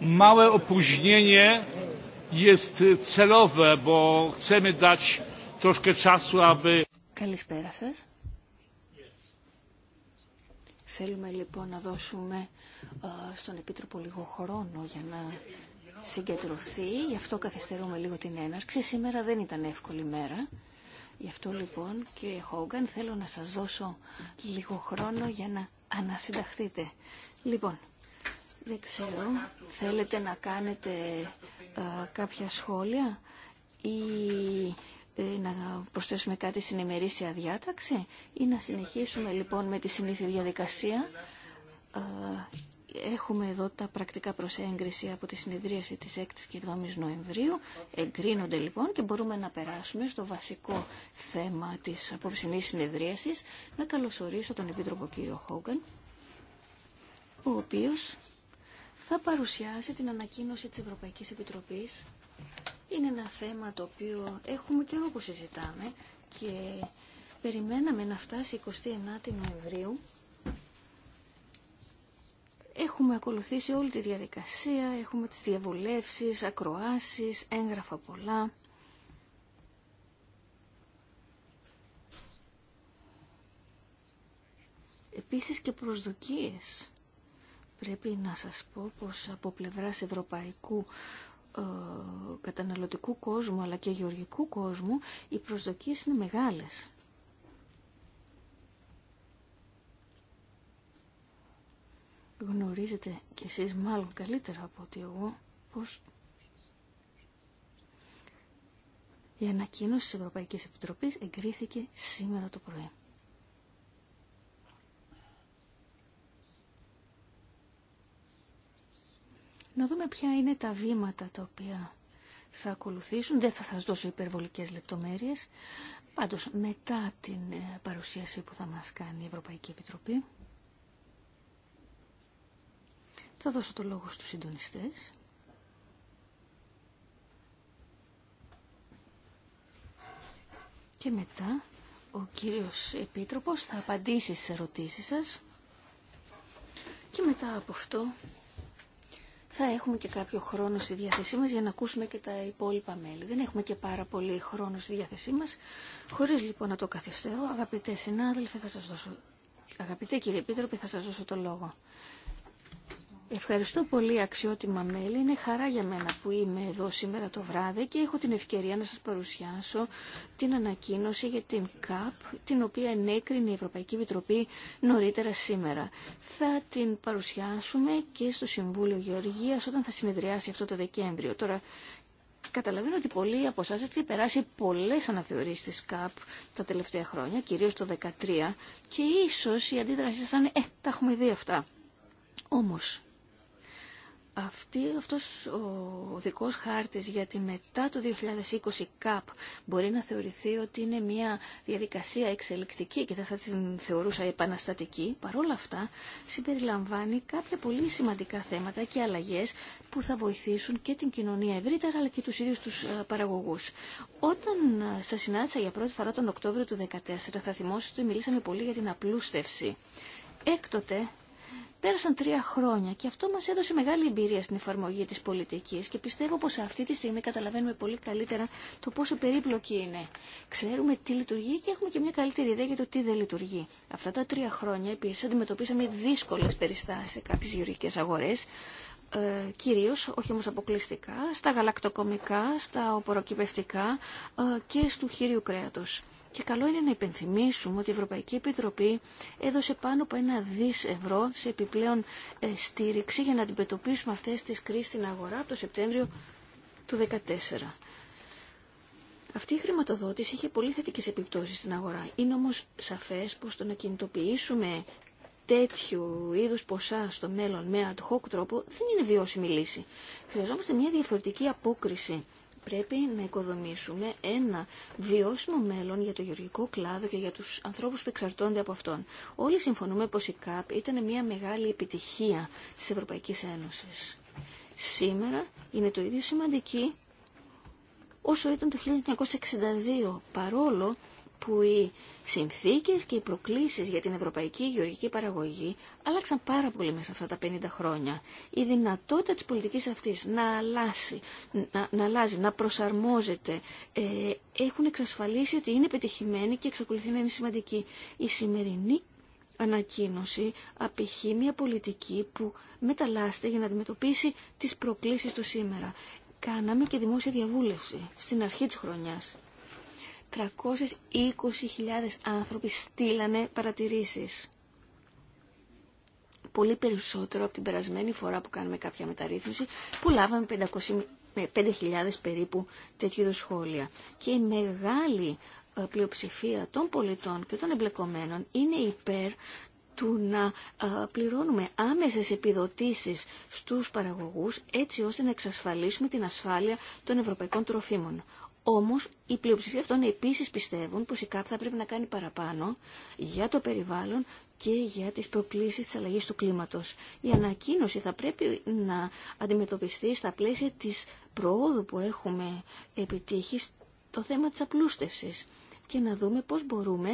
Małe opóźnienie jest celowe, bo chcemy dać troszkę czasu, aby... Καλησπέρα σας. Θέλουμε λοιπόν να δώσουμε ε, στον Επίτροπο λίγο χρόνο για να συγκεντρωθεί. Γι' αυτό καθυστερούμε λίγο την έναρξη. Σήμερα δεν ήταν εύκολη μέρα. Γι' αυτό λοιπόν κύριε Χόγκαν θέλω να σας δώσω λίγο χρόνο για να ανασυνταχθείτε. Λοιπόν, δεν ξέρω, θέλετε να κάνετε ε, κάποια σχόλια ή ε, να προσθέσουμε κάτι στην ημερήσια διάταξη ή να συνεχίσουμε λοιπόν με τη συνήθεια διαδικασία. Ε, Έχουμε εδώ τα πρακτικά προς από τη συνεδρίαση της 6ης και 7ης Νοεμβρίου. Εγκρίνονται λοιπόν και μπορούμε να περάσουμε στο βασικό θέμα της απόψινής συνεδρίασης. Να καλωσορίσω τον Επίτροπο κύριο Χόγκαν, ο οποίος θα παρουσιάσει την ανακοίνωση της Ευρωπαϊκής Επιτροπής. Είναι ένα θέμα το οποίο έχουμε καιρό που συζητάμε και περιμέναμε να φτάσει 29η Νοεμβρίου Έχουμε ακολουθήσει όλη τη διαδικασία, έχουμε τις διαβουλεύσεις, ακροάσεις, έγγραφα πολλά. Επίσης και προσδοκίες. Πρέπει να σας πω πως από πλευράς ευρωπαϊκού ε, καταναλωτικού κόσμου αλλά και γεωργικού κόσμου οι προσδοκίες είναι μεγάλες. γνωρίζετε κι εσείς μάλλον καλύτερα από ότι εγώ πως η ανακοίνωση της Ευρωπαϊκής Επιτροπής εγκρίθηκε σήμερα το πρωί. Να δούμε ποια είναι τα βήματα τα οποία θα ακολουθήσουν. Δεν θα σας δώσω υπερβολικές λεπτομέρειες. Πάντως μετά την ε, παρουσίαση που θα μας κάνει η Ευρωπαϊκή Επιτροπή θα δώσω το λόγο στους συντονιστές. Και μετά ο κύριος Επίτροπος θα απαντήσει στις ερωτήσεις σας. Και μετά από αυτό θα έχουμε και κάποιο χρόνο στη διάθεσή μας για να ακούσουμε και τα υπόλοιπα μέλη. Δεν έχουμε και πάρα πολύ χρόνο στη διάθεσή μας. Χωρίς λοιπόν να το καθυστερώ, αγαπητέ συνάδελφοι, θα σας δώσω... Αγαπητέ κύριε Επίτροπε, θα σας δώσω το λόγο. Ευχαριστώ πολύ αξιότιμα μέλη. Είναι χαρά για μένα που είμαι εδώ σήμερα το βράδυ και έχω την ευκαιρία να σας παρουσιάσω την ανακοίνωση για την ΚΑΠ, την οποία ενέκρινε η Ευρωπαϊκή Επιτροπή νωρίτερα σήμερα. Θα την παρουσιάσουμε και στο Συμβούλιο Γεωργίας όταν θα συνεδριάσει αυτό το Δεκέμβριο. Τώρα, Καταλαβαίνω ότι πολλοί από εσά έχετε περάσει πολλέ αναθεωρήσει τη ΚΑΠ τα τελευταία χρόνια, κυρίω το 2013, και ίσω η αντίδραση ήταν Ε, τα έχουμε δει αυτά. Όμως, αυτή, αυτός ο δικός χάρτης για τη μετά το 2020 ΚΑΠ μπορεί να θεωρηθεί ότι είναι μια διαδικασία εξελικτική και δεν θα την θεωρούσα επαναστατική. Παρόλα αυτά συμπεριλαμβάνει κάποια πολύ σημαντικά θέματα και αλλαγές που θα βοηθήσουν και την κοινωνία ευρύτερα αλλά και τους ίδιους τους ε, παραγωγούς. Όταν ε, σα συνάντησα για πρώτη φορά τον Οκτώβριο του 2014 θα θυμόσαστε ότι μιλήσαμε πολύ για την απλούστευση. Έκτοτε Πέρασαν τρία χρόνια και αυτό μας έδωσε μεγάλη εμπειρία στην εφαρμογή της πολιτικής και πιστεύω πως αυτή τη στιγμή καταλαβαίνουμε πολύ καλύτερα το πόσο περίπλοκη είναι. Ξέρουμε τι λειτουργεί και έχουμε και μια καλύτερη ιδέα για το τι δεν λειτουργεί. Αυτά τα τρία χρόνια επίσης αντιμετωπίσαμε δύσκολες περιστάσεις σε κάποιες γεωργικές αγορές ε, κυρίως, όχι όμως αποκλειστικά, στα γαλακτοκομικά, στα οποροκυπευτικά ε, και στο χείριου κρέατος. Και καλό είναι να υπενθυμίσουμε ότι η Ευρωπαϊκή Επιτροπή έδωσε πάνω από ένα δις ευρώ σε επιπλέον ε, στήριξη για να αντιμετωπίσουμε αυτές τις κρίσεις στην αγορά από το Σεπτέμβριο του 2014. Αυτή η χρηματοδότηση είχε πολύ θετικέ επιπτώσει στην αγορά. Είναι όμω σαφέ πω το να κινητοποιήσουμε τέτοιου είδους ποσά στο μέλλον με ad hoc τρόπο δεν είναι βιώσιμη λύση. Χρειαζόμαστε μια διαφορετική απόκριση. Πρέπει να οικοδομήσουμε ένα βιώσιμο μέλλον για το γεωργικό κλάδο και για τους ανθρώπους που εξαρτώνται από αυτόν. Όλοι συμφωνούμε πως η ΚΑΠ ήταν μια μεγάλη επιτυχία της Ευρωπαϊκής Ένωσης. Σήμερα είναι το ίδιο σημαντική όσο ήταν το 1962, παρόλο που οι συνθήκες και οι προκλήσεις για την ευρωπαϊκή γεωργική παραγωγή άλλαξαν πάρα πολύ μέσα αυτά τα 50 χρόνια. Η δυνατότητα της πολιτικής αυτής να, αλλάσει, να, να αλλάζει, να προσαρμόζεται, ε, έχουν εξασφαλίσει ότι είναι πετυχημένη και εξακολουθεί να είναι σημαντική. Η σημερινή ανακοίνωση απηχεί μια πολιτική που μεταλλάσσεται για να αντιμετωπίσει τις προκλήσεις του σήμερα. Κάναμε και δημόσια διαβούλευση στην αρχή της χρονιάς 320.000 άνθρωποι στείλανε παρατηρήσεις. Πολύ περισσότερο από την περασμένη φορά που κάνουμε κάποια μεταρρύθμιση που λάβαμε 5.000 περίπου τέτοιου είδους σχόλια. Και η μεγάλη ε, πλειοψηφία των πολιτών και των εμπλεκομένων είναι υπέρ του να ε, πληρώνουμε άμεσες επιδοτήσεις στους παραγωγούς έτσι ώστε να εξασφαλίσουμε την ασφάλεια των ευρωπαϊκών τροφίμων. Όμως η πλειοψηφία αυτών επίσης πιστεύουν πως η ΚΑΠ θα πρέπει να κάνει παραπάνω για το περιβάλλον και για τις προκλήσεις τη αλλαγής του κλίματος. Η ανακοίνωση θα πρέπει να αντιμετωπιστεί στα πλαίσια της προόδου που έχουμε επιτύχει το θέμα της απλούστευση και να δούμε πώς μπορούμε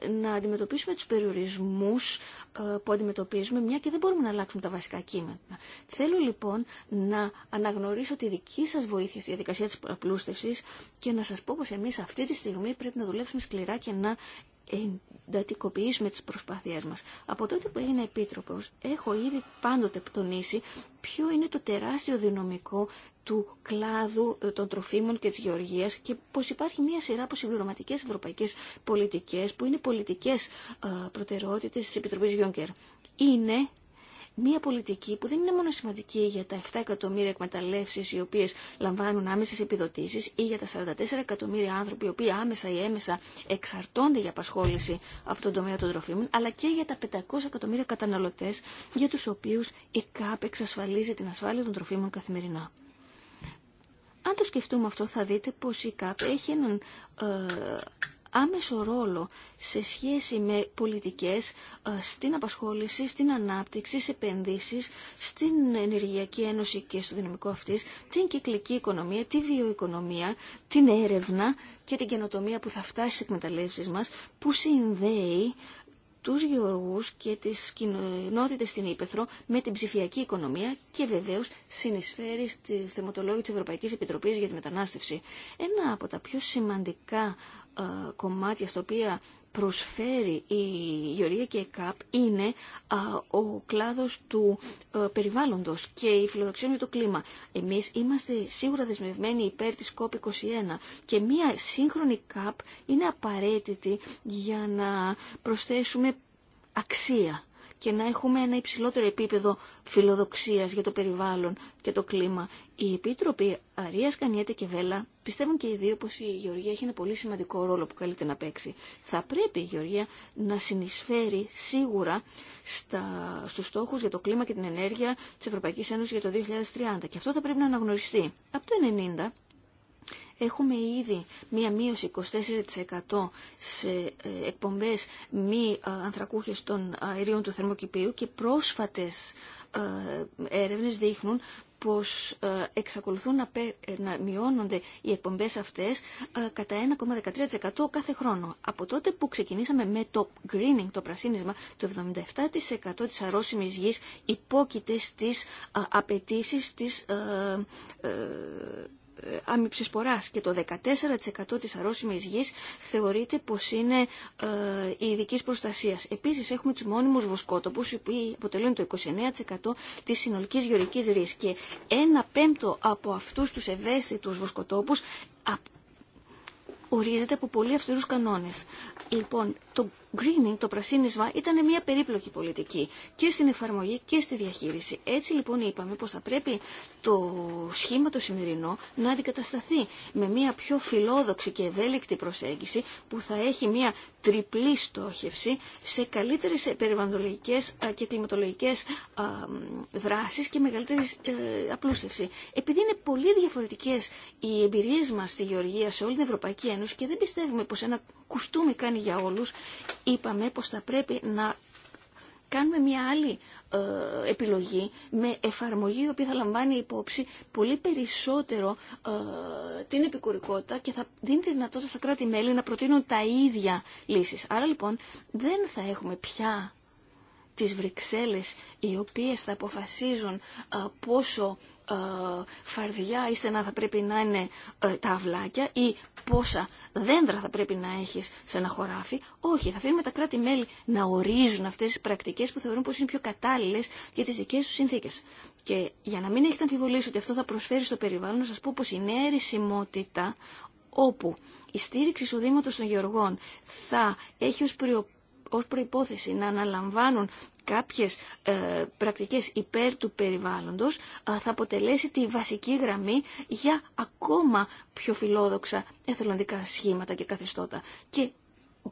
ε, να αντιμετωπίσουμε τους περιορισμούς ε, που αντιμετωπίζουμε, μια και δεν μπορούμε να αλλάξουμε τα βασικά κείμενα. Θέλω λοιπόν να αναγνωρίσω τη δική σας βοήθεια στη διαδικασία της απλούστευσης και να σας πω πως εμείς αυτή τη στιγμή πρέπει να δουλέψουμε σκληρά και να εντατικοποιήσουμε τις προσπάθειές μας. Από τότε που είναι επίτροπος, έχω ήδη πάντοτε πτονίσει ποιο είναι το τεράστιο δυναμικό του κλάδου ε, των τροφίμων και της γεωργίας και πως υπάρχει μια σειρά από συμπληρωματικές ευρωπαϊκές πολιτικές που είναι πολιτικές ε, προτεραιότητες της Επιτροπής Γιόνκερ. Είναι Μία πολιτική που δεν είναι μόνο σημαντική για τα 7 εκατομμύρια εκμεταλλεύσει οι οποίες λαμβάνουν άμεσες επιδοτήσεις ή για τα 44 εκατομμύρια άνθρωποι οι οποίοι άμεσα ή έμεσα εξαρτώνται για απασχόληση από τον τομέα των τροφίμων, αλλά και για τα 500 εκατομμύρια καταναλωτές για τους οποίους η ΚΑΠ εξασφαλίζει την ασφάλεια των τροφίμων καθημερινά. Αν το σκεφτούμε αυτό θα δείτε πω η ΚΑΠ έχει έναν ε, άμεσο ρόλο σε σχέση με πολιτικές ε, στην απασχόληση, στην ανάπτυξη, στις επενδύσεις, στην Ενεργειακή Ένωση και στο δυναμικό αυτής, την κυκλική οικονομία, τη βιοοικονομία, την έρευνα και την καινοτομία που θα φτάσει στις εκμεταλλεύσεις μας, που συνδέει τους γεωργούς και τις κοινότητες στην Ήπεθρο με την ψηφιακή οικονομία και βεβαίως συνεισφέρει στη θεματολόγηση της Ευρωπαϊκής Επιτροπής για τη Μετανάστευση. Ένα από τα πιο σημαντικά κομμάτια στα οποία προσφέρει η Γεωρία και η ΚΑΠ είναι ο κλάδος του ε, περιβάλλοντος και η φιλοδοξία με το κλίμα. Εμείς είμαστε σίγουρα δεσμευμένοι υπέρ της COP21 και μία σύγχρονη ΚΑΠ είναι απαραίτητη για να προσθέσουμε αξία και να έχουμε ένα υψηλότερο επίπεδο φιλοδοξίας για το περιβάλλον και το κλίμα. Οι επίτροποι Αρίας, Κανιέτε και Βέλα πιστεύουν και οι δύο πως η Γεωργία έχει ένα πολύ σημαντικό ρόλο που καλείται να παίξει. Θα πρέπει η Γεωργία να συνεισφέρει σίγουρα στα, στους στόχους για το κλίμα και την ενέργεια της Ευρωπαϊκής Ένωσης για το 2030 και αυτό θα πρέπει να αναγνωριστεί. Από το 90. Έχουμε ήδη μία μείωση 24% σε ε, εκπομπές μη ε, ανθρακούχες των αερίων του θερμοκηπίου και πρόσφατες ε, έρευνες δείχνουν πως εξακολουθούν να, να μειώνονται οι εκπομπές αυτές κατά 1,13% κάθε χρόνο. Από τότε που ξεκινήσαμε με το greening, το πρασίνισμα, το 77% της αρρώσιμης γης υπόκειται στις απαιτήσει της ε, άμυψης ποράς και το 14% της αρρώσιμης γης θεωρείται πως είναι ε, η ειδική προστασίας. Επίσης έχουμε τους μόνιμους βοσκότοπους οι οποίοι αποτελούν το 29% της συνολικής γεωρικής ρής και ένα πέμπτο από αυτούς τους ευαίσθητους βοσκοτόπους ορίζεται από πολύ αυστηρούς κανόνες. Λοιπόν, το greening, το πρασίνισμα, ήταν μια περίπλοκη πολιτική και στην εφαρμογή και στη διαχείριση. Έτσι λοιπόν είπαμε πως θα πρέπει το σχήμα το σημερινό να αντικατασταθεί με μια πιο φιλόδοξη και ευέλικτη προσέγγιση που θα έχει μια τριπλή στόχευση σε καλύτερες περιβαλλοντολογικές και κλιματολογικές δράσεις και μεγαλύτερη ε, απλούστευση. Επειδή είναι πολύ διαφορετικές οι εμπειρίες μας στη Γεωργία σε όλη την Ευρωπαϊκή Ένωση, και δεν πιστεύουμε πως ένα κουστούμι κάνει για όλους. Είπαμε πως θα πρέπει να κάνουμε μια άλλη ε, επιλογή με εφαρμογή η οποία θα λαμβάνει υπόψη πολύ περισσότερο ε, την επικουρικότητα και θα δίνει τη δυνατότητα στα κράτη-μέλη να προτείνουν τα ίδια λύσεις. Άρα λοιπόν δεν θα έχουμε πια τις Βρυξέλλες οι οποίες θα αποφασίζουν ε, πόσο ε, φαρδιά ή στενά θα πρέπει να είναι ε, τα αυλάκια ή πόσα δέντρα θα πρέπει να έχεις σε ένα χωράφι. Όχι, θα αφήνουμε τα κράτη-μέλη να ορίζουν αυτές τις πρακτικές που θεωρούν πως είναι πιο κατάλληλες για τις δικές τους συνθήκες. Και για να μην έχετε αμφιβολίσει ότι αυτό θα προσφέρει στο περιβάλλον, να σας πω πως η νέα όπου η στήριξη Δήματος των γεωργών θα έχει ως ως προϋπόθεση να αναλαμβάνουν κάποιες ε, πρακτικές υπέρ του περιβάλλοντος ε, θα αποτελέσει τη βασική γραμμή για ακόμα πιο φιλόδοξα εθελοντικά σχήματα και καθεστώτα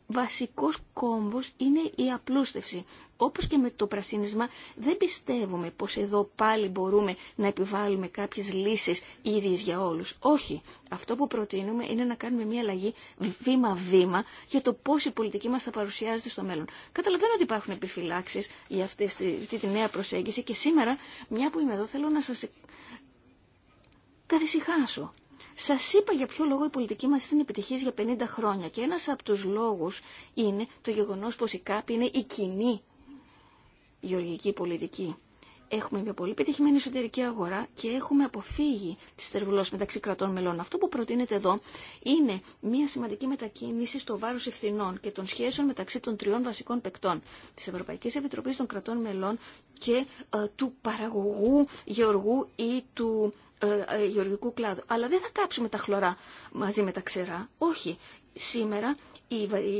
βασικός κόμβος είναι η απλούστευση. Όπως και με το πρασίνισμα, δεν πιστεύουμε πως εδώ πάλι μπορούμε να επιβάλλουμε κάποιες λύσεις ίδιες για όλους. Όχι. Αυτό που προτείνουμε είναι να κάνουμε μια αλλαγή βήμα-βήμα για το πώς η πολιτική μας θα παρουσιάζεται στο μέλλον. Καταλαβαίνω ότι υπάρχουν επιφυλάξεις για αυτή, τη νέα προσέγγιση και σήμερα, μια που είμαι εδώ, θέλω να σας καθησυχάσω. Σας είπα για ποιο λόγο η πολιτική μας ήταν επιτυχή για 50 χρόνια και ένας από τους λόγους είναι το γεγονός πως η ΚΑΠ είναι η κοινή γεωργική πολιτική. Έχουμε μια πολύ πετυχημένη εσωτερική αγορά και έχουμε αποφύγει τις τερβουλώσεις μεταξύ κρατών μελών. Αυτό που προτείνεται εδώ είναι μια σημαντική μετακίνηση στο βάρος ευθυνών και των σχέσεων μεταξύ των τριών βασικών παικτών της Ευρωπαϊκής Επιτροπής των κρατών μελών και ε, του παραγωγού, γεωργού ή του ε, ε, γεωργικού κλάδου. Αλλά δεν θα κάψουμε τα χλωρά μαζί με τα ξερά. Όχι σήμερα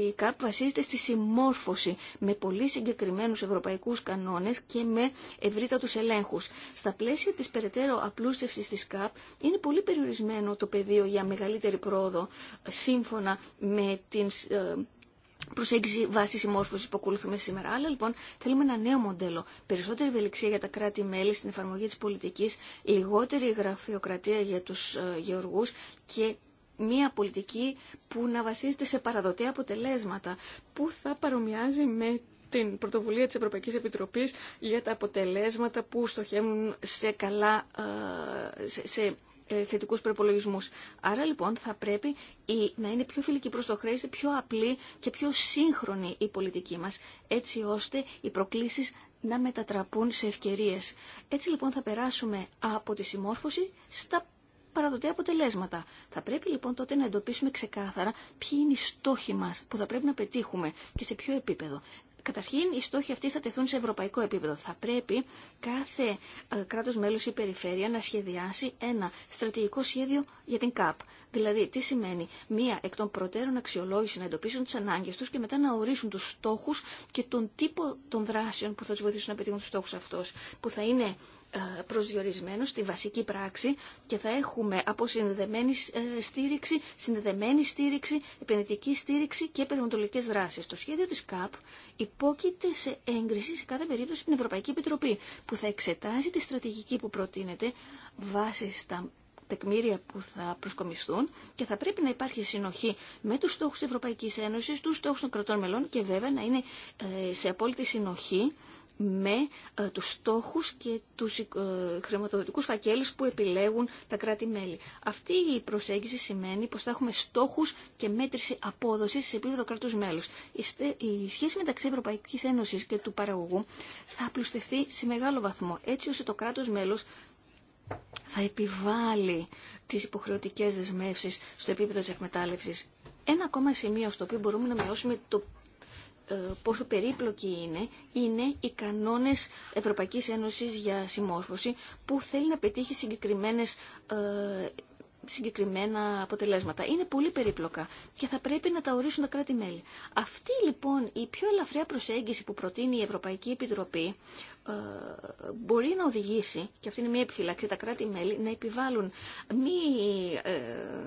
η ΚΑΠ βασίζεται στη συμμόρφωση με πολύ συγκεκριμένους ευρωπαϊκούς κανόνες και με ευρύτατους ελέγχους. Στα πλαίσια της περαιτέρω απλούστευσης της ΚΑΠ είναι πολύ περιορισμένο το πεδίο για μεγαλύτερη πρόοδο σύμφωνα με την ε, προσέγγιση βάση συμμόρφωση που ακολουθούμε σήμερα. Αλλά λοιπόν θέλουμε ένα νέο μοντέλο. Περισσότερη ευελιξία για τα κράτη-μέλη στην εφαρμογή τη πολιτική, λιγότερη γραφειοκρατία για του ε, γεωργού και μια πολιτική που να βασίζεται σε παραδοτέα αποτελέσματα, που θα παρομοιάζει με την πρωτοβουλία της Ευρωπαϊκής Επιτροπής για τα αποτελέσματα που στοχεύουν σε καλά, ε, σε ε, θετικούς προπολογισμούς. Άρα λοιπόν θα πρέπει η, να είναι πιο φιλική προς το χρέος, πιο απλή και πιο σύγχρονη η πολιτική μας, έτσι ώστε οι προκλήσεις να μετατραπούν σε ευκαιρίες. Έτσι λοιπόν θα περάσουμε από τη συμμόρφωση στα παραδοτέα αποτελέσματα. Θα πρέπει λοιπόν τότε να εντοπίσουμε ξεκάθαρα ποιοι είναι οι στόχοι μα που θα πρέπει να πετύχουμε και σε ποιο επίπεδο. Καταρχήν, οι στόχοι αυτοί θα τεθούν σε ευρωπαϊκό επίπεδο. Θα πρέπει κάθε ε, κράτο μέλο ή περιφέρεια να σχεδιάσει ένα στρατηγικό σχέδιο για την ΚΑΠ. Δηλαδή, τι σημαίνει μία εκ των προτέρων αξιολόγηση να εντοπίσουν τι ανάγκε του και μετά να ορίσουν του στόχου και τον τύπο των δράσεων που θα του βοηθήσουν να πετύχουν του στόχου αυτού. Που θα είναι ε, προσδιορισμένο στη βασική πράξη και θα έχουμε αποσυνδεδεμένη ε, στήριξη, συνδεδεμένη στήριξη, επενδυτική στήριξη και περιμοντολογικέ δράσει. Το σχέδιο τη ΚΑΠ υπόκειται σε έγκριση σε κάθε περίπτωση στην Ευρωπαϊκή Επιτροπή που θα εξετάζει τη στρατηγική που προτείνεται βάσει στα τεκμήρια που θα προσκομιστούν και θα πρέπει να υπάρχει συνοχή με τους στόχους της Ευρωπαϊκής Ένωσης, τους στόχους των κρατών μελών και βέβαια να είναι ε, σε απόλυτη συνοχή με ε, τους στόχους και τους ε, χρηματοδοτικούς φακέλους που επιλέγουν τα κράτη-μέλη. Αυτή η προσέγγιση σημαίνει πως θα έχουμε στόχους και μέτρηση απόδοσης σε επίπεδο κράτους μέλους. Η σχέση μεταξύ Ευρωπαϊκής Ένωσης και του παραγωγού θα απλουστευτεί σε μεγάλο βαθμό, έτσι ώστε το κράτος μέλος θα επιβάλλει τις υποχρεωτικές δεσμεύσεις στο επίπεδο της εκμετάλλευσης. Ένα ακόμα σημείο στο οποίο μπορούμε να μειώσουμε το ε, πόσο περίπλοκοι είναι, είναι οι κανόνες Ευρωπαϊκής Ένωσης για συμμόρφωση που θέλει να πετύχει συγκεκριμένες ε, συγκεκριμένα αποτελέσματα. Είναι πολύ περίπλοκα και θα πρέπει να τα ορίσουν τα κράτη-μέλη. Αυτή λοιπόν η πιο ελαφριά προσέγγιση που προτείνει η Ευρωπαϊκή Επιτροπή ε, μπορεί να οδηγήσει, και αυτή είναι μια επιφυλαξή, τα κράτη-μέλη να επιβάλλουν μη ε,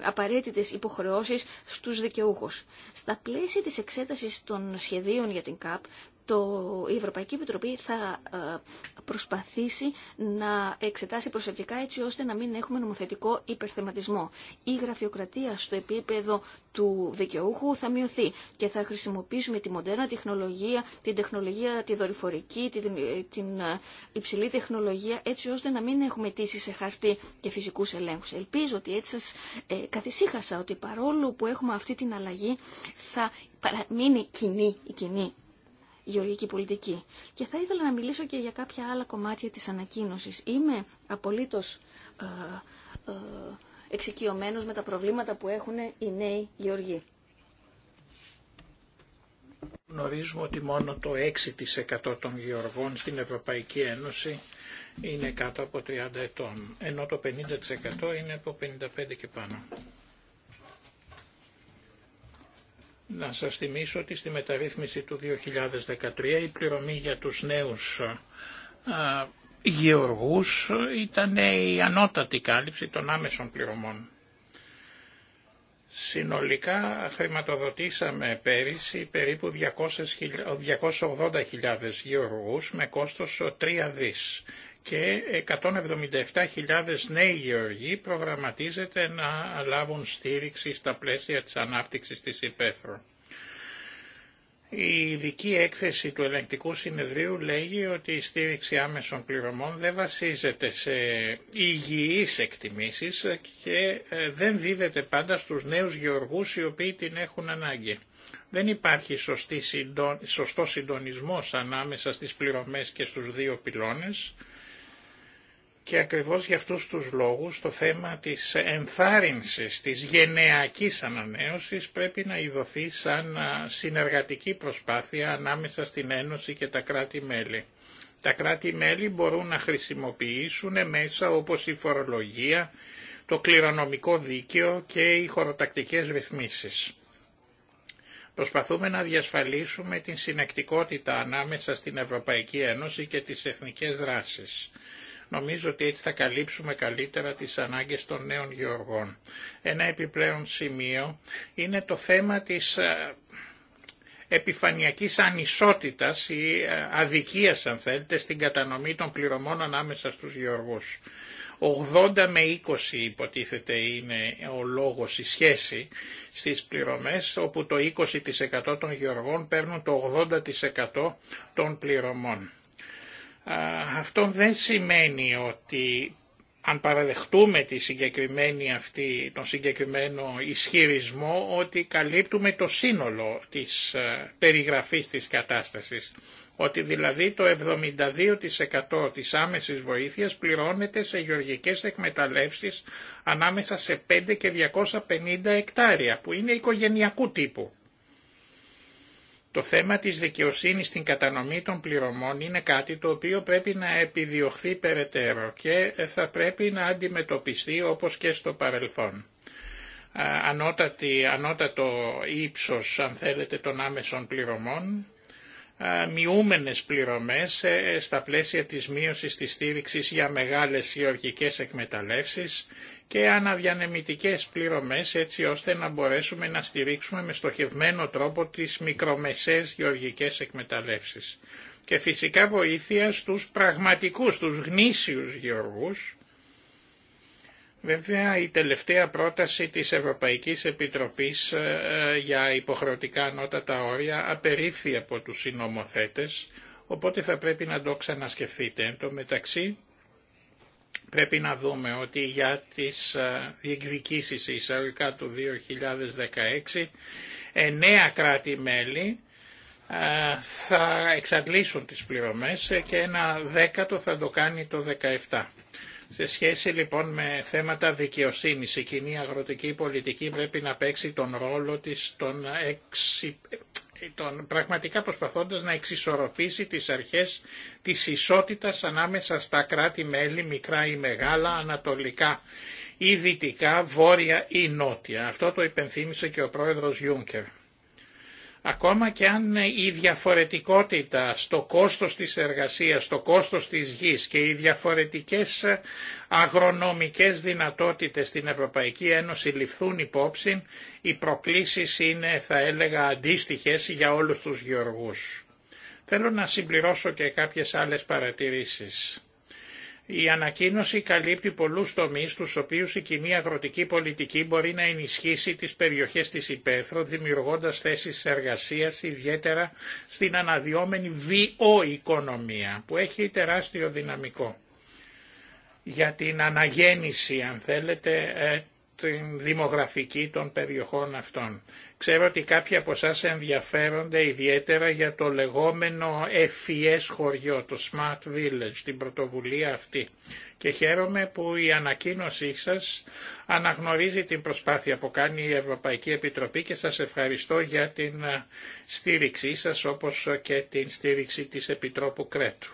απαραίτητες υποχρεώσεις στους δικαιούχους. Στα πλαίσια τη εξέταση των σχεδίων για την ΚΑΠ το, η Ευρωπαϊκή Επιτροπή θα ε, προσπαθήσει να εξετάσει προσεκτικά έτσι ώστε να μην έχουμε νομοθετικό υπερθεματισμό. Η γραφειοκρατία στο επίπεδο του δικαιούχου θα μειωθεί και θα χρησιμοποιήσουμε τη μοντέρνα τεχνολογία, την τεχνολογία τη δορυφορική, την, την ε, υψηλή τεχνολογία έτσι ώστε να μην έχουμε τήσει σε χαρτί και φυσικούς ελέγχους. Ελπίζω ότι έτσι σας ε, ότι παρόλο που έχουμε αυτή την αλλαγή θα παραμείνει κοινή η κοινή γεωργική πολιτική. Και θα ήθελα να μιλήσω και για κάποια άλλα κομμάτια της ανακοίνωσης. Είμαι απολύτως ε, ε με τα προβλήματα που έχουν οι νέοι γεωργοί. Γνωρίζουμε ότι μόνο το 6% των γεωργών στην Ευρωπαϊκή Ένωση είναι κάτω από 30 ετών, ενώ το 50% είναι από 55 και πάνω. Να σας θυμίσω ότι στη μεταρρύθμιση του 2013 η πληρωμή για τους νέους γεωργούς ήταν η ανώτατη κάλυψη των άμεσων πληρωμών. Συνολικά χρηματοδοτήσαμε πέρυσι περίπου 280.000 γεωργούς με κόστος 3 δις και 177.000 νέοι γεωργοί προγραμματίζεται να λάβουν στήριξη στα πλαίσια της ανάπτυξης της υπαίθρου. Η ειδική έκθεση του ελεγκτικού συνεδρίου λέγει ότι η στήριξη άμεσων πληρωμών δεν βασίζεται σε υγιείς εκτιμήσεις και ε, δεν δίδεται πάντα στους νέους γεωργούς οι οποίοι την έχουν ανάγκη. Δεν υπάρχει σωστή σωστό συντονισμός ανάμεσα στις πληρωμές και στους δύο πυλώνες και ακριβώς για αυτούς τους λόγους το θέμα της ενθάρρυνσης, της γενεακής ανανέωσης πρέπει να ειδωθεί σαν συνεργατική προσπάθεια ανάμεσα στην Ένωση και τα κράτη-μέλη. Τα κράτη-μέλη μπορούν να χρησιμοποιήσουν μέσα όπως η φορολογία, το κληρονομικό δίκαιο και οι χωροτακτικές ρυθμίσεις. Προσπαθούμε να διασφαλίσουμε την συνεκτικότητα ανάμεσα στην Ευρωπαϊκή Ένωση και τις εθνικές δράσεις. Νομίζω ότι έτσι θα καλύψουμε καλύτερα τις ανάγκες των νέων γεωργών. Ένα επιπλέον σημείο είναι το θέμα της ε, επιφανειακής ανισότητας ή ε, αδικίας αν θέλετε στην κατανομή των πληρωμών ανάμεσα στους γεωργούς. 80 με 20 υποτίθεται είναι ο λόγος, η σχέση στις πληρωμές, όπου το 20% των γεωργών παίρνουν το 80% των πληρωμών. Αυτό δεν σημαίνει ότι αν παραδεχτούμε τη συγκεκριμένη αυτή, τον συγκεκριμένο ισχυρισμό ότι καλύπτουμε το σύνολο της ε, περιγραφής της κατάστασης. Ότι δηλαδή το 72% της άμεσης βοήθειας πληρώνεται σε γεωργικές εκμεταλλεύσεις ανάμεσα σε 5 και 250 εκτάρια που είναι οικογενειακού τύπου. Το θέμα της δικαιοσύνης στην κατανομή των πληρωμών είναι κάτι το οποίο πρέπει να επιδιωχθεί περαιτέρω και θα πρέπει να αντιμετωπιστεί όπως και στο παρελθόν. ανώτατο ύψος, αν θέλετε, των άμεσων πληρωμών, μειούμενες πληρωμές ε, στα πλαίσια της μείωσης της στήριξης για μεγάλες γεωργικέ εκμεταλλεύσεις και αναδιανεμητικές πληρωμές έτσι ώστε να μπορέσουμε να στηρίξουμε με στοχευμένο τρόπο τις μικρομεσές γεωργικές εκμεταλλεύσεις. Και φυσικά βοήθεια στους πραγματικούς, τους γνήσιους γεωργούς. Βέβαια η τελευταία πρόταση της Ευρωπαϊκής Επιτροπής ε, ε, για υποχρεωτικά ανώτατα όρια απερίφθη από τους συνομοθέτες, οπότε θα πρέπει να το ξανασκεφτείτε. Εν πρέπει να δούμε ότι για τις ε, διεκδικήσεις εισαγωγικά του 2016 εννέα κράτη-μέλη ε, θα εξαντλήσουν τις πληρωμές και ένα δέκατο θα το κάνει το 17. Σε σχέση λοιπόν με θέματα δικαιοσύνης, η κοινή αγροτική πολιτική πρέπει να παίξει τον ρόλο της, τον πραγματικά προσπαθώντας να εξισορροπήσει τις αρχές της ισότητας ανάμεσα στα κράτη-μέλη, μικρά ή μεγάλα, ανατολικά ή δυτικά, βόρεια ή νότια. Αυτό το υπενθύμησε και ο πρόεδρος Ιούνκερ. Ακόμα και αν η διαφορετικότητα στο κόστος της εργασίας, στο κόστος της γης και οι διαφορετικές αγρονομικές δυνατότητες στην Ευρωπαϊκή Ένωση ληφθούν υπόψη, οι προκλήσεις είναι θα έλεγα αντίστοιχες για όλους τους γεωργούς. Θέλω να συμπληρώσω και κάποιες άλλες παρατηρήσεις. Η ανακοίνωση καλύπτει πολλούς τομείς στους οποίους η κοινή αγροτική πολιτική μπορεί να ενισχύσει τις περιοχές της υπαίθρου, δημιουργώντας θέσεις εργασίας ιδιαίτερα στην αναδυόμενη βιοοικονομία που έχει τεράστιο δυναμικό για την αναγέννηση αν θέλετε ε, την δημογραφική των περιοχών αυτών. Ξέρω ότι κάποιοι από εσά ενδιαφέρονται ιδιαίτερα για το λεγόμενο FES χωριό, το Smart Village, την πρωτοβουλία αυτή. Και χαίρομαι που η ανακοίνωσή σας αναγνωρίζει την προσπάθεια που κάνει η Ευρωπαϊκή Επιτροπή και σας ευχαριστώ για την στήριξή σας όπως και την στήριξη της Επιτρόπου Κρέτου.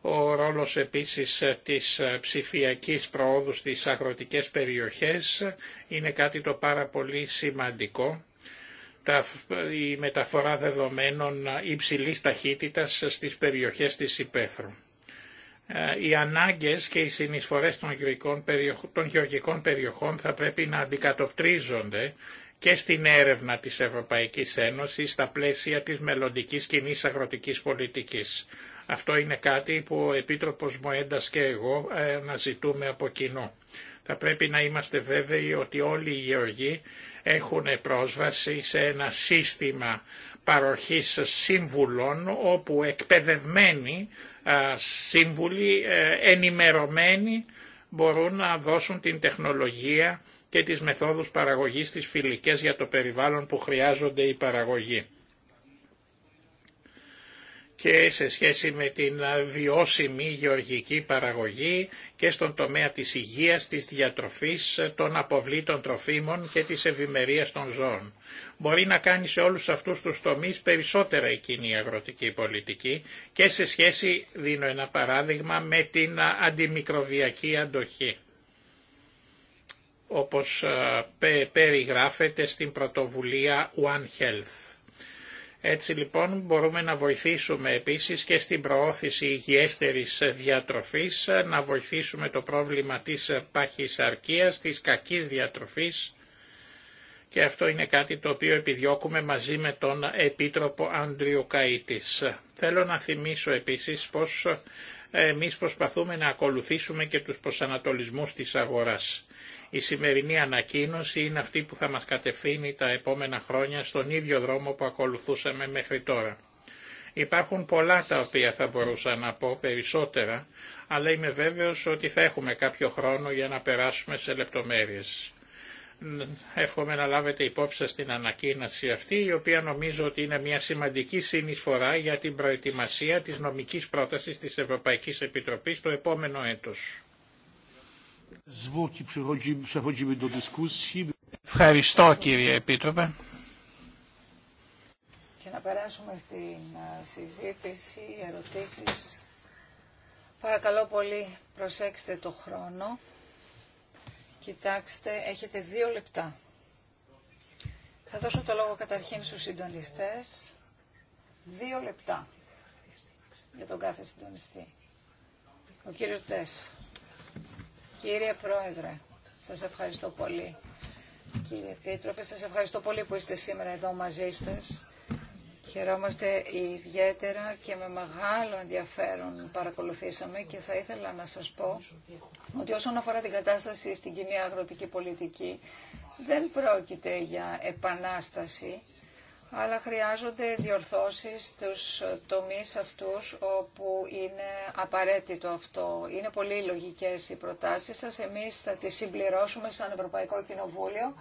Ο ρόλος επίσης της ψηφιακής προόδου στις αγροτικές περιοχές είναι κάτι το πάρα πολύ σημαντικό. Η μεταφορά δεδομένων υψηλής ταχύτητας στις περιοχές της υπαίθρου. Ε, οι ανάγκες και οι συνεισφορές των γεωργικών περιοχών θα πρέπει να αντικατοπτρίζονται και στην έρευνα της Ευρωπαϊκής Ένωσης στα πλαίσια της μελλοντικής κοινή αγροτικής πολιτικής. Αυτό είναι κάτι που ο Επίτροπος Μοέντας και εγώ ε, ζητούμε από κοινό. Θα πρέπει να είμαστε βέβαιοι ότι όλοι οι γεωργοί έχουν πρόσβαση σε ένα σύστημα παροχής σύμβουλων όπου εκπαιδευμένοι σύμβουλοι, ε, ενημερωμένοι μπορούν να δώσουν την τεχνολογία και τις μεθόδους παραγωγής της φιλικές για το περιβάλλον που χρειάζονται οι παραγωγοί και σε σχέση με την βιώσιμη γεωργική παραγωγή και στον τομέα της υγείας, της διατροφής, των αποβλήτων τροφίμων και της ευημερία των ζώων. Μπορεί να κάνει σε όλους αυτούς τους τομείς περισσότερα εκείνη η αγροτική πολιτική και σε σχέση, δίνω ένα παράδειγμα, με την αντιμικροβιακή αντοχή όπως ε, περιγράφεται στην πρωτοβουλία One Health. Έτσι λοιπόν μπορούμε να βοηθήσουμε επίσης και στην προώθηση υγιέστερης διατροφής, να βοηθήσουμε το πρόβλημα της παχυσαρκίας, της κακής διατροφής και αυτό είναι κάτι το οποίο επιδιώκουμε μαζί με τον Επίτροπο Άντριου Καΐτης. Θέλω να θυμίσω επίσης πως εμείς προσπαθούμε να ακολουθήσουμε και τους προσανατολισμούς της αγοράς. Η σημερινή ανακοίνωση είναι αυτή που θα μας κατευθύνει τα επόμενα χρόνια στον ίδιο δρόμο που ακολουθούσαμε μέχρι τώρα. Υπάρχουν πολλά τα οποία θα μπορούσα να πω περισσότερα, αλλά είμαι βέβαιος ότι θα έχουμε κάποιο χρόνο για να περάσουμε σε λεπτομέρειες. Εύχομαι να λάβετε υπόψη την ανακοίνωση αυτή, η οποία νομίζω ότι είναι μια σημαντική συνεισφορά για την προετοιμασία της νομικής πρότασης της Ευρωπαϊκής Επιτροπής το επόμενο έτος. Ευχαριστώ κύριε Επίτροπε. Και να περάσουμε στην συζήτηση, ερωτήσεις. Παρακαλώ πολύ προσέξτε το χρόνο. Κοιτάξτε, έχετε δύο λεπτά. Θα δώσω το λόγο καταρχήν στους συντονιστές. Δύο λεπτά για τον κάθε συντονιστή. Ο κύριος Τέσ. Κύριε Πρόεδρε, σας ευχαριστώ πολύ. Κύριε Επίτροπε, σας ευχαριστώ πολύ που είστε σήμερα εδώ μαζί σας. Χαιρόμαστε ιδιαίτερα και με μεγάλο ενδιαφέρον παρακολουθήσαμε και θα ήθελα να σας πω ότι όσον αφορά την κατάσταση στην κοινή αγροτική πολιτική δεν πρόκειται για επανάσταση αλλά χρειάζονται διορθώσεις στους τομείς αυτούς όπου είναι απαραίτητο αυτό. Είναι πολύ λογικές οι προτάσεις σας. Εμείς θα τις συμπληρώσουμε σαν Ευρωπαϊκό Κοινοβούλιο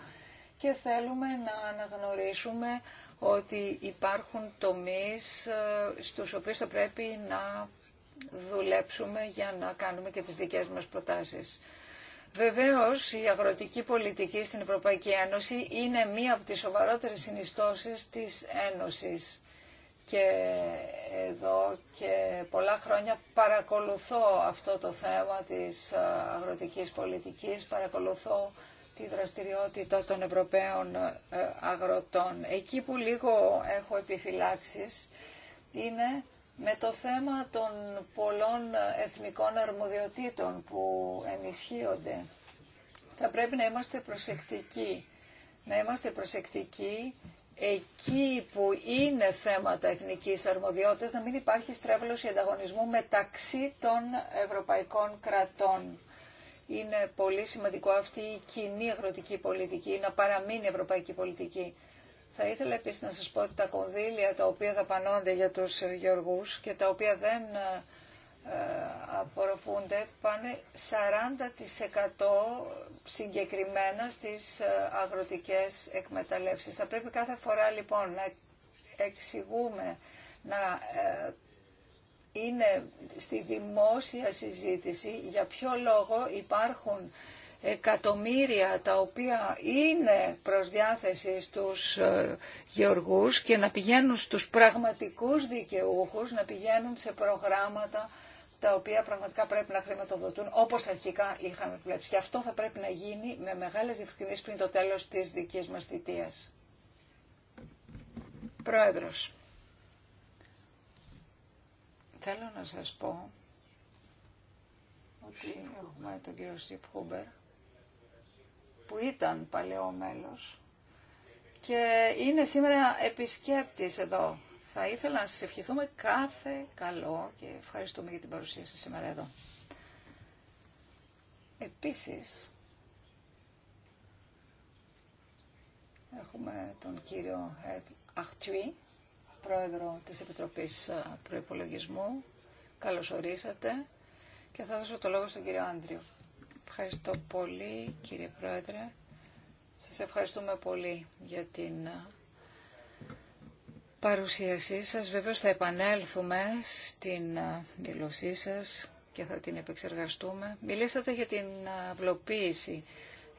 και θέλουμε να αναγνωρίσουμε ότι υπάρχουν τομείς ε, στους οποίους θα πρέπει να δουλέψουμε για να κάνουμε και τις δικές μας προτάσεις. Βεβαίω, η αγροτική πολιτική στην Ευρωπαϊκή Ένωση είναι μία από τι σοβαρότερε συνιστώσει της Ένωσης. Και εδώ και πολλά χρόνια παρακολουθώ αυτό το θέμα της αγροτικής πολιτικής, παρακολουθώ τη δραστηριότητα των Ευρωπαίων ε, αγροτών. Εκεί που λίγο έχω επιφυλάξεις είναι με το θέμα των πολλών εθνικών αρμοδιοτήτων που ενισχύονται. Θα πρέπει να είμαστε προσεκτικοί. Να είμαστε προσεκτικοί εκεί που είναι θέματα εθνικής αρμοδιότητας να μην υπάρχει στρέβλωση ανταγωνισμού μεταξύ των ευρωπαϊκών κρατών. Είναι πολύ σημαντικό αυτή η κοινή αγροτική πολιτική να παραμείνει ευρωπαϊκή πολιτική. Θα ήθελα επίσης να σας πω ότι τα κονδύλια τα οποία δαπανώνται για τους γεωργούς και τα οποία δεν ε, ε, απορροφούνται πάνε 40% συγκεκριμένα στις ε, αγροτικές εκμεταλλεύσεις. Θα πρέπει κάθε φορά λοιπόν να εξηγούμε, να είναι στη δημόσια συζήτηση για ποιο λόγο υπάρχουν εκατομμύρια τα οποία είναι προς διάθεση στους ε, γεωργούς και να πηγαίνουν στους πραγματικούς δικαιούχους, να πηγαίνουν σε προγράμματα τα οποία πραγματικά πρέπει να χρηματοδοτούν όπως αρχικά είχαμε βλέψει. Και αυτό θα πρέπει να γίνει με μεγάλες διευκρινήσεις πριν το τέλος της δικής μας θητείας. Πρόεδρος, θέλω να σας πω ότι έχουμε τον κύριο Σιπ Χούμπερ που ήταν παλαιό μέλος και είναι σήμερα επισκέπτης εδώ. Θα ήθελα να σας ευχηθούμε κάθε καλό και ευχαριστούμε για την παρουσία σας σήμερα εδώ. Επίσης, έχουμε τον κύριο Αχτουή, πρόεδρο της Επιτροπής Προϋπολογισμού. Καλώς ορίσατε και θα δώσω το λόγο στον κύριο Άντριο. Ευχαριστώ πολύ κύριε Πρόεδρε. Σας ευχαριστούμε πολύ για την ε, παρουσίασή σας. Βεβαίως θα επανέλθουμε στην ε, δηλωσή σας και θα την επεξεργαστούμε. Μιλήσατε για την ε, αυλοποίηση.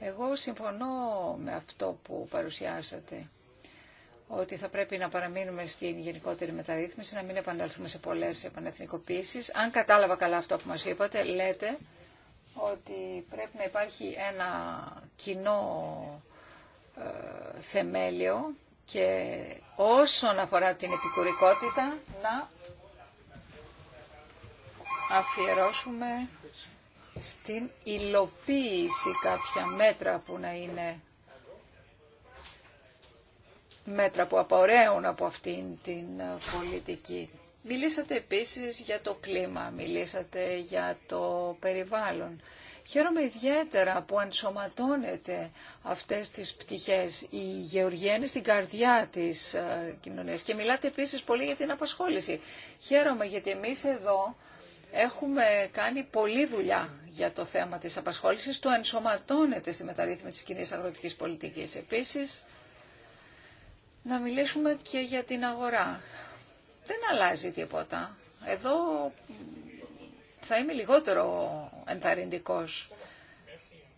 Εγώ συμφωνώ με αυτό που παρουσιάσατε, ότι θα πρέπει να παραμείνουμε στην γενικότερη μεταρρύθμιση, να μην επανέλθουμε σε πολλές επανεθνικοποίησεις. Αν κατάλαβα καλά αυτό που μας είπατε, λέτε ότι πρέπει να υπάρχει ένα κοινό ε, θεμέλιο και όσον αφορά την επικουρικότητα να αφιερώσουμε στην υλοποίηση κάποια μέτρα που να είναι μέτρα που απορρέουν από αυτήν την πολιτική. Μιλήσατε επίσης για το κλίμα, μιλήσατε για το περιβάλλον. Χαίρομαι ιδιαίτερα που ανσωματώνεται αυτές τις πτυχές. Η γεωργία είναι στην καρδιά της ε, κοινωνίας και μιλάτε επίσης πολύ για την απασχόληση. Χαίρομαι γιατί εμείς εδώ έχουμε κάνει πολλή δουλειά για το θέμα της απασχόλησης. Το ενσωματώνεται στη μεταρρύθμιση της κοινής αγροτικής πολιτικής. Επίσης, να μιλήσουμε και για την αγορά δεν αλλάζει τίποτα. Εδώ θα είμαι λιγότερο ενθαρρυντικός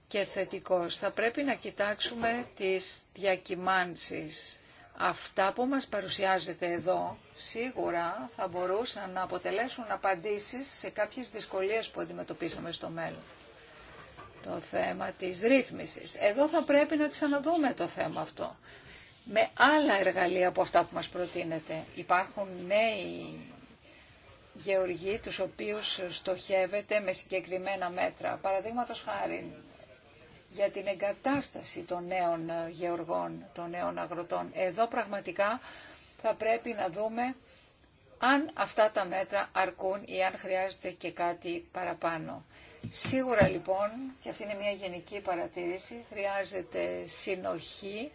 και θετικός. Θα πρέπει να κοιτάξουμε τις διακυμάνσεις. Αυτά που μας παρουσιάζεται εδώ σίγουρα θα μπορούσαν να αποτελέσουν απαντήσεις σε κάποιες δυσκολίες που αντιμετωπίσαμε στο μέλλον. Το θέμα της ρύθμισης. Εδώ θα πρέπει να ξαναδούμε το θέμα αυτό με άλλα εργαλεία από αυτά που μας προτείνεται. Υπάρχουν νέοι γεωργοί τους οποίους στοχεύεται με συγκεκριμένα μέτρα. Παραδείγματο χάρη για την εγκατάσταση των νέων γεωργών, των νέων αγροτών. Εδώ πραγματικά θα πρέπει να δούμε αν αυτά τα μέτρα αρκούν ή αν χρειάζεται και κάτι παραπάνω. Σίγουρα λοιπόν, και αυτή είναι μια γενική παρατήρηση, χρειάζεται συνοχή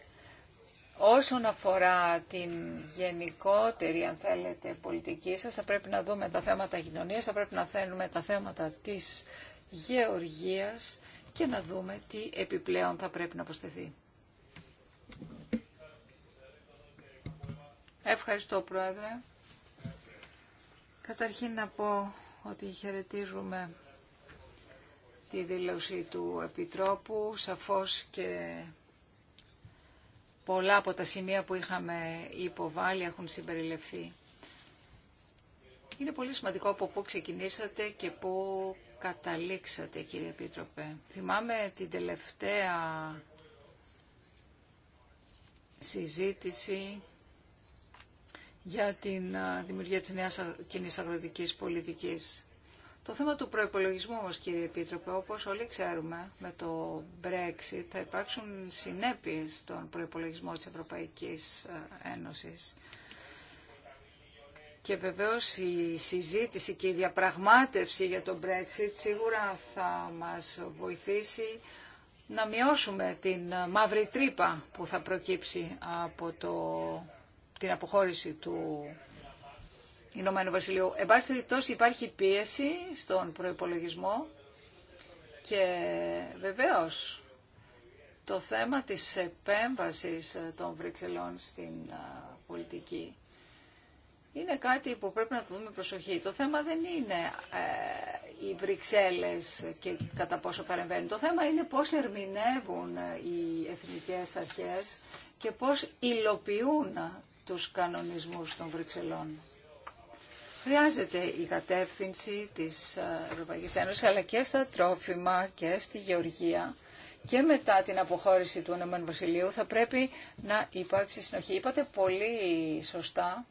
Όσον αφορά την γενικότερη, αν θέλετε, πολιτική σας, θα πρέπει να δούμε τα θέματα κοινωνία. θα πρέπει να θέλουμε τα θέματα της γεωργίας και να δούμε τι επιπλέον θα πρέπει να προσθεθεί. Ευχαριστώ, Πρόεδρε. Καταρχήν να πω ότι χαιρετίζουμε τη δήλωση του Επιτρόπου, σαφώς και Πολλά από τα σημεία που είχαμε υποβάλει έχουν συμπεριληφθεί. Είναι πολύ σημαντικό από πού ξεκινήσατε και πού καταλήξατε, κύριε Επίτροπε. Θυμάμαι την τελευταία συζήτηση για την δημιουργία της νέας κοινή αγροτικής πολιτικής. Το θέμα του προϋπολογισμού όμως κύριε Επίτροπε, όπως όλοι ξέρουμε με το Brexit θα υπάρξουν συνέπειες στον προϋπολογισμό της Ευρωπαϊκής ε, Ένωσης. Και βεβαίως η συζήτηση και η διαπραγμάτευση για το Brexit σίγουρα θα μας βοηθήσει να μειώσουμε την ε, μαύρη τρύπα που θα προκύψει από το, την αποχώρηση του Ηνωμένου Βασιλείου. Εν πάση περιπτώσει υπάρχει πίεση στον προϋπολογισμό και βεβαίως το θέμα της επέμβασης των Βρυξελών στην πολιτική είναι κάτι που πρέπει να το δούμε προσοχή. Το θέμα δεν είναι ε, οι Βρυξέλλες και κατά πόσο παρεμβαίνουν. Το θέμα είναι πώς ερμηνεύουν ε, οι εθνικές αρχές και πώς υλοποιούν τους κανονισμούς των Βρυξελών. Χρειάζεται η κατεύθυνση της ε, Ευρωπαϊκής Ένωσης αλλά και στα τρόφιμα και στη γεωργία και μετά την αποχώρηση του Ηνωμένου Βασιλείου θα πρέπει να υπάρξει συνοχή. Είπατε πολύ σωστά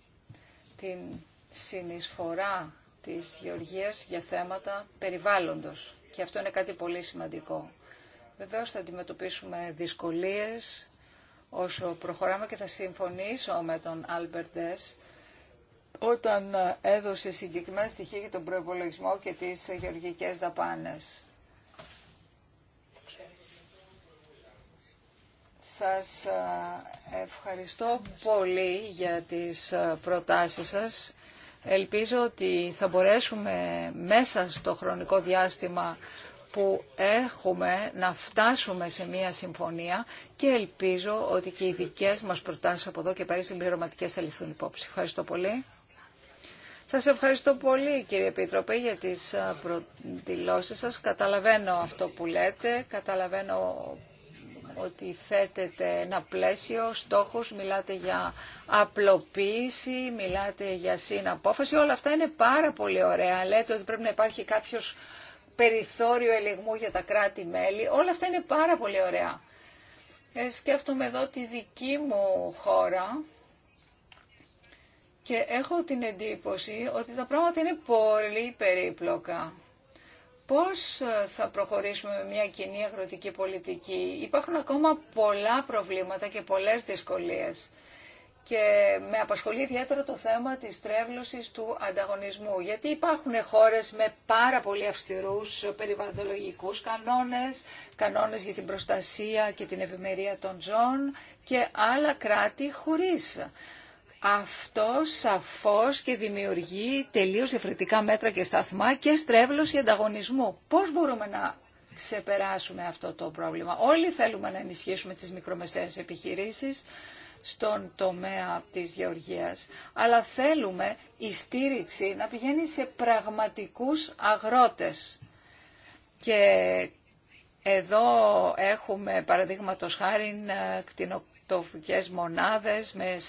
την συνεισφορά της γεωργίας για θέματα περιβάλλοντος και αυτό είναι κάτι πολύ σημαντικό. Βεβαίως θα αντιμετωπίσουμε δυσκολίες όσο προχωράμε και θα συμφωνήσω με τον Άλμπερντες όταν έδωσε συγκεκριμένα στοιχεία για τον προϋπολογισμό και τις γεωργικές δαπάνες. Σας ευχαριστώ πολύ για τις προτάσεις σας. Ελπίζω ότι θα μπορέσουμε μέσα στο χρονικό διάστημα που έχουμε να φτάσουμε σε μία συμφωνία και ελπίζω ότι και οι δικές μας προτάσεις από εδώ και πέρα συμπληρωματικές θα ληφθούν υπόψη. Ευχαριστώ πολύ. Σας ευχαριστώ πολύ κύριε Επίτροπε για τις δηλώσεις σας. Καταλαβαίνω αυτό που λέτε, καταλαβαίνω ότι θέτετε ένα πλαίσιο, στόχους, μιλάτε για απλοποίηση, μιλάτε για συναπόφαση. Όλα αυτά είναι πάρα πολύ ωραία. Λέτε ότι πρέπει να υπάρχει κάποιος περιθώριο ελιγμού για τα κράτη-μέλη. Όλα αυτά είναι πάρα πολύ ωραία. Ε, σκέφτομαι εδώ τη δική μου χώρα, και έχω την εντύπωση ότι τα πράγματα είναι πολύ περίπλοκα. Πώς ε, θα προχωρήσουμε με μια κοινή αγροτική πολιτική. Υπάρχουν ακόμα πολλά προβλήματα και πολλές δυσκολίες. Και με απασχολεί ιδιαίτερα το θέμα της τρέβλωσης του ανταγωνισμού. Γιατί υπάρχουν χώρες με πάρα πολύ αυστηρούς περιβαλλοντολογικούς κανόνες, κανόνες για την προστασία και την ευημερία των ζώων και άλλα κράτη χωρίς. Αυτό σαφώς και δημιουργεί τελείως διαφορετικά μέτρα και σταθμά και στρέβλωση ανταγωνισμού. Πώς μπορούμε να ξεπεράσουμε αυτό το πρόβλημα. Όλοι θέλουμε να ενισχύσουμε τις μικρομεσαίες επιχειρήσεις στον τομέα της γεωργίας, αλλά θέλουμε η στήριξη να πηγαίνει σε πραγματικούς αγρότες. Και εδώ έχουμε παραδείγματο χάρη ε, κτηνο, τοφικές μονάδες, με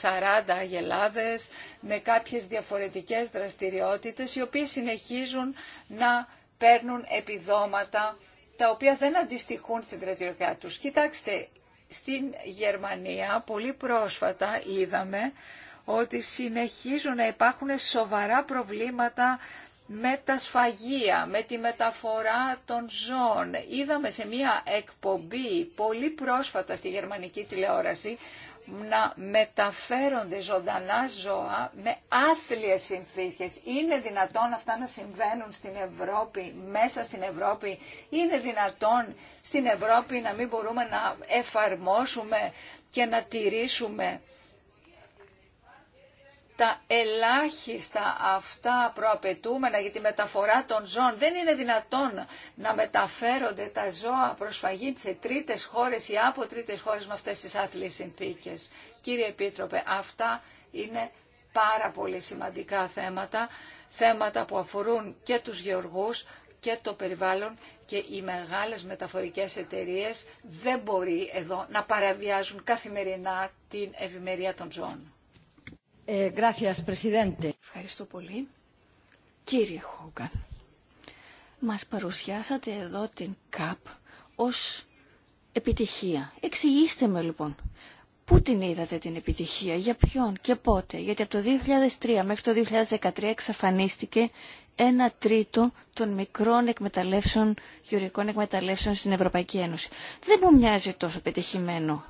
40 αγελάδες, με κάποιες διαφορετικές δραστηριότητες οι οποίες συνεχίζουν να παίρνουν επιδόματα τα οποία δεν αντιστοιχούν στην δραστηριότητά τους. Κοιτάξτε, στην Γερμανία πολύ πρόσφατα είδαμε ότι συνεχίζουν να υπάρχουν σοβαρά προβλήματα με τα σφαγεία, με τη μεταφορά των ζώων. Είδαμε σε μία εκπομπή πολύ πρόσφατα στη γερμανική τηλεόραση να μεταφέρονται ζωντανά ζώα με άθλιες συνθήκες. Είναι δυνατόν αυτά να συμβαίνουν στην Ευρώπη, μέσα στην Ευρώπη. Είναι δυνατόν στην Ευρώπη να μην μπορούμε να εφαρμόσουμε και να τηρήσουμε τα ελάχιστα αυτά προαπαιτούμενα για τη μεταφορά των ζώων. Δεν είναι δυνατόν να μεταφέρονται τα ζώα προσφαγή σε τρίτες χώρες ή από τρίτες χώρες με αυτές τις άθλιες συνθήκες. Κύριε Επίτροπε, αυτά είναι πάρα πολύ σημαντικά θέματα, θέματα που αφορούν και τους γεωργούς και το περιβάλλον και οι μεγάλες μεταφορικές εταιρείες δεν μπορεί εδώ να παραβιάζουν καθημερινά την ευημερία των ζώων. Ε, Ευχαριστώ πολύ. Κύριε Χόγκαν, μας παρουσιάσατε εδώ την ΚΑΠ ως επιτυχία. Εξηγήστε με λοιπόν, πού την είδατε την επιτυχία, για ποιον και πότε. Γιατί από το 2003 μέχρι το 2013 εξαφανίστηκε ένα τρίτο των μικρών εκμεταλλεύσεων, γεωργικών εκμεταλλεύσεων στην Ευρωπαϊκή Ένωση. Δεν μου μοιάζει τόσο πετυχημένο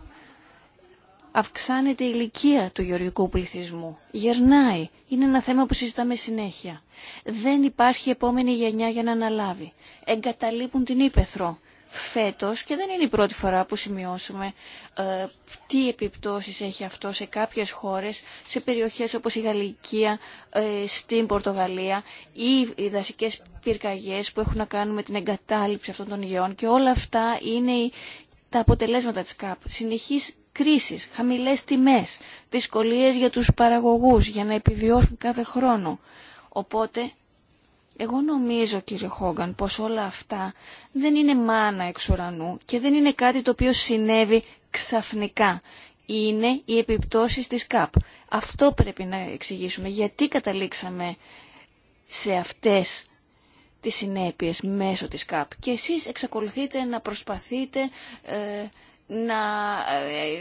αυξάνεται η ηλικία του γεωργικού πληθυσμού. Γερνάει. Είναι ένα θέμα που συζητάμε συνέχεια. Δεν υπάρχει επόμενη γενιά για να αναλάβει. Εγκαταλείπουν την ύπεθρο φέτος και δεν είναι η πρώτη φορά που σημειώσουμε ε, τι επιπτώσει έχει αυτό σε κάποιες χώρες, σε περιοχές όπως η Γαλλικία, ε, στην Πορτογαλία ή οι δασικέ πυρκαγιέ που έχουν να κάνουν με την εγκατάλειψη αυτών των γεών και όλα αυτά είναι τα αποτελέσματα τη ΚΑΠ κρίσεις, χαμηλές τιμές, δυσκολίες για τους παραγωγούς για να επιβιώσουν κάθε χρόνο. Οπότε, εγώ νομίζω κύριε Χόγκαν πως όλα αυτά δεν είναι μάνα εξ ουρανού και δεν είναι κάτι το οποίο συνέβη ξαφνικά. Είναι οι επιπτώσεις της ΚΑΠ. Αυτό πρέπει να εξηγήσουμε. Γιατί καταλήξαμε σε αυτές τις συνέπειες μέσω της ΚΑΠ. Και εσείς εξακολουθείτε να προσπαθείτε ε, να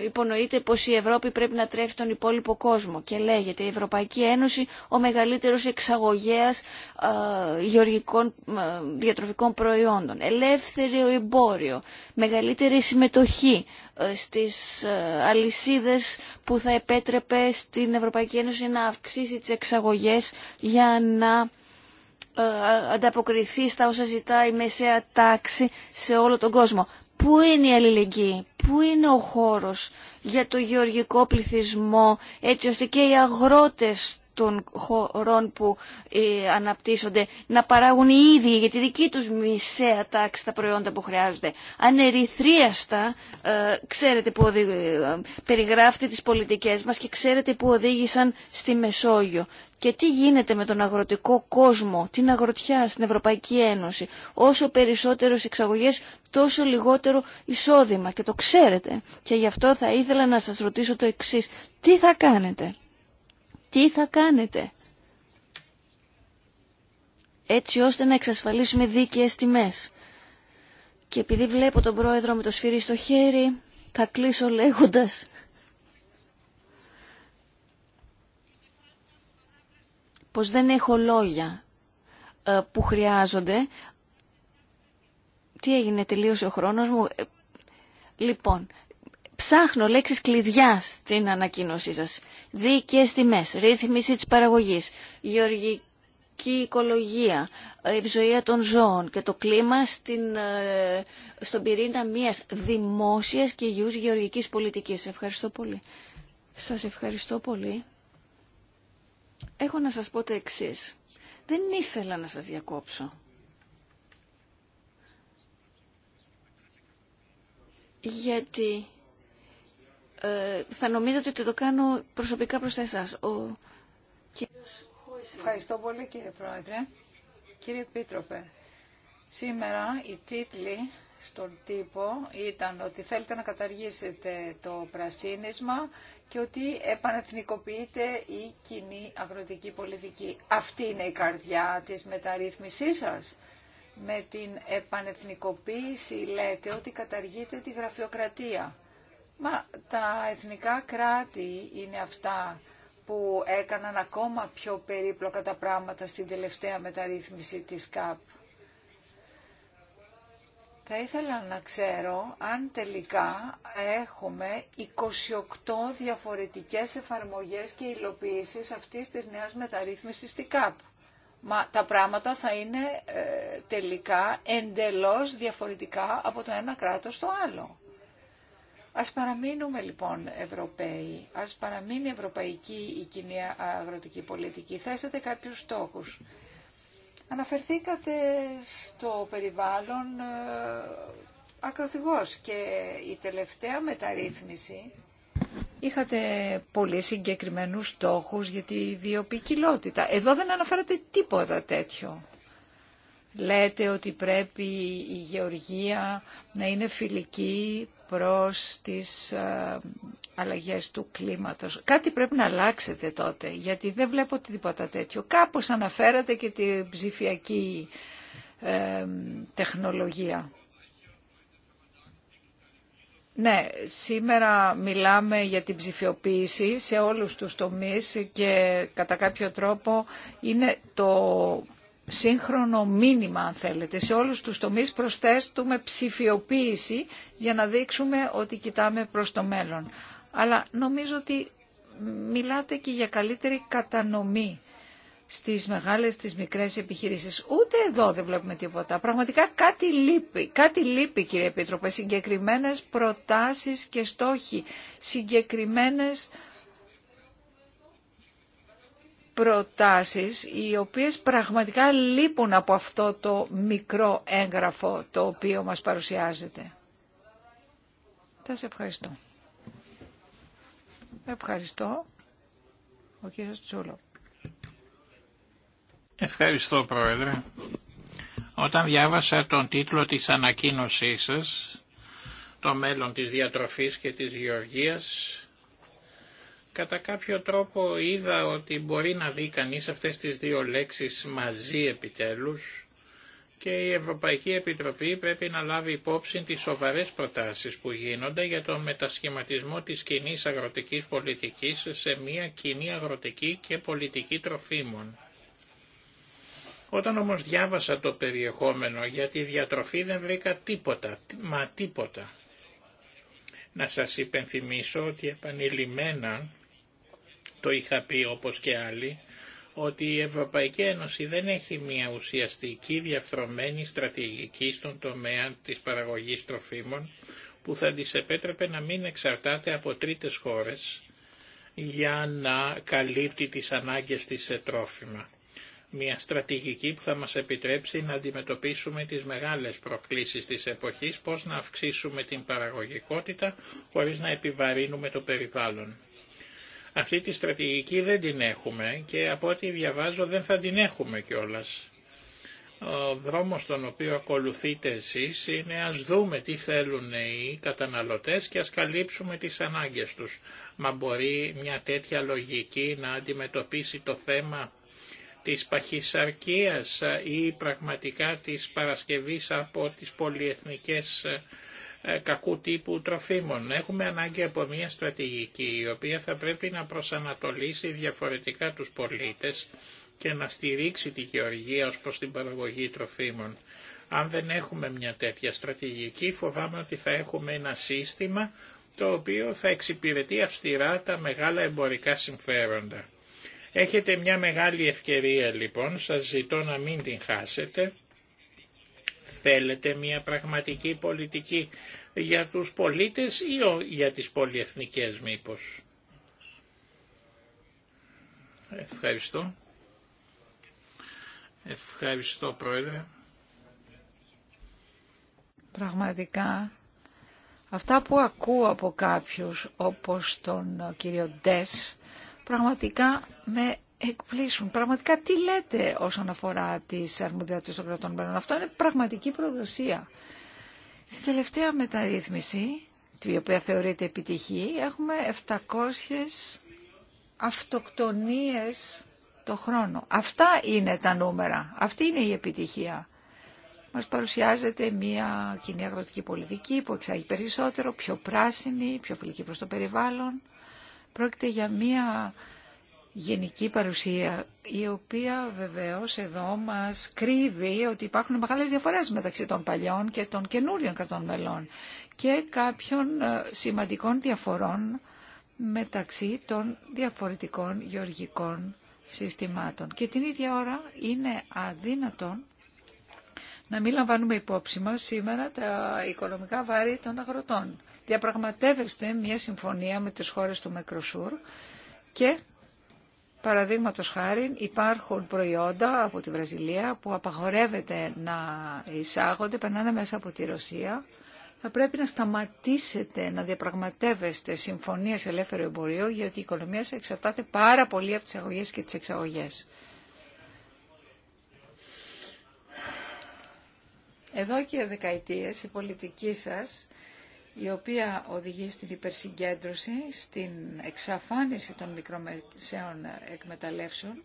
ε, υπονοείται πως η Ευρώπη πρέπει να τρέφει τον υπόλοιπο κόσμο και λέγεται η Ευρωπαϊκή Ένωση ο μεγαλύτερος εξαγωγέας ε, γεωργικών ε, διατροφικών προϊόντων. Ελεύθερο εμπόριο, μεγαλύτερη συμμετοχή στις αλυσίδες που θα επέτρεπε στην Ευρωπαϊκή Ένωση να αυξήσει τις εξαγωγές για να ανταποκριθεί στα όσα ζητάει η μεσαία τάξη σε όλο τον κόσμο. Πού είναι η αλληλεγγύη, πού είναι ο χώρος για το γεωργικό πληθυσμό, έτσι ώστε και οι αγρότες των χωρών που ε, αναπτύσσονται να παράγουν οι ίδιοι για τη δική τους μισέα τάξη τα προϊόντα που χρειάζονται. ε, ξέρετε που περιγράφετε τις πολιτικές μας και ξέρετε που οδήγησαν στη Μεσόγειο. Και τι γίνεται με τον αγροτικό κόσμο, την αγροτιά στην Ευρωπαϊκή Ένωση. Όσο περισσότερες εξαγωγές, τόσο λιγότερο εισόδημα. Και το ξέρετε. Και γι' αυτό θα ήθελα να σας ρωτήσω το εξής. Τι θα κάνετε τι θα κάνετε έτσι ώστε να εξασφαλίσουμε δίκαιες τιμές. Και επειδή βλέπω τον πρόεδρο με το σφυρί στο χέρι, θα κλείσω λέγοντας πως δεν έχω λόγια ε, που χρειάζονται. Τι έγινε, τελείωσε ο χρόνος μου. Ε, λοιπόν, ψάχνω λέξεις κλειδιά στην ανακοίνωσή σας. Δίκαιες τιμές, ρύθμιση της παραγωγής, γεωργική οικολογία, ε, ευζοία των ζώων και το κλίμα στην, ε, στον πυρήνα μιας δημόσιας και υγιούς γεωργικής πολιτικής. Ευχαριστώ πολύ. Σας ευχαριστώ πολύ. Έχω να σας πω το εξή. Δεν ήθελα να σας διακόψω. Γιατί ε, θα νομίζετε ότι το κάνω προσωπικά προς εσάς. Ο Ευχαριστώ πολύ κύριε Πρόεδρε. Κύριε Πίτροπε, σήμερα η τίτλη στον τύπο ήταν ότι θέλετε να καταργήσετε το πρασίνισμα και ότι επανεθνικοποιείτε η κοινή αγροτική πολιτική. Αυτή είναι η καρδιά της μεταρρύθμισής σας. Με την επανεθνικοποίηση λέτε ότι καταργείτε τη γραφειοκρατία. Μα τα εθνικά κράτη είναι αυτά που έκαναν ακόμα πιο περίπλοκα τα πράγματα στην τελευταία μεταρρύθμιση της ΚΑΠ. Θα ήθελα να ξέρω αν τελικά έχουμε 28 διαφορετικές εφαρμογές και υλοποιήσεις αυτής της νέας μεταρρύθμισης της ΚΑΠ. Μα τα πράγματα θα είναι ε, τελικά εντελώς διαφορετικά από το ένα κράτος στο άλλο. Ας παραμείνουμε λοιπόν Ευρωπαίοι, ας παραμείνει ευρωπαϊκή η κοινή αγροτική πολιτική. Θέσατε κάποιους στόχους. Αναφερθήκατε στο περιβάλλον ε, ακροθυγός και η τελευταία μεταρρύθμιση είχατε πολύ συγκεκριμένους στόχους για τη βιοποικιλότητα. Εδώ δεν αναφέρατε τίποτα τέτοιο. Λέτε ότι πρέπει η γεωργία να είναι φιλική προς τις ε, αλλαγές του κλίματος. Κάτι πρέπει να αλλάξετε τότε, γιατί δεν βλέπω τίποτα τέτοιο. Κάπως αναφέρατε και την ψηφιακή ε, τεχνολογία. Ναι, σήμερα μιλάμε για την ψηφιοποίηση σε όλους τους τομείς και κατά κάποιο τρόπο είναι το σύγχρονο μήνυμα αν θέλετε. Σε όλους τους τομείς προσθέτουμε ψηφιοποίηση για να δείξουμε ότι κοιτάμε προς το μέλλον. Αλλά νομίζω ότι μιλάτε και για καλύτερη κατανομή στις μεγάλες, στις μικρές επιχειρήσεις. Ούτε εδώ δεν βλέπουμε τίποτα. Πραγματικά κάτι λείπει. Κάτι λείπει κύριε Επίτροπε. Συγκεκριμένες προτάσεις και στόχοι. Συγκεκριμένες προτάσεις οι οποίες πραγματικά λείπουν από αυτό το μικρό έγγραφο το οποίο μας παρουσιάζεται. σε ευχαριστώ. Ευχαριστώ. Ο κύριος Τσούλο. Ευχαριστώ Πρόεδρε. Όταν διάβασα τον τίτλο της ανακοίνωσής σας, το μέλλον της διατροφής και της γεωργίας, Κατά κάποιο τρόπο είδα ότι μπορεί να δει κανείς αυτές τις δύο λέξεις μαζί επιτέλους και η Ευρωπαϊκή Επιτροπή πρέπει να λάβει υπόψη τις σοβαρές προτάσεις που γίνονται για τον μετασχηματισμό της κοινή αγροτικής πολιτικής σε μια κοινή αγροτική και πολιτική τροφίμων. Όταν όμως διάβασα το περιεχόμενο για τη διατροφή δεν βρήκα τίποτα, μα τίποτα. Να σας υπενθυμίσω ότι επανειλημμένα το είχα πει όπως και άλλοι, ότι η Ευρωπαϊκή Ένωση δεν έχει μια ουσιαστική διαφθρωμένη στρατηγική στον τομέα της παραγωγής τροφίμων που θα της επέτρεπε να μην εξαρτάται από τρίτες χώρες για να καλύπτει τις ανάγκες της σε τρόφιμα. Μια στρατηγική που θα μας επιτρέψει να αντιμετωπίσουμε τις μεγάλες προκλήσεις της εποχής, πώς να αυξήσουμε την παραγωγικότητα χωρίς να επιβαρύνουμε το περιβάλλον. Αυτή τη στρατηγική δεν την έχουμε και από ό,τι διαβάζω δεν θα την έχουμε κιόλα. Ο δρόμος τον οποίο ακολουθείτε εσείς είναι ας δούμε τι θέλουν οι καταναλωτές και ας καλύψουμε τις ανάγκες τους. Μα μπορεί μια τέτοια λογική να αντιμετωπίσει το θέμα της παχυσαρκίας ή πραγματικά της παρασκευής από τις πολυεθνικές ε, κακού τύπου τροφίμων. Έχουμε ανάγκη από μια στρατηγική η οποία θα πρέπει να προσανατολίσει διαφορετικά τους πολίτες και να στηρίξει τη γεωργία ως προς την παραγωγή τροφίμων. Αν δεν έχουμε μια τέτοια στρατηγική φοβάμαι ότι θα έχουμε ένα σύστημα το οποίο θα εξυπηρετεί αυστηρά τα μεγάλα εμπορικά συμφέροντα. Έχετε μια μεγάλη ευκαιρία λοιπόν, σας ζητώ να μην την χάσετε Θέλετε μια πραγματική πολιτική για τους πολίτες ή για τις πολυεθνικές μήπως. Ευχαριστώ. Ευχαριστώ Πρόεδρε. Πραγματικά αυτά που ακούω από κάποιους όπως τον κύριο Ντες πραγματικά με εκπλήσουν. Πραγματικά τι λέτε όσον αφορά τις αρμοδιότητες των κρατών μελών. Αυτό είναι πραγματική προδοσία. Στη τελευταία μεταρρύθμιση, την οποία θεωρείται επιτυχή, έχουμε 700 αυτοκτονίες το χρόνο. Αυτά είναι τα νούμερα. Αυτή είναι η επιτυχία. Μας παρουσιάζεται μια κοινή αγροτική πολιτική που εξάγει περισσότερο, πιο πράσινη, πιο φιλική προς το περιβάλλον. Πρόκειται για μια γενική παρουσία, η οποία βεβαίως εδώ μας κρύβει ότι υπάρχουν μεγάλες διαφορές μεταξύ των παλιών και των καινούριων κρατών μελών και κάποιων ε, σημαντικών διαφορών μεταξύ των διαφορετικών γεωργικών συστημάτων. Και την ίδια ώρα είναι αδύνατον να μην λαμβάνουμε υπόψη μας σήμερα τα οικονομικά βάρη των αγροτών. Διαπραγματεύεστε μια συμφωνία με τις χώρες του Μεκροσούρ και Παραδείγματο χάρη υπάρχουν προϊόντα από τη Βραζιλία που απαγορεύεται να εισάγονται, περνάνε μέσα από τη Ρωσία. Θα πρέπει να σταματήσετε να διαπραγματεύεστε συμφωνίες ελεύθερου εμπορίου γιατί η οικονομία σας εξαρτάται πάρα πολύ από τις αγωγές και τις εξαγωγές. Εδώ και δεκαετίες η πολιτική σας η οποία οδηγεί στην υπερσυγκέντρωση, στην εξαφάνιση των μικρομεσαίων εκμεταλλεύσεων,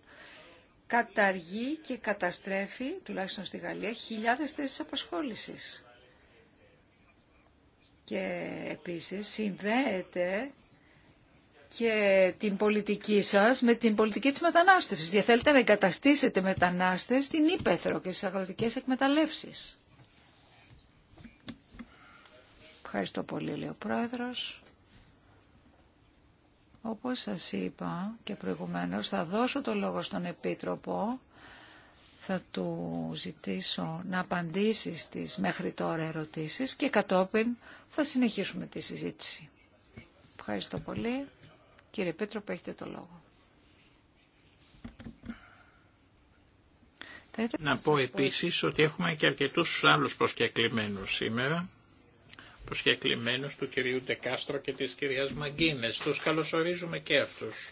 καταργεί και καταστρέφει, τουλάχιστον στη Γαλλία, χιλιάδες θέσεις απασχόλησης. Και επίσης συνδέεται και την πολιτική σας με την πολιτική της μετανάστευσης. Διαθέλετε να εγκαταστήσετε μετανάστες στην ύπεθρο και στις αγροτικές εκμεταλλεύσεις. Ευχαριστώ πολύ, λέει ο Πρόεδρος. Όπως σας είπα και προηγουμένως, θα δώσω το λόγο στον Επίτροπο. Θα του ζητήσω να απαντήσει στις μέχρι τώρα ερωτήσεις και κατόπιν θα συνεχίσουμε τη συζήτηση. Ευχαριστώ πολύ. Κύριε Επίτροπο, έχετε το λόγο. Να πω επίσης ότι έχουμε και αρκετούς άλλους προσκεκλημένους σήμερα προσκεκλημένους του κυρίου Τεκάστρο και της κυρίας Μαγκίνες. Τους καλωσορίζουμε και αυτούς.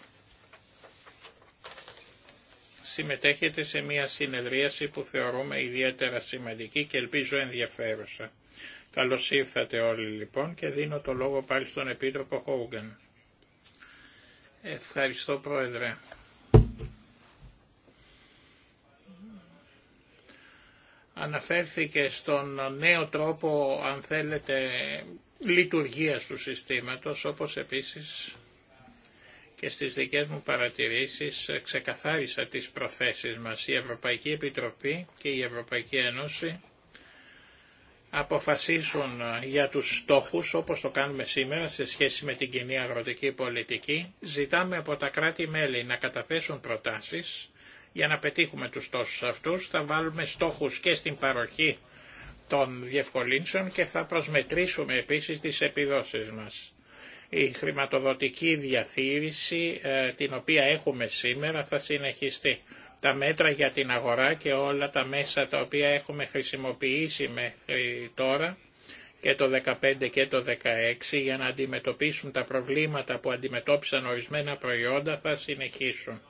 Συμμετέχετε σε μια συνεδρίαση που θεωρούμε ιδιαίτερα σημαντική και ελπίζω ενδιαφέρουσα. Καλώς ήρθατε όλοι λοιπόν και δίνω το λόγο πάλι στον Επίτροπο Χόγκαν. Ευχαριστώ Πρόεδρε. αναφέρθηκε στον νέο τρόπο, αν θέλετε, λειτουργίας του συστήματος, όπως επίσης και στις δικές μου παρατηρήσεις ξεκαθάρισα τις προθέσεις μας. Η Ευρωπαϊκή Επιτροπή και η Ευρωπαϊκή Ένωση αποφασίσουν για τους στόχους, όπως το κάνουμε σήμερα σε σχέση με την κοινή αγροτική πολιτική, ζητάμε από τα κράτη-μέλη να καταθέσουν προτάσεις για να πετύχουμε τους στόχους αυτούς θα βάλουμε στόχους και στην παροχή των διευκολύνσεων και θα προσμετρήσουμε επίσης τις επιδόσεις μας. Η χρηματοδοτική διαθήρηση ε, την οποία έχουμε σήμερα θα συνεχιστεί. Τα μέτρα για την αγορά και όλα τα μέσα τα οποία έχουμε χρησιμοποιήσει μέχρι τώρα και το 2015 και το 2016 για να αντιμετωπίσουν τα προβλήματα που αντιμετώπισαν ορισμένα προϊόντα θα συνεχίσουν.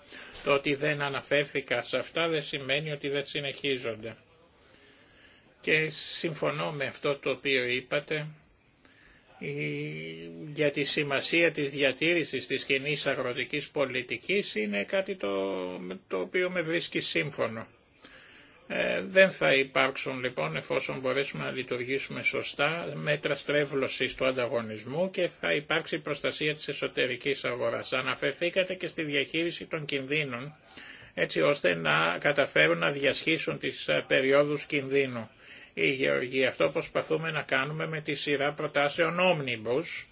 Το ότι δεν αναφέρθηκα σε αυτά δεν σημαίνει ότι δεν συνεχίζονται. Και συμφωνώ με αυτό το οποίο είπατε για τη σημασία της διατήρησης της κοινή αγροτικής πολιτικής είναι κάτι το, το οποίο με βρίσκει σύμφωνο. Ε, δεν θα υπάρξουν λοιπόν εφόσον μπορέσουμε να λειτουργήσουμε σωστά μέτρα στρέβλωσης του ανταγωνισμού και θα υπάρξει προστασία της εσωτερικής αγοράς. Αναφερθήκατε και στη διαχείριση των κινδύνων έτσι ώστε να καταφέρουν να διασχίσουν τις ε, περιόδους κινδύνου. Η Γεωργία αυτό προσπαθούμε να κάνουμε με τη σειρά προτάσεων Omnibus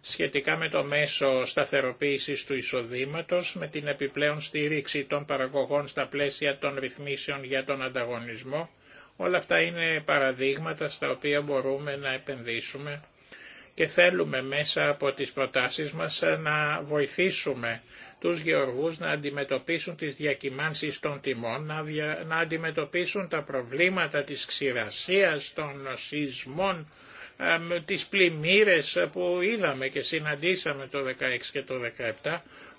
σχετικά με το μέσο σταθεροποίησης του εισοδήματος, με την επιπλέον στήριξη των παραγωγών στα πλαίσια των ρυθμίσεων για τον ανταγωνισμό. Όλα αυτά είναι παραδείγματα στα οποία μπορούμε να επενδύσουμε και θέλουμε μέσα από τις προτάσεις μας να βοηθήσουμε τους γεωργούς να αντιμετωπίσουν τις διακυμάνσεις των τιμών, να, αντιμετωπίσουν τα προβλήματα της ξηρασίας, των σεισμών, τις πλημμύρες που είδαμε και συναντήσαμε το 16 και το 17,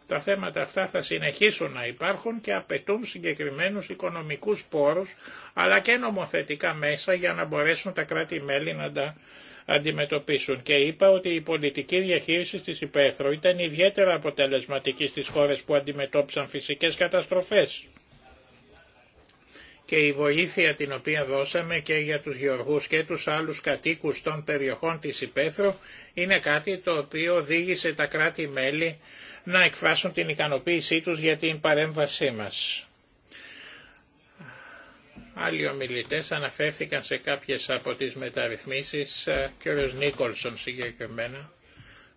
τα θέματα αυτά θα συνεχίσουν να υπάρχουν και απαιτούν συγκεκριμένους οικονομικούς πόρους αλλά και νομοθετικά μέσα για να μπορέσουν τα κράτη-μέλη να τα αντιμετωπίσουν. Και είπα ότι η πολιτική διαχείριση της υπαίθρου ήταν ιδιαίτερα αποτελεσματική στις χώρες που αντιμετώπισαν φυσικές καταστροφές και η βοήθεια την οποία δώσαμε και για τους γεωργούς και τους άλλους κατοίκους των περιοχών της Υπέθρου είναι κάτι το οποίο οδήγησε τα κράτη-μέλη να εκφράσουν την ικανοποίησή τους για την παρέμβασή μας. Άλλοι ομιλητές αναφέρθηκαν σε κάποιες από τις μεταρρυθμίσεις, ε, κ. Νίκολσον συγκεκριμένα.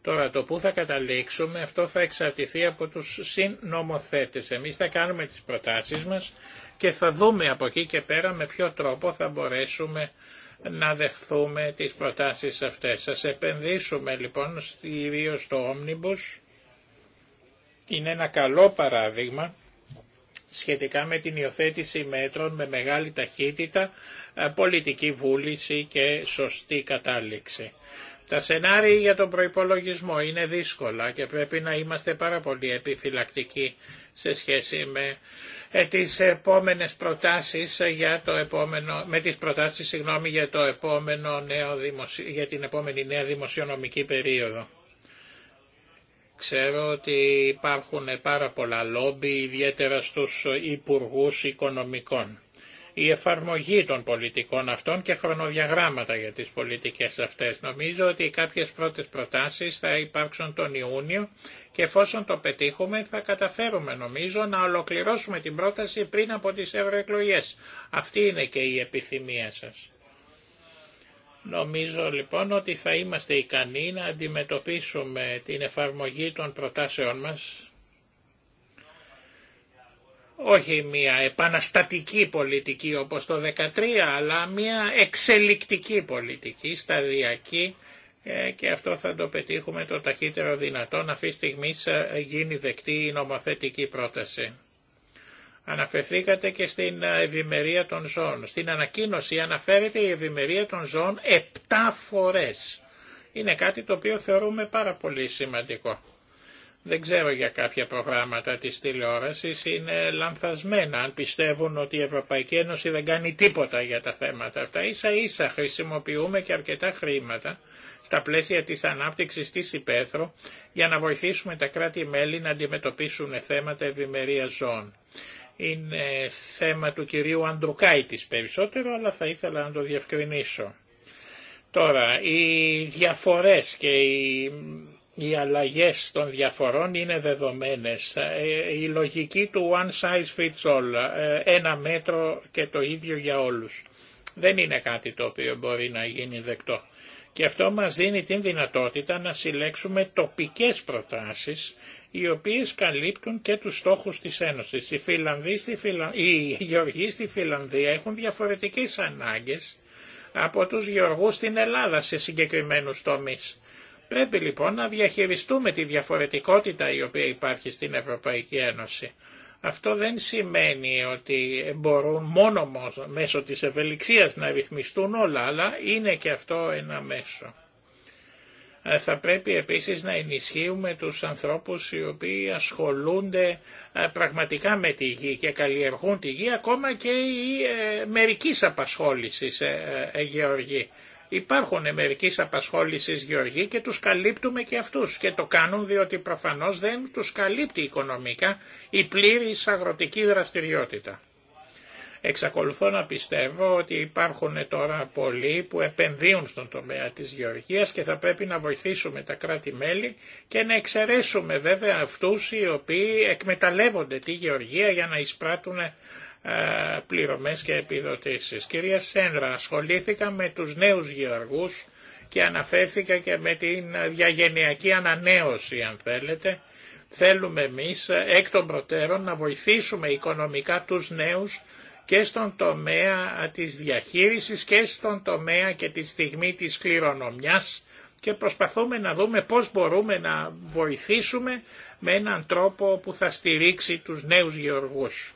Τώρα το που θα καταλήξουμε αυτό θα εξαρτηθεί από τους συνομοθέτες. Εμείς θα κάνουμε τις προτάσεις μας, και θα δούμε από εκεί και πέρα με ποιο τρόπο θα μπορέσουμε να δεχθούμε τις προτάσεις αυτές. Σας επενδύσουμε λοιπόν ιδίω το Omnibus. Είναι ένα καλό παράδειγμα σχετικά με την υιοθέτηση μέτρων με μεγάλη ταχύτητα, πολιτική βούληση και σωστή κατάληξη. Τα σενάρια για τον προϋπολογισμό είναι δύσκολα και πρέπει να είμαστε πάρα πολύ επιφυλακτικοί σε σχέση με ε, τις επόμενες προτάσεις για το επόμενο, με τις προτάσεις για, το επόμενο νέο για την επόμενη νέα δημοσιονομική περίοδο. Ξέρω ότι υπάρχουν πάρα πολλά λόμπι, ιδιαίτερα στους υπουργούς οικονομικών η εφαρμογή των πολιτικών αυτών και χρονοδιαγράμματα για τις πολιτικές αυτές. Νομίζω ότι κάποιες πρώτες προτάσεις θα υπάρξουν τον Ιούνιο και εφόσον το πετύχουμε θα καταφέρουμε νομίζω να ολοκληρώσουμε την πρόταση πριν από τις ευρωεκλογέ. Αυτή είναι και η επιθυμία σας. Νομίζω λοιπόν ότι θα είμαστε ικανοί να αντιμετωπίσουμε την εφαρμογή των προτάσεων μας όχι μια επαναστατική πολιτική όπως το 2013, αλλά μια εξελικτική πολιτική, σταδιακή ε, και αυτό θα το πετύχουμε το ταχύτερο δυνατόν αυτή τη στιγμή γίνει δεκτή η νομοθετική πρόταση. Αναφερθήκατε και στην ευημερία των ζώων. Στην ανακοίνωση αναφέρεται η ευημερία των ζώων επτά φορές. Είναι κάτι το οποίο θεωρούμε πάρα πολύ σημαντικό δεν ξέρω για κάποια προγράμματα της τηλεόρασης, είναι λανθασμένα αν πιστεύουν ότι η Ευρωπαϊκή Ένωση δεν κάνει τίποτα για τα θέματα αυτά. Ίσα ίσα χρησιμοποιούμε και αρκετά χρήματα στα πλαίσια της ανάπτυξης της υπαίθρου για να βοηθήσουμε τα κράτη-μέλη να αντιμετωπίσουν θέματα ευημερία ζώων. Είναι θέμα του κυρίου Αντρουκάητης περισσότερο, αλλά θα ήθελα να το διευκρινίσω. Τώρα, οι διαφορές και οι οι αλλαγές των διαφορών είναι δεδομένες. Ε, η λογική του one size fits all, ε, ένα μέτρο και το ίδιο για όλους, δεν είναι κάτι το οποίο μπορεί να γίνει δεκτό. Και αυτό μας δίνει την δυνατότητα να συλλέξουμε τοπικές προτάσεις, οι οποίες καλύπτουν και τους στόχους της Ένωσης. Οι, στη οι γεωργοί στη Φιλανδία έχουν διαφορετικές ανάγκες από τους γεωργούς στην Ελλάδα σε συγκεκριμένους τομείς πρέπει λοιπόν να διαχειριστούμε τη διαφορετικότητα η οποία υπάρχει στην Ευρωπαϊκή Ένωση. Αυτό δεν σημαίνει ότι μπορούν μόνο μέσω της ευελιξίας να ρυθμιστούν όλα, αλλά είναι και αυτό ένα μέσο. Ε, θα πρέπει επίσης να ενισχύουμε τους ανθρώπους οι οποίοι ασχολούνται ε, πραγματικά με τη γη και καλλιεργούν τη γη, ακόμα και η ε, μερικής απασχόλησης γεωργή. Υπάρχουν μερικοί απασχόλησης γεωργοί και του καλύπτουμε και αυτού και το κάνουν διότι προφανώ δεν του καλύπτει οικονομικά η πλήρη αγροτική δραστηριότητα. Εξακολουθώ να πιστεύω ότι υπάρχουν τώρα πολλοί που επενδύουν στον τομέα της γεωργίας και θα πρέπει να βοηθήσουμε τα κράτη-μέλη και να εξαιρέσουμε βέβαια αυτούς οι οποίοι εκμεταλλεύονται τη γεωργία για να εισπράττουν ε, πληρωμές και επιδοτήσεις. Κυρία Σένρα, ασχολήθηκα με τους νέους γεωργούς και αναφέρθηκα και με την διαγενειακή ανανέωση, αν θέλετε. Θέλουμε εμείς εκ των προτέρων να βοηθήσουμε οικονομικά τους νέους και στον τομέα της διαχείρισης και στον τομέα και τη στιγμή της κληρονομιάς και προσπαθούμε να δούμε πώς μπορούμε να βοηθήσουμε με έναν τρόπο που θα στηρίξει τους νέους γεωργούς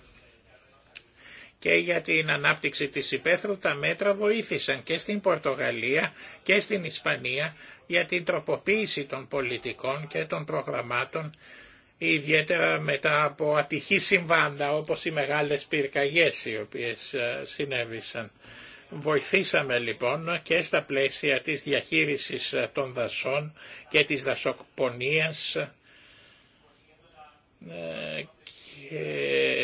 και για την ανάπτυξη της υπαίθρου τα μέτρα βοήθησαν και στην Πορτογαλία και στην Ισπανία για την τροποποίηση των πολιτικών και των προγραμμάτων ιδιαίτερα μετά από ατυχή συμβάντα όπως οι μεγάλες πυρκαγιές οι οποίες ε, συνέβησαν. Βοηθήσαμε λοιπόν και στα πλαίσια της διαχείρισης ε, των δασών και της δασοκπονίας ε,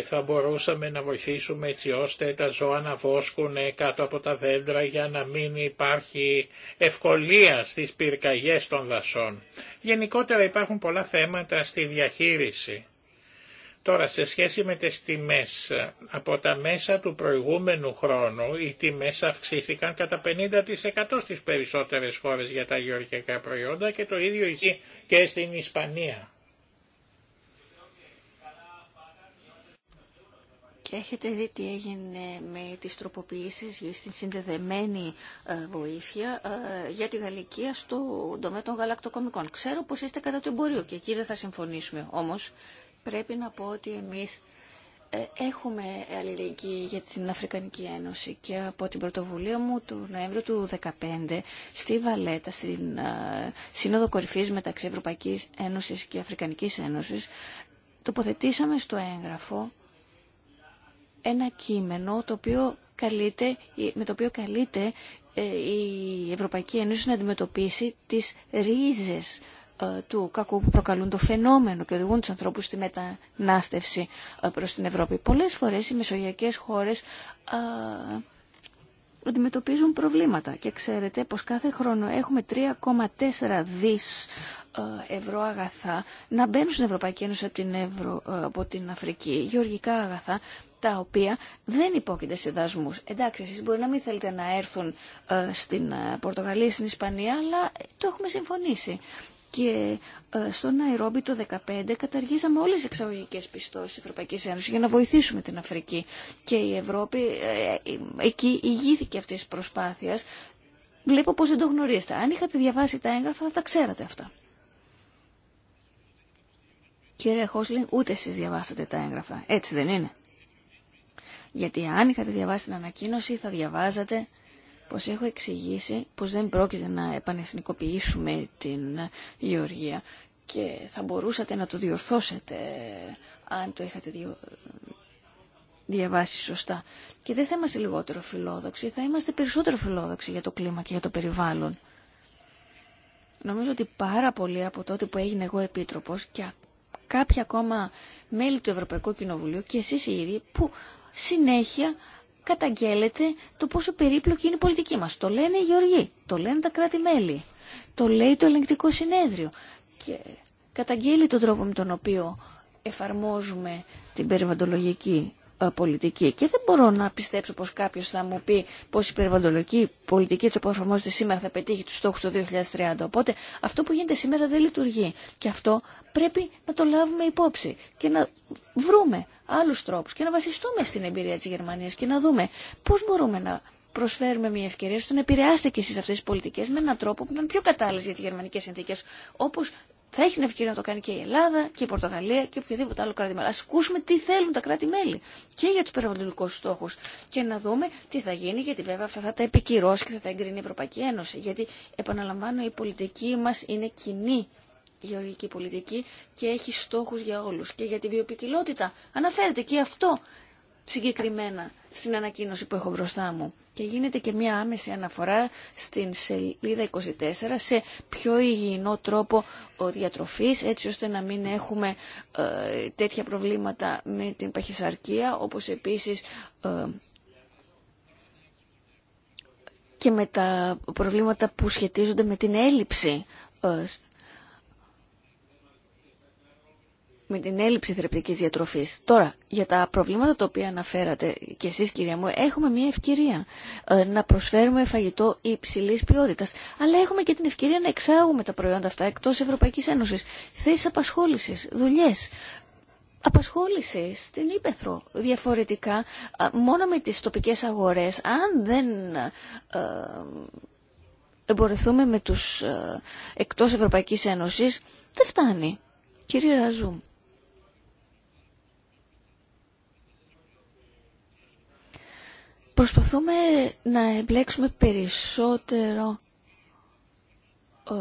θα μπορούσαμε να βοηθήσουμε έτσι ώστε τα ζώα να βόσκουν κάτω από τα δέντρα για να μην υπάρχει ευκολία στις πυρκαγιές των δασών. Γενικότερα υπάρχουν πολλά θέματα στη διαχείριση. Τώρα σε σχέση με τις τιμές, από τα μέσα του προηγούμενου χρόνου οι τιμές αυξήθηκαν κατά 50% στις περισσότερες χώρες για τα γεωργικά προϊόντα και το ίδιο ισχύει και στην Ισπανία. Και έχετε δει τι έγινε με τις τροποποιήσεις στην συνδεδεμένη ε, βοήθεια ε, για τη Γαλλικία στο τομέα των γαλακτοκομικών. Ξέρω πως είστε κατά του εμπορίου και εκεί δεν θα συμφωνήσουμε. Όμως πρέπει να πω ότι εμείς ε, έχουμε αλληλεγγύη για την Αφρικανική Ένωση και από την πρωτοβουλία μου του Νοέμβριου του 2015 στη Βαλέτα, στην Σύνοδο Κορυφής μεταξύ Ευρωπαϊκής Ένωσης και Αφρικανικής Ένωσης, τοποθετήσαμε στο έγγραφο ένα κείμενο το οποίο καλείται, με το οποίο καλείται ε, η Ευρωπαϊκή Ένωση να αντιμετωπίσει τις ρίζες ε, του κακού που προκαλούν το φαινόμενο και οδηγούν τους ανθρώπους στη μετανάστευση ε, προς την Ευρώπη. Πολλές φορές οι μεσογειακές χώρες αντιμετωπίζουν προβλήματα. Και ξέρετε πως κάθε χρόνο έχουμε 3,4 δις ε, ευρώ αγαθά να μπαίνουν στην Ευρωπαϊκή Ένωση από την, Ευρω... Ε, από την Αφρική, γεωργικά αγαθά, τα οποία δεν υπόκειται σε δασμούς. Εντάξει, εσείς μπορεί να μην θέλετε να έρθουν ε, στην Πορτογαλία, στην Ισπανία, αλλά το έχουμε συμφωνήσει και ε, στο Ναϊρόμπι το 2015 καταργήσαμε όλες τις εξαγωγικές πιστώσεις της Ευρωπαϊκής Ένωσης για να βοηθήσουμε την Αφρική. Και η Ευρώπη ε, ε, εκεί ηγήθηκε αυτής της προσπάθειας. Βλέπω πως δεν το γνωρίζετε. Αν είχατε διαβάσει τα έγγραφα θα τα ξέρατε αυτά. Κύριε Χόσλινγκ, ούτε εσείς διαβάσατε τα έγγραφα. Έτσι δεν είναι. Γιατί αν είχατε διαβάσει την ανακοίνωση θα διαβάζατε πως έχω εξηγήσει πως δεν πρόκειται να επανεθνικοποιήσουμε την γεωργία και θα μπορούσατε να το διορθώσετε αν το είχατε διαβάσει σωστά. Και δεν θα είμαστε λιγότερο φιλόδοξοι, θα είμαστε περισσότερο φιλόδοξοι για το κλίμα και για το περιβάλλον. Νομίζω ότι πάρα πολλοί από τότε που έγινε εγώ επίτροπος και κάποια ακόμα μέλη του Ευρωπαϊκού Κοινοβουλίου και εσείς οι ίδιοι που συνέχεια καταγγέλλεται το πόσο περίπλοκη είναι η πολιτική μας. Το λένε οι γεωργοί, το λένε τα κράτη-μέλη, το λέει το ελεγκτικό συνέδριο και καταγγέλει τον τρόπο με τον οποίο εφαρμόζουμε την περιβαλλοντολογική ε, πολιτική. Και δεν μπορώ να πιστέψω πως κάποιος θα μου πει πως η περιβαλλοντολογική πολιτική έτσι όπως εφαρμόζεται σήμερα θα πετύχει τους στόχους το 2030. Οπότε αυτό που γίνεται σήμερα δεν λειτουργεί. Και αυτό πρέπει να το λάβουμε υπόψη και να βρούμε άλλους τρόπους και να βασιστούμε στην εμπειρία της Γερμανίας και να δούμε πώς μπορούμε να προσφέρουμε μια ευκαιρία στο να επηρεάσετε και εσείς αυτέ τις πολιτικέ με έναν τρόπο που είναι πιο κατάλληλες για τι γερμανικέ συνθήκε. Θα έχει την ευκαιρία να το κάνει και η Ελλάδα και η Πορτογαλία και οποιοδήποτε άλλο κράτη-μέλη. Α ακούσουμε τι θέλουν τα κράτη-μέλη και για του περιβαλλοντικού στόχου και να δούμε τι θα γίνει, γιατί βέβαια αυτά θα τα επικυρώσει και θα τα εγκρίνει η Ευρωπαϊκή Ένωση. Γιατί, επαναλαμβάνω, η πολιτική μα είναι κοινή γεωργική πολιτική και έχει στόχους για όλους και για τη βιοπικιλότητα. Αναφέρεται και αυτό συγκεκριμένα στην ανακοίνωση που έχω μπροστά μου. Και γίνεται και μια άμεση αναφορά στην σελίδα 24 σε πιο υγιεινό τρόπο διατροφής έτσι ώστε να μην έχουμε ε, τέτοια προβλήματα με την παχυσαρκία όπως επίσης ε, και με τα προβλήματα που σχετίζονται με την έλλειψη ε, με την έλλειψη θρεπτικής διατροφής. Τώρα, για τα προβλήματα τα οποία αναφέρατε και εσείς κυρία μου, έχουμε μια ευκαιρία ε, να προσφέρουμε φαγητό υψηλής ποιότητας. Αλλά έχουμε και την ευκαιρία να εξάγουμε τα προϊόντα αυτά εκτός Ευρωπαϊκής Ένωσης. Θέσεις απασχόλησης, δουλειές, απασχόληση στην Ήπεθρο. Διαφορετικά, ε, μόνο με τις τοπικές αγορές, αν δεν ε, εμπορεθούμε με τους εκτός Ευρωπαϊκής Ένωσης, δεν φτάνει. Κύριε Ραζούμ, Προσπαθούμε να εμπλέξουμε περισσότερο ε,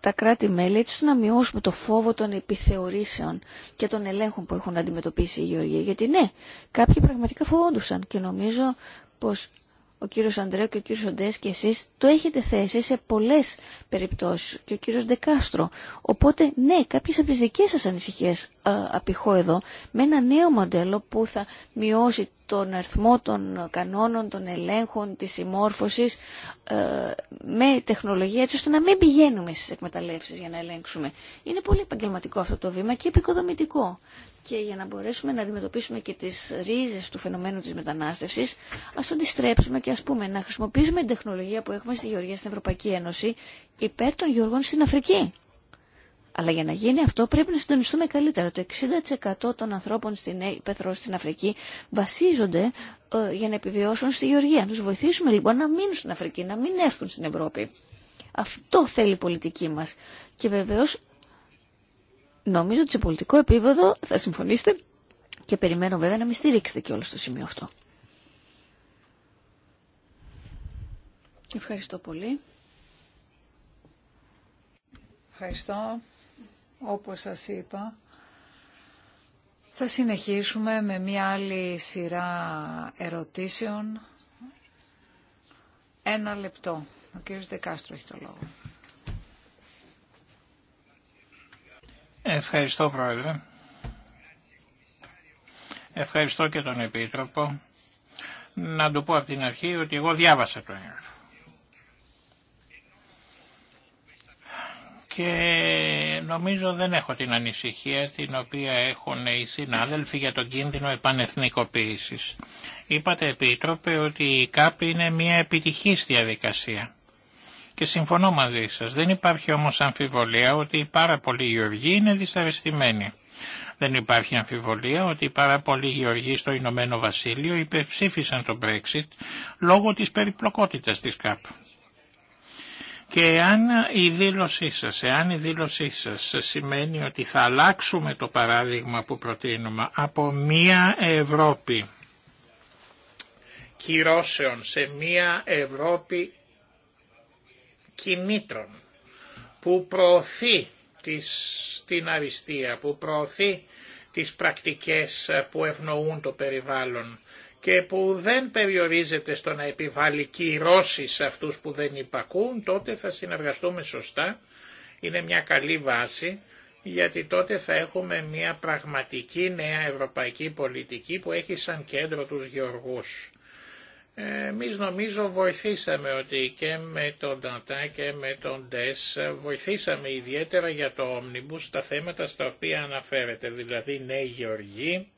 τα κράτη-μέλη έτσι να μειώσουμε το φόβο των επιθεωρήσεων και των ελέγχων που έχουν αντιμετωπίσει οι Γεωργοί. Γιατί ναι, κάποιοι πραγματικά φοβόντουσαν και νομίζω πως ο κύριος Αντρέο και ο κύριος Οντέ και εσείς το έχετε θέσει σε πολλές περιπτώσεις και ο κύριος Ντεκάστρο. Οπότε ναι, κάποιες από τι δικέ σα ανησυχίε απηχώ εδώ με ένα νέο μοντέλο που θα μειώσει τον αριθμό των κανόνων, των ελέγχων, τη συμμόρφωση ε, με τεχνολογία έτσι ώστε να μην πηγαίνουμε στι εκμεταλλεύσει για να ελέγξουμε. Είναι πολύ επαγγελματικό αυτό το βήμα και επικοδομητικό και για να μπορέσουμε να αντιμετωπίσουμε και τις ρίζες του φαινομένου της μετανάστευσης, ας το αντιστρέψουμε και ας πούμε να χρησιμοποιήσουμε την τεχνολογία που έχουμε στη Γεωργία στην Ευρωπαϊκή Ένωση υπέρ των Γεωργών στην Αφρική. Αλλά για να γίνει αυτό πρέπει να συντονιστούμε καλύτερα. Το 60% των ανθρώπων στην Πεθρό, στην Αφρική, βασίζονται ε, για να επιβιώσουν στη Γεωργία. Να τους βοηθήσουμε λοιπόν να μείνουν στην Αφρική, να μην έρθουν στην Ευρώπη. Αυτό θέλει η πολιτική μας. Και βεβαίως νομίζω ότι σε πολιτικό επίπεδο θα συμφωνήσετε και περιμένω βέβαια να μην στηρίξετε και όλο στο σημείο αυτό. Ευχαριστώ πολύ. Ευχαριστώ. Όπως σας είπα, θα συνεχίσουμε με μια άλλη σειρά ερωτήσεων. Ένα λεπτό. Ο κύριος Δεκάστρο έχει το λόγο. Ευχαριστώ Πρόεδρε. Ευχαριστώ και τον Επίτροπο. Να του πω από την αρχή ότι εγώ διάβασα το έγγραφο. Και νομίζω δεν έχω την ανησυχία την οποία έχουν οι συνάδελφοι για τον κίνδυνο επανεθνικοποίησης. Είπατε Επίτροπε ότι η ΚΑΠ είναι μια επιτυχής διαδικασία. Και συμφωνώ μαζί σας. Δεν υπάρχει όμως αμφιβολία ότι οι πάρα πολλοί γεωργοί είναι δυσαρεστημένοι. Δεν υπάρχει αμφιβολία ότι οι πάρα πολλοί γεωργοί στο Ηνωμένο Βασίλειο υπερψήφισαν το Brexit λόγω της περιπλοκότητας της ΚΑΠ. Και εάν η δήλωσή σας, εάν η δήλωσή σας σημαίνει ότι θα αλλάξουμε το παράδειγμα που προτείνουμε από μία Ευρώπη κυρώσεων σε μία Ευρώπη κινήτρων που προωθεί τις, την αριστεία, που προωθεί τις πρακτικές που ευνοούν το περιβάλλον και που δεν περιορίζεται στο να επιβάλλει κυρώσεις σε αυτούς που δεν υπακούν, τότε θα συνεργαστούμε σωστά. Είναι μια καλή βάση γιατί τότε θα έχουμε μια πραγματική νέα ευρωπαϊκή πολιτική που έχει σαν κέντρο τους γεωργούς. Εμεί νομίζω βοηθήσαμε ότι και με τον Ντατά και με τον ΤΕΣ βοηθήσαμε ιδιαίτερα για το Όμνιμπους τα θέματα στα οποία αναφέρεται, δηλαδή νέοι γεωργοί,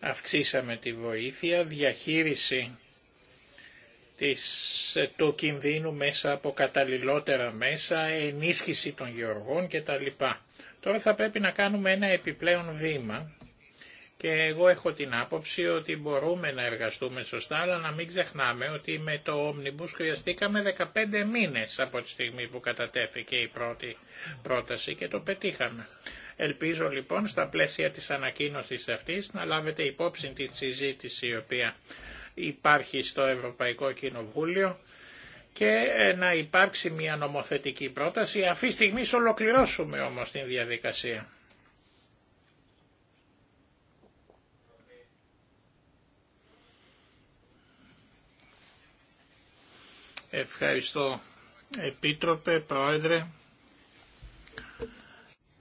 αυξήσαμε τη βοήθεια, διαχείριση της, του κινδύνου μέσα από καταλληλότερα μέσα, ενίσχυση των γεωργών κτλ. Τώρα θα πρέπει να κάνουμε ένα επιπλέον βήμα και εγώ έχω την άποψη ότι μπορούμε να εργαστούμε σωστά, αλλά να μην ξεχνάμε ότι με το Omnibus χρειαστήκαμε 15 μήνες από τη στιγμή που κατατέθηκε η πρώτη πρόταση και το πετύχαμε. Ελπίζω λοιπόν στα πλαίσια της ανακοίνωσης αυτής να λάβετε υπόψη τη συζήτηση η οποία υπάρχει στο Ευρωπαϊκό Κοινοβούλιο και ε, να υπάρξει μια νομοθετική πρόταση. Αυτή τη στιγμή ολοκληρώσουμε όμως την διαδικασία. Ευχαριστώ. Επίτροπε, Πρόεδρε.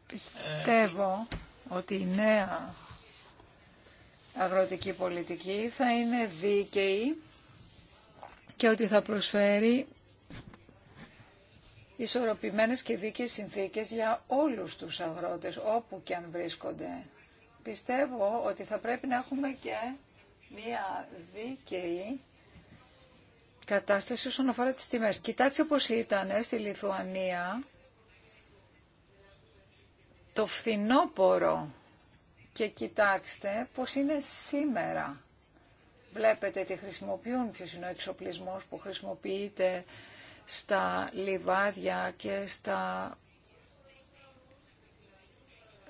Πιστεύω ότι η νέα αγροτική πολιτική θα είναι δίκαιη και ότι θα προσφέρει ισορροπημένες και δίκαιες συνθήκες για όλους τους αγρότες, όπου και αν βρίσκονται. Πιστεύω ότι θα πρέπει να έχουμε και μία δίκαιη κατάσταση όσον αφορά τις τιμές. Κοιτάξτε πώς ήταν ε, στη Λιθουανία το φθινόπορο και κοιτάξτε πώς είναι σήμερα. Βλέπετε τι χρησιμοποιούν, ποιος είναι ο εξοπλισμός που χρησιμοποιείται στα λιβάδια και στα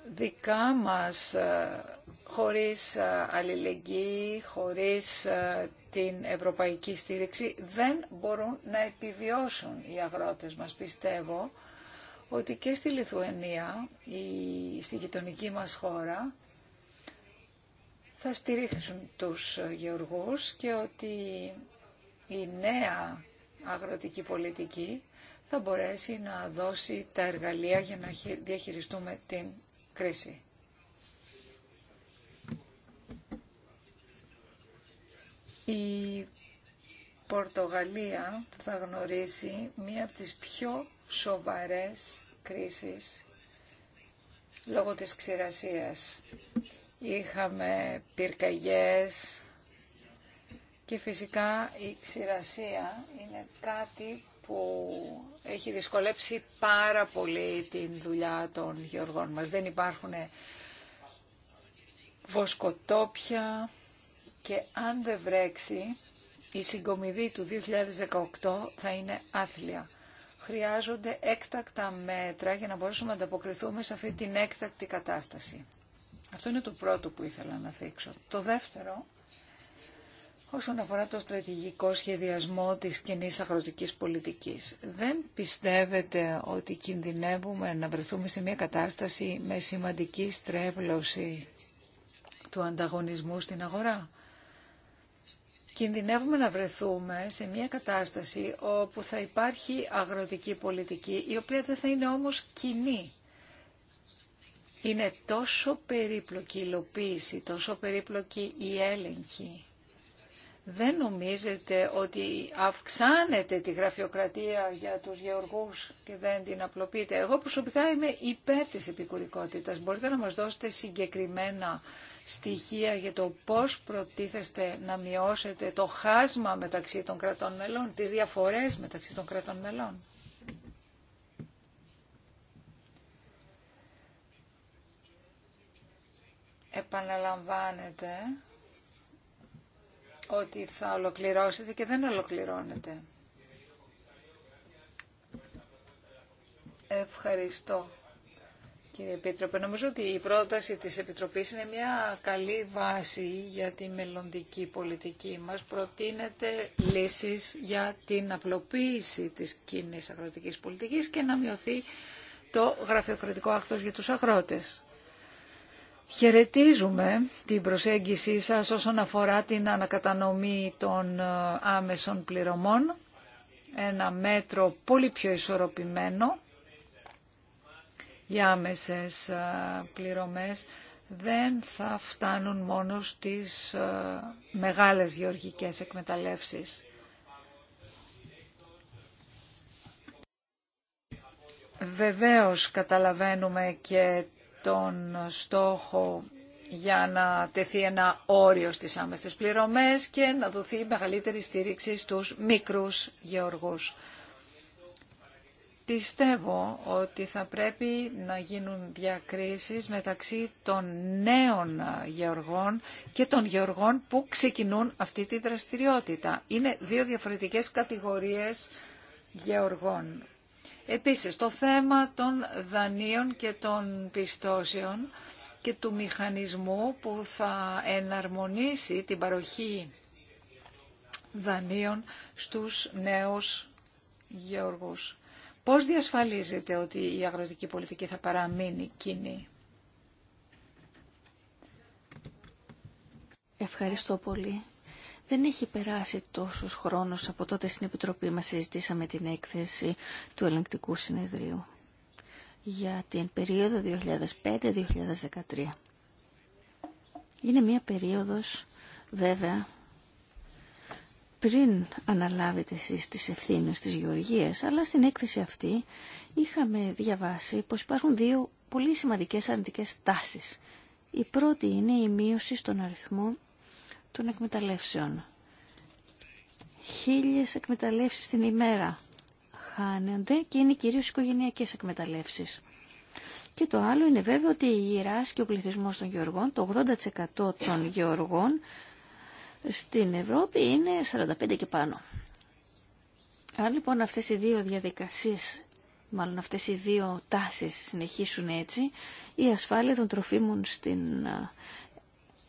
δικά μας ε, χωρίς ε, αλληλεγγύη, χωρίς την ευρωπαϊκή στήριξη δεν μπορούν να επιβιώσουν οι αγρότες μας. Πιστεύω ότι και στη Λιθουανία, η, στη γειτονική μας χώρα, θα στηρίξουν τους γεωργούς και ότι η νέα αγροτική πολιτική θα μπορέσει να δώσει τα εργαλεία για να διαχειριστούμε την κρίση. Η Πορτογαλία θα γνωρίσει μία από τις πιο σοβαρές κρίσεις λόγω της ξηρασίας. Είχαμε πυρκαγιές και φυσικά η ξηρασία είναι κάτι που έχει δυσκολέψει πάρα πολύ την δουλειά των γεωργών μας. Δεν υπάρχουν βοσκοτόπια, και αν δεν βρέξει η συγκομιδή του 2018 θα είναι άθλια. Χρειάζονται έκτακτα μέτρα για να μπορέσουμε να ανταποκριθούμε σε αυτή την έκτακτη κατάσταση. Αυτό είναι το πρώτο που ήθελα να θίξω. Το δεύτερο, όσον αφορά το στρατηγικό σχεδιασμό της κοινή αγροτικής πολιτικής. Δεν πιστεύετε ότι κινδυνεύουμε να βρεθούμε σε μια κατάσταση με σημαντική στρέβλωση του ανταγωνισμού στην αγορά κινδυνεύουμε να βρεθούμε σε μια κατάσταση όπου θα υπάρχει αγροτική πολιτική, η οποία δεν θα είναι όμως κοινή. Είναι τόσο περίπλοκη η υλοποίηση, τόσο περίπλοκη η έλεγχη. Δεν νομίζετε ότι αυξάνεται τη γραφειοκρατία για τους γεωργούς και δεν την απλοποιείτε. Εγώ προσωπικά είμαι υπέρ της επικουρικότητας. Μπορείτε να μας δώσετε συγκεκριμένα στοιχεία για το πώς προτίθεστε να μειώσετε το χάσμα μεταξύ των κρατών μελών, τις διαφορές μεταξύ των κρατών μελών. Επαναλαμβάνετε ότι θα ολοκληρώσετε και δεν ολοκληρώνετε. Ευχαριστώ κύριε Επίτροπε. Νομίζω ότι η πρόταση της Επιτροπής είναι μια καλή βάση για τη μελλοντική πολιτική μας. Προτείνεται λύσεις για την απλοποίηση της κοινή αγροτικής πολιτικής και να μειωθεί το γραφειοκρατικό άχθος για τους αγρότες. Χαιρετίζουμε την προσέγγιση σας όσον αφορά την ανακατανομή των ε, άμεσων πληρωμών, ένα μέτρο πολύ πιο ισορροπημένο για άμεσες ε, πληρωμές δεν θα φτάνουν μόνο στις ε, μεγάλες γεωργικές εκμεταλλεύσεις. Βεβαίως καταλαβαίνουμε και τον στόχο για να τεθεί ένα όριο στις άμεσες πληρωμές και να δοθεί μεγαλύτερη στήριξη στους μικρούς γεωργούς. Πιστεύω ότι θα πρέπει να γίνουν διακρίσεις μεταξύ των νέων γεωργών και των γεωργών που ξεκινούν αυτή τη δραστηριότητα. Είναι δύο διαφορετικές κατηγορίες γεωργών. Επίσης, το θέμα των δανείων και των πιστώσεων και του μηχανισμού που θα εναρμονίσει την παροχή δανείων στους νέους γεωργούς. Πώς διασφαλίζεται ότι η αγροτική πολιτική θα παραμείνει κοινή. Ευχαριστώ πολύ. Δεν έχει περάσει τόσος χρόνος από τότε στην Επιτροπή μας συζητήσαμε την έκθεση του ελεγκτικού συνεδρίου για την περίοδο 2005-2013. Είναι μια περίοδος βέβαια πριν αναλάβετε εσείς τις ευθύνες της γεωργίας, αλλά στην έκθεση αυτή είχαμε διαβάσει πως υπάρχουν δύο πολύ σημαντικές αρνητικές τάσεις. Η πρώτη είναι η μείωση στον αριθμό των εκμεταλλεύσεων. Χίλιες εκμεταλλεύσεις την ημέρα χάνονται και είναι κυρίως οικογενειακές εκμεταλλεύσεις. Και το άλλο είναι βέβαια ότι η γυράς και ο πληθυσμός των γεωργών, το 80% των γεωργών στην Ευρώπη είναι 45 και πάνω. Αν λοιπόν αυτές οι δύο διαδικασίες, μάλλον αυτές οι δύο τάσεις συνεχίσουν έτσι, η ασφάλεια των τροφίμων στην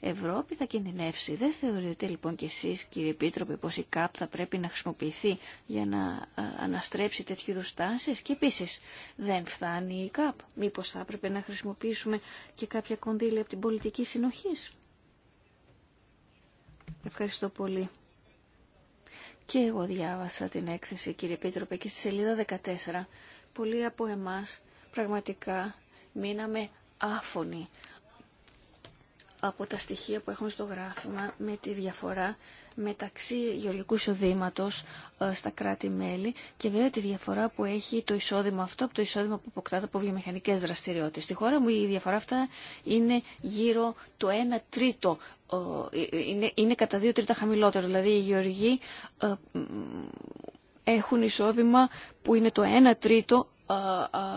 Ευρώπη θα κινδυνεύσει. Δεν θεωρείτε λοιπόν κι εσείς κύριε Επίτροπε πως η ΚΑΠ θα πρέπει να χρησιμοποιηθεί για να αναστρέψει τέτοιου είδους τάσεις και επίσης δεν φτάνει η ΚΑΠ. Μήπως θα έπρεπε να χρησιμοποιήσουμε και κάποια κονδύλια από την πολιτική συνοχής. Ευχαριστώ πολύ. Και εγώ διάβασα την έκθεση, κύριε Πίτροπε, και στη σελίδα 14 πολλοί από εμάς πραγματικά μείναμε άφωνοι από τα στοιχεία που έχουν στο γράφημα με τη διαφορά μεταξύ γεωργικού εισοδήματο ε, στα κράτη-μέλη και βέβαια τη διαφορά που έχει το εισόδημα αυτό από το εισόδημα που αποκτάται από βιομηχανικέ δραστηριότητες. Στη χώρα μου η διαφορά αυτά είναι γύρω το 1 τρίτο, ε, είναι, είναι κατά 2 τρίτα χαμηλότερο. Δηλαδή οι γεωργοί ε, έχουν εισόδημα που είναι το 1 τρίτο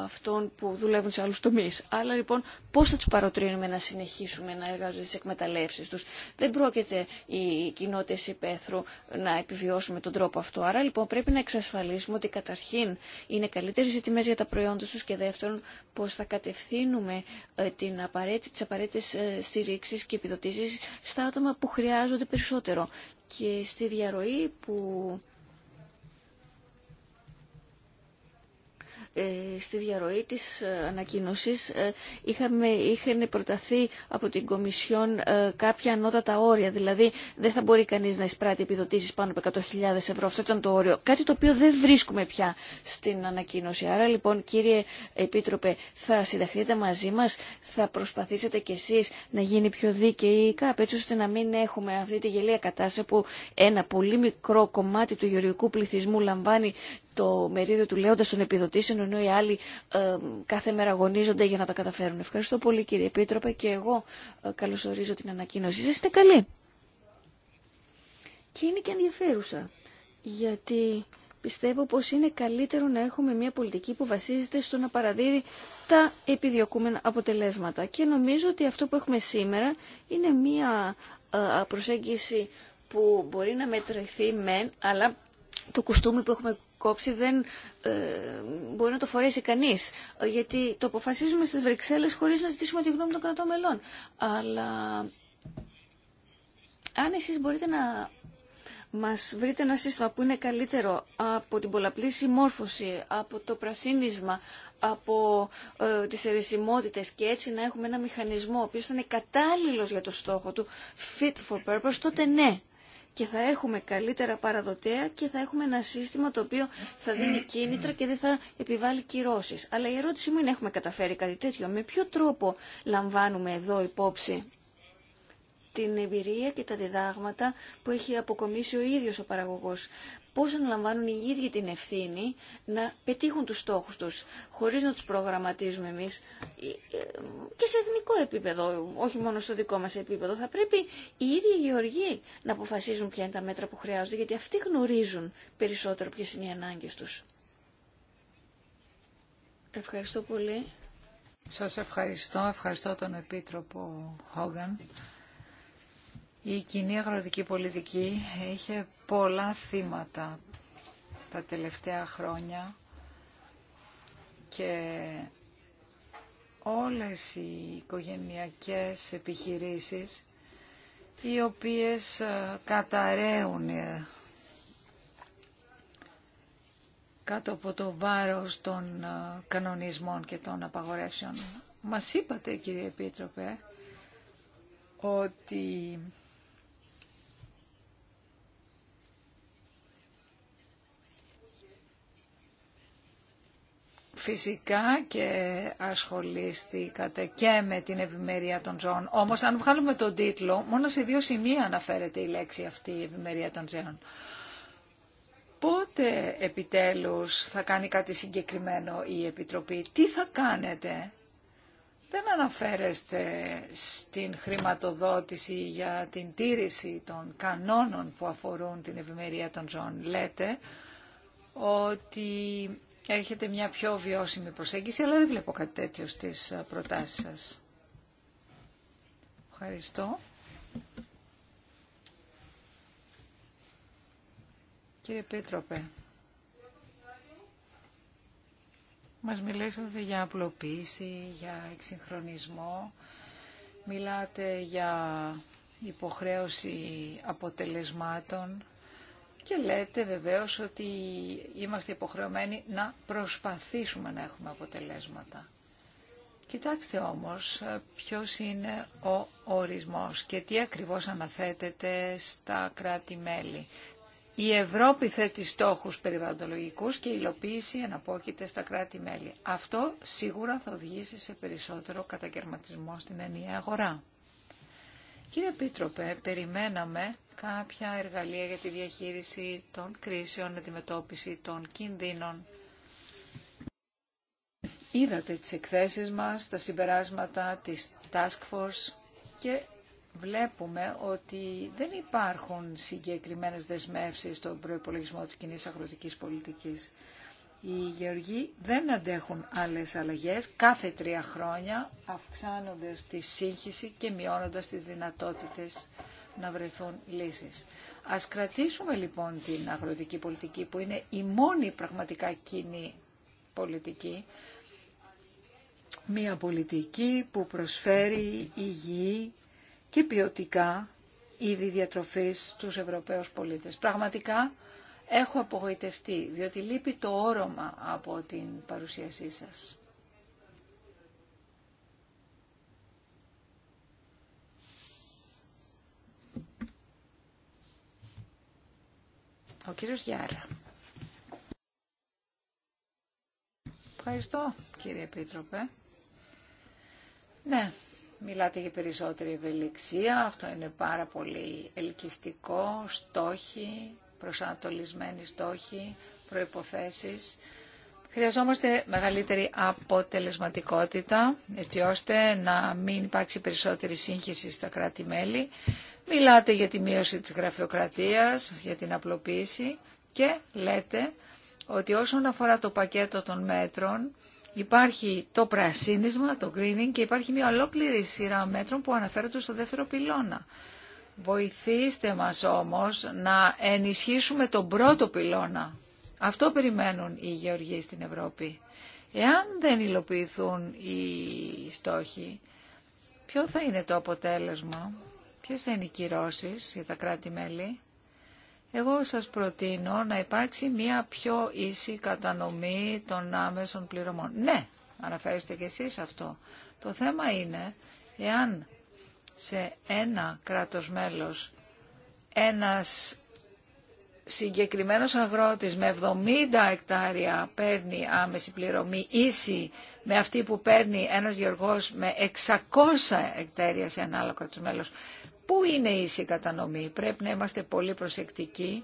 αυτών που δουλεύουν σε άλλους τομείς. Άρα λοιπόν πώς θα τους παροτρύνουμε να συνεχίσουμε να εργάζονται στις εκμεταλλεύσεις τους. Δεν πρόκειται οι κοινότητες υπαίθρου να επιβιώσουν με τον τρόπο αυτό. Άρα λοιπόν πρέπει να εξασφαλίσουμε ότι καταρχήν είναι καλύτερε οι τιμές για τα προϊόντα τους και δεύτερον πώς θα κατευθύνουμε ε, την απαραιτητε τις απαραίτητες ε, στηρίξεις και επιδοτήσεις στα άτομα που χρειάζονται περισσότερο και στη διαρροή που Ε, στη διαρροή της ε, ανακοίνωσης ε, είχαμε, είχαν προταθεί από την Κομισιόν κάποια ανώτατα όρια. Δηλαδή δεν θα μπορεί κανείς να εισπράττει επιδοτήσεις πάνω από 100.000 ευρώ. Αυτό ήταν το όριο. Κάτι το οποίο δεν βρίσκουμε πια στην ανακοίνωση. Άρα λοιπόν κύριε Επίτροπε θα συνταχθείτε μαζί μας, θα προσπαθήσετε κι εσείς να γίνει πιο δίκαιη η ΚΑΠ έτσι ώστε να μην έχουμε αυτή τη γελία κατάσταση που ένα πολύ μικρό κομμάτι του γεωργικού πληθυσμού λαμβάνει το μερίδιο του λέοντα των επιδοτήσεων, ενώ οι άλλοι ε, κάθε μέρα αγωνίζονται για να τα καταφέρουν. Ευχαριστώ πολύ κύριε Επίτροπε και εγώ ε, καλωσορίζω την ανακοίνωσή σας. Είστε καλή. Και είναι και ενδιαφέρουσα, γιατί πιστεύω πως είναι καλύτερο να έχουμε μια πολιτική που βασίζεται στο να παραδίδει τα επιδιωκούμενα αποτελέσματα. Και νομίζω ότι αυτό που έχουμε σήμερα είναι μια ε, προσέγγιση που μπορεί να μετρηθεί μεν, αλλά το κουστούμι που έχουμε κόψει δεν ε, μπορεί να το φορέσει κανείς. Ε, γιατί το αποφασίζουμε στις Βρυξέλλες χωρίς να ζητήσουμε τη γνώμη των κρατών μελών. Αλλά αν εσείς μπορείτε να μας βρείτε ένα σύστημα που είναι καλύτερο από την πολλαπλή συμμόρφωση, από το πρασίνισμα, από ε, τις ερεσιμότητες και έτσι να έχουμε ένα μηχανισμό ο οποίος θα είναι κατάλληλος για το στόχο του, fit for purpose, τότε ναι και θα έχουμε καλύτερα παραδοτέα και θα έχουμε ένα σύστημα το οποίο θα δίνει κίνητρα και δεν θα επιβάλλει κυρώσεις. Αλλά η ερώτηση μου είναι έχουμε καταφέρει κάτι τέτοιο. Με ποιο τρόπο λαμβάνουμε εδώ υπόψη την εμπειρία και τα διδάγματα που έχει αποκομίσει ο ίδιος ο παραγωγός πώς αναλαμβάνουν οι ίδιοι την ευθύνη να πετύχουν τους στόχους τους, χωρίς να τους προγραμματίζουμε εμείς ε, ε, και σε εθνικό επίπεδο, όχι μόνο στο δικό μας επίπεδο. Θα πρέπει οι ίδιοι οι γεωργοί να αποφασίζουν ποια είναι τα μέτρα που χρειάζονται, γιατί αυτοί γνωρίζουν περισσότερο ποιες είναι οι ανάγκες τους. Ευχαριστώ πολύ. Σας ευχαριστώ. Ευχαριστώ τον Επίτροπο Χόγκαν. Η κοινή αγροτική πολιτική είχε πολλά θύματα τα τελευταία χρόνια και όλες οι οικογενειακές επιχειρήσεις οι οποίες ε, καταραίουν ε, κάτω από το βάρος των ε, κανονισμών και των απαγορεύσεων. Μας είπατε κύριε Επίτροπε ότι Φυσικά και ασχολήθηκατε και με την ευημερία των ζώων. Όμως αν βγάλουμε τον τίτλο, μόνο σε δύο σημεία αναφέρεται η λέξη αυτή η ευημερία των ζώων. Πότε επιτέλους θα κάνει κάτι συγκεκριμένο η Επιτροπή, τι θα κάνετε. Δεν αναφέρεστε στην χρηματοδότηση για την τήρηση των κανόνων που αφορούν την ευημερία των ζώων. Λέτε ότι έχετε μια πιο βιώσιμη προσέγγιση, αλλά δεν βλέπω κάτι τέτοιο στις προτάσεις σας. Ευχαριστώ. Κύριε Πίτροπε, μας μιλήσατε για απλοποίηση, για εξυγχρονισμό, μιλάτε για υποχρέωση αποτελεσμάτων και λέτε βεβαίως ότι είμαστε υποχρεωμένοι να προσπαθήσουμε να έχουμε αποτελέσματα. Κοιτάξτε όμως ε, ποιος είναι ο ορισμός και τι ακριβώς αναθέτεται στα κράτη-μέλη. Η Ευρώπη θέτει στόχους περιβαλλοντολογικούς και η υλοποίηση αναπόκειται στα κράτη-μέλη. Αυτό σίγουρα θα οδηγήσει σε περισσότερο κατακαιρματισμό στην ενιαία αγορά. Κύριε Επίτροπε, περιμέναμε κάποια εργαλεία για τη διαχείριση των κρίσεων, αντιμετώπιση των κινδύνων. Είδατε τις εκθέσεις μας, τα συμπεράσματα της Task Force και βλέπουμε ότι δεν υπάρχουν συγκεκριμένες δεσμεύσεις στον προϋπολογισμό της κοινή αγροτικής πολιτικής. Οι γεωργοί δεν αντέχουν άλλες αλλαγές. Κάθε τρία χρόνια αυξάνοντας τη σύγχυση και μειώνοντας τις δυνατότητες να βρεθούν λύσεις. Ας κρατήσουμε λοιπόν την αγροτική πολιτική που είναι η μόνη πραγματικά κοινή πολιτική. Μια πολιτική που προσφέρει υγιή και ποιοτικά είδη διατροφής στους Ευρωπαίους πολίτες. Πραγματικά Έχω απογοητευτεί, διότι λείπει το όρομα από την παρουσίασή σας. Ο κύριος Γιάρα. Ευχαριστώ, κύριε Επίτροπε. Ναι, μιλάτε για περισσότερη ευελιξία, αυτό είναι πάρα πολύ ελκυστικό, στόχοι, προσανατολισμένοι στόχοι, προϋποθέσεις. Χρειαζόμαστε μεγαλύτερη αποτελεσματικότητα, έτσι ώστε να μην υπάρξει περισσότερη σύγχυση στα κράτη-μέλη. Μιλάτε για τη μείωση της γραφειοκρατίας, για την απλοποίηση και λέτε ότι όσον αφορά το πακέτο των μέτρων, Υπάρχει το πρασίνισμα, το greening και υπάρχει μια ολόκληρη σειρά μέτρων που αναφέρονται στο δεύτερο πυλώνα. Βοηθήστε μας όμως να ενισχύσουμε τον πρώτο πυλώνα. Αυτό περιμένουν οι γεωργοί στην Ευρώπη. Εάν δεν υλοποιηθούν οι στόχοι, ποιο θα είναι το αποτέλεσμα, ποιες θα είναι οι κυρώσεις για τα κράτη-μέλη. Εγώ σας προτείνω να υπάρξει μια πιο ίση κατανομή των άμεσων πληρωμών. Ναι, αναφέρεστε και εσείς αυτό. Το θέμα είναι εάν σε ένα κράτος μέλος ένας συγκεκριμένος αγρότης με 70 εκτάρια παίρνει άμεση πληρωμή ίση με αυτή που παίρνει ένας γεωργός με 600 εκτάρια σε ένα άλλο κράτος μέλος. Πού είναι η ίση κατανομή. Πρέπει να είμαστε πολύ προσεκτικοί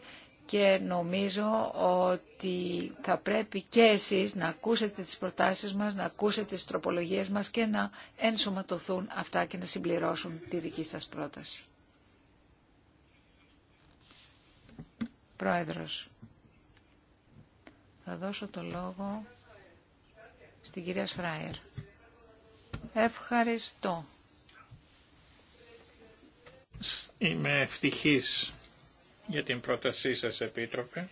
και νομίζω ότι θα πρέπει και εσείς να ακούσετε τις προτάσεις μας, να ακούσετε τις τροπολογίες μας και να ενσωματωθούν αυτά και να συμπληρώσουν τη δική σας πρόταση. Πρόεδρος, θα δώσω το λόγο στην κυρία Σράιερ. Ευχαριστώ. Είμαι ευτυχής για την πρότασή σας Επίτροπε.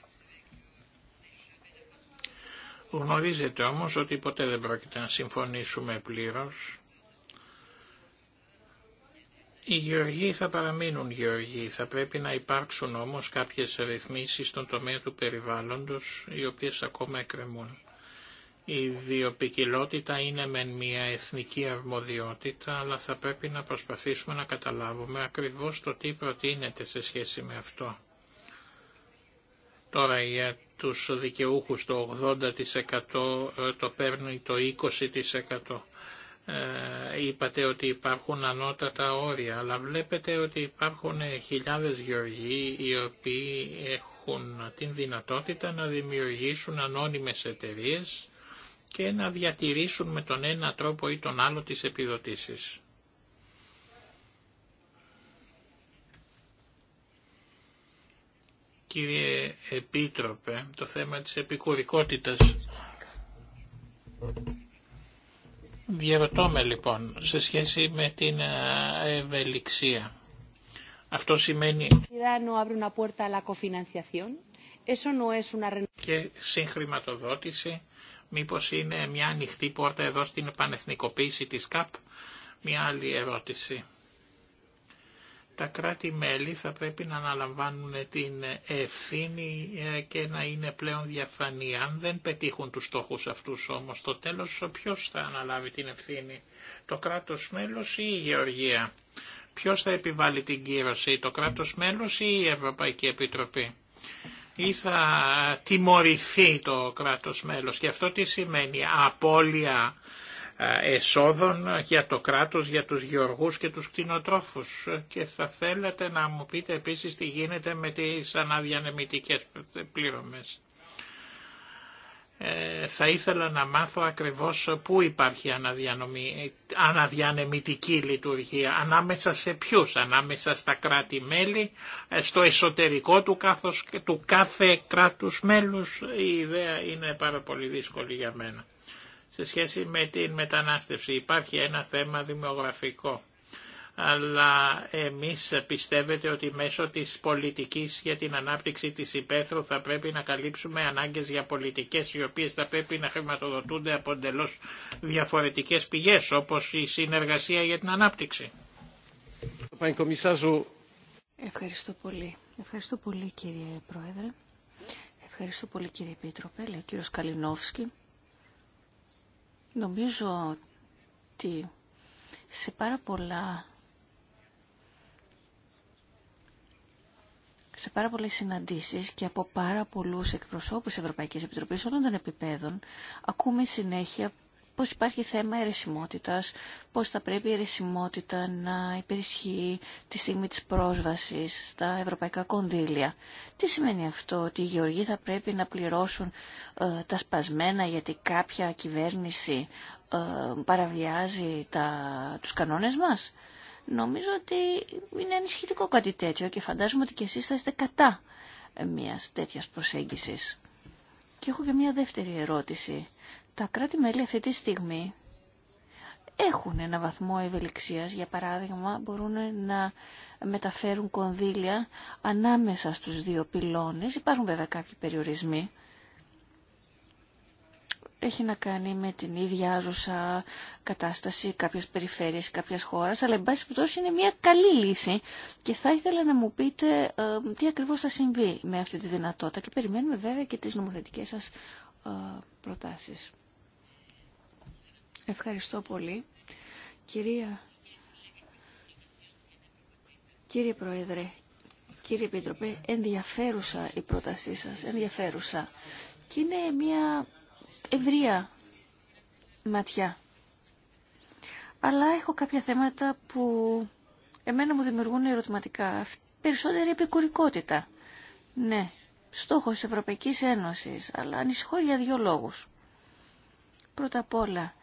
Γνωρίζετε όμως ότι ποτέ δεν πρόκειται να συμφωνήσουμε πλήρως. Οι γεωργοί θα παραμείνουν γεωργοί, θα πρέπει να υπάρξουν όμως κάποιες ρυθμίσεις στον τομέα του περιβάλλοντος, οι οποίες ακόμα εκκρεμούν. Η διοπικιλότητα είναι με μια εθνική αρμοδιότητα, αλλά θα πρέπει να προσπαθήσουμε να καταλάβουμε ακριβώς το τι προτείνεται σε σχέση με αυτό. Τώρα για τους δικαιούχους το 80% ε, το παίρνει το 20%. Ε, είπατε ότι υπάρχουν ανώτατα όρια, αλλά βλέπετε ότι υπάρχουν χιλιάδες γεωργοί οι οποίοι έχουν την δυνατότητα να δημιουργήσουν ανώνυμες εταιρείες και να διατηρήσουν με τον ένα τρόπο ή τον άλλο τις επιδοτήσεις. Κύριε Επίτροπε, το θέμα της επικουρικότητας. Διαρωτώμε λοιπόν σε σχέση με την ε, ευελιξία. Αυτό σημαίνει... Και συγχρηματοδότηση, μήπως είναι μια ανοιχτή πόρτα εδώ στην επανεθνικοποίηση της ΚΑΠ. Μια άλλη ερώτηση τα κράτη-μέλη θα πρέπει να αναλαμβάνουν την ευθύνη ε, και να είναι πλέον διαφανή. Αν δεν πετύχουν τους στόχους αυτούς όμως, το τέλος ποιος θα αναλάβει την ευθύνη, το κράτος μέλος ή η Γεωργία. Ποιος θα επιβάλλει την κύρωση, το κράτος μέλος ή η Ευρωπαϊκή Επιτροπή. Ή θα τιμωρηθεί το κράτος μέλος. Και αυτό τι σημαίνει, απώλεια ε, εσόδων για το κράτος, για τους γεωργούς και τους κτηνοτρόφους. Και θα θέλατε να μου πείτε επίσης τι γίνεται με τις αναδιανεμητικές πλήρωμες. Ε, θα ήθελα να μάθω ακριβώς πού υπάρχει αναδιανομή, αναδιανεμητική λειτουργία, ανάμεσα σε ποιους, ανάμεσα στα κράτη-μέλη, ε, στο εσωτερικό του, κάθος, του κάθε κράτους μέλους. Η ιδέα είναι πάρα πολύ δύσκολη για μένα σε σχέση με την μετανάστευση. Υπάρχει ένα θέμα δημογραφικό, αλλά εμείς πιστεύετε ότι μέσω της πολιτικής για την ανάπτυξη της υπαίθρου θα πρέπει να καλύψουμε ανάγκες για πολιτικές οι οποίες θα πρέπει να χρηματοδοτούνται από εντελώ διαφορετικές πηγές, όπως η συνεργασία για την ανάπτυξη. Ευχαριστώ πολύ. Ευχαριστώ πολύ κύριε Πρόεδρε. Ευχαριστώ πολύ κύριε Επίτροπε, λέει ο κύριος Καλινόφσκι. Νομίζω ότι σε πάρα πολλά σε πάρα πολλές συναντήσεις και από πάρα πολλούς εκπροσώπους Ευρωπαϊκής Επιτροπής όλων των επιπέδων ακούμε συνέχεια πως υπάρχει θέμα ερεσιμότητας, πως θα πρέπει η αιρεσιμότητα να υπερισχύει τη στιγμή της πρόσβασης στα ευρωπαϊκά κονδύλια. Τι σημαίνει αυτό, ότι οι γεωργοί θα πρέπει να πληρώσουν ε, τα σπασμένα γιατί κάποια κυβέρνηση ε, παραβιάζει τα, τους κανόνες μας. Νομίζω ότι είναι ανησυχητικό κάτι τέτοιο και φαντάζομαι ότι και εσείς θα είστε κατά ε, μιας τέτοιας προσέγγισης. Και έχω και μια δεύτερη ερώτηση τα κράτη-μέλη αυτή τη στιγμή έχουν ένα βαθμό ευελιξίας. Για παράδειγμα, μπορούν να μεταφέρουν κονδύλια ανάμεσα στους δύο πυλώνες. Υπάρχουν βέβαια κάποιοι περιορισμοί. Έχει να κάνει με την ίδια άζουσα κατάσταση κάποιες περιφέρειες κάποιας χώρας, αλλά εν πάση περιπτώσει είναι μια καλή λύση και θα ήθελα να μου πείτε ε, τι ακριβώς θα συμβεί με αυτή τη δυνατότητα και περιμένουμε βέβαια και τις νομοθετικές σας ε, προτάσεις. Ευχαριστώ πολύ. Κυρία... Κύριε Πρόεδρε, κύριε Επίτροπε, ενδιαφέρουσα η πρότασή σας, ενδιαφέρουσα. Και είναι μια ευρεία ματιά. Αλλά έχω κάποια θέματα που εμένα μου δημιουργούν ερωτηματικά. Περισσότερη επικουρικότητα. Ναι, στόχος της Ευρωπαϊκής Ένωσης, αλλά ανησυχώ για δύο λόγους. Πρώτα απ' όλα,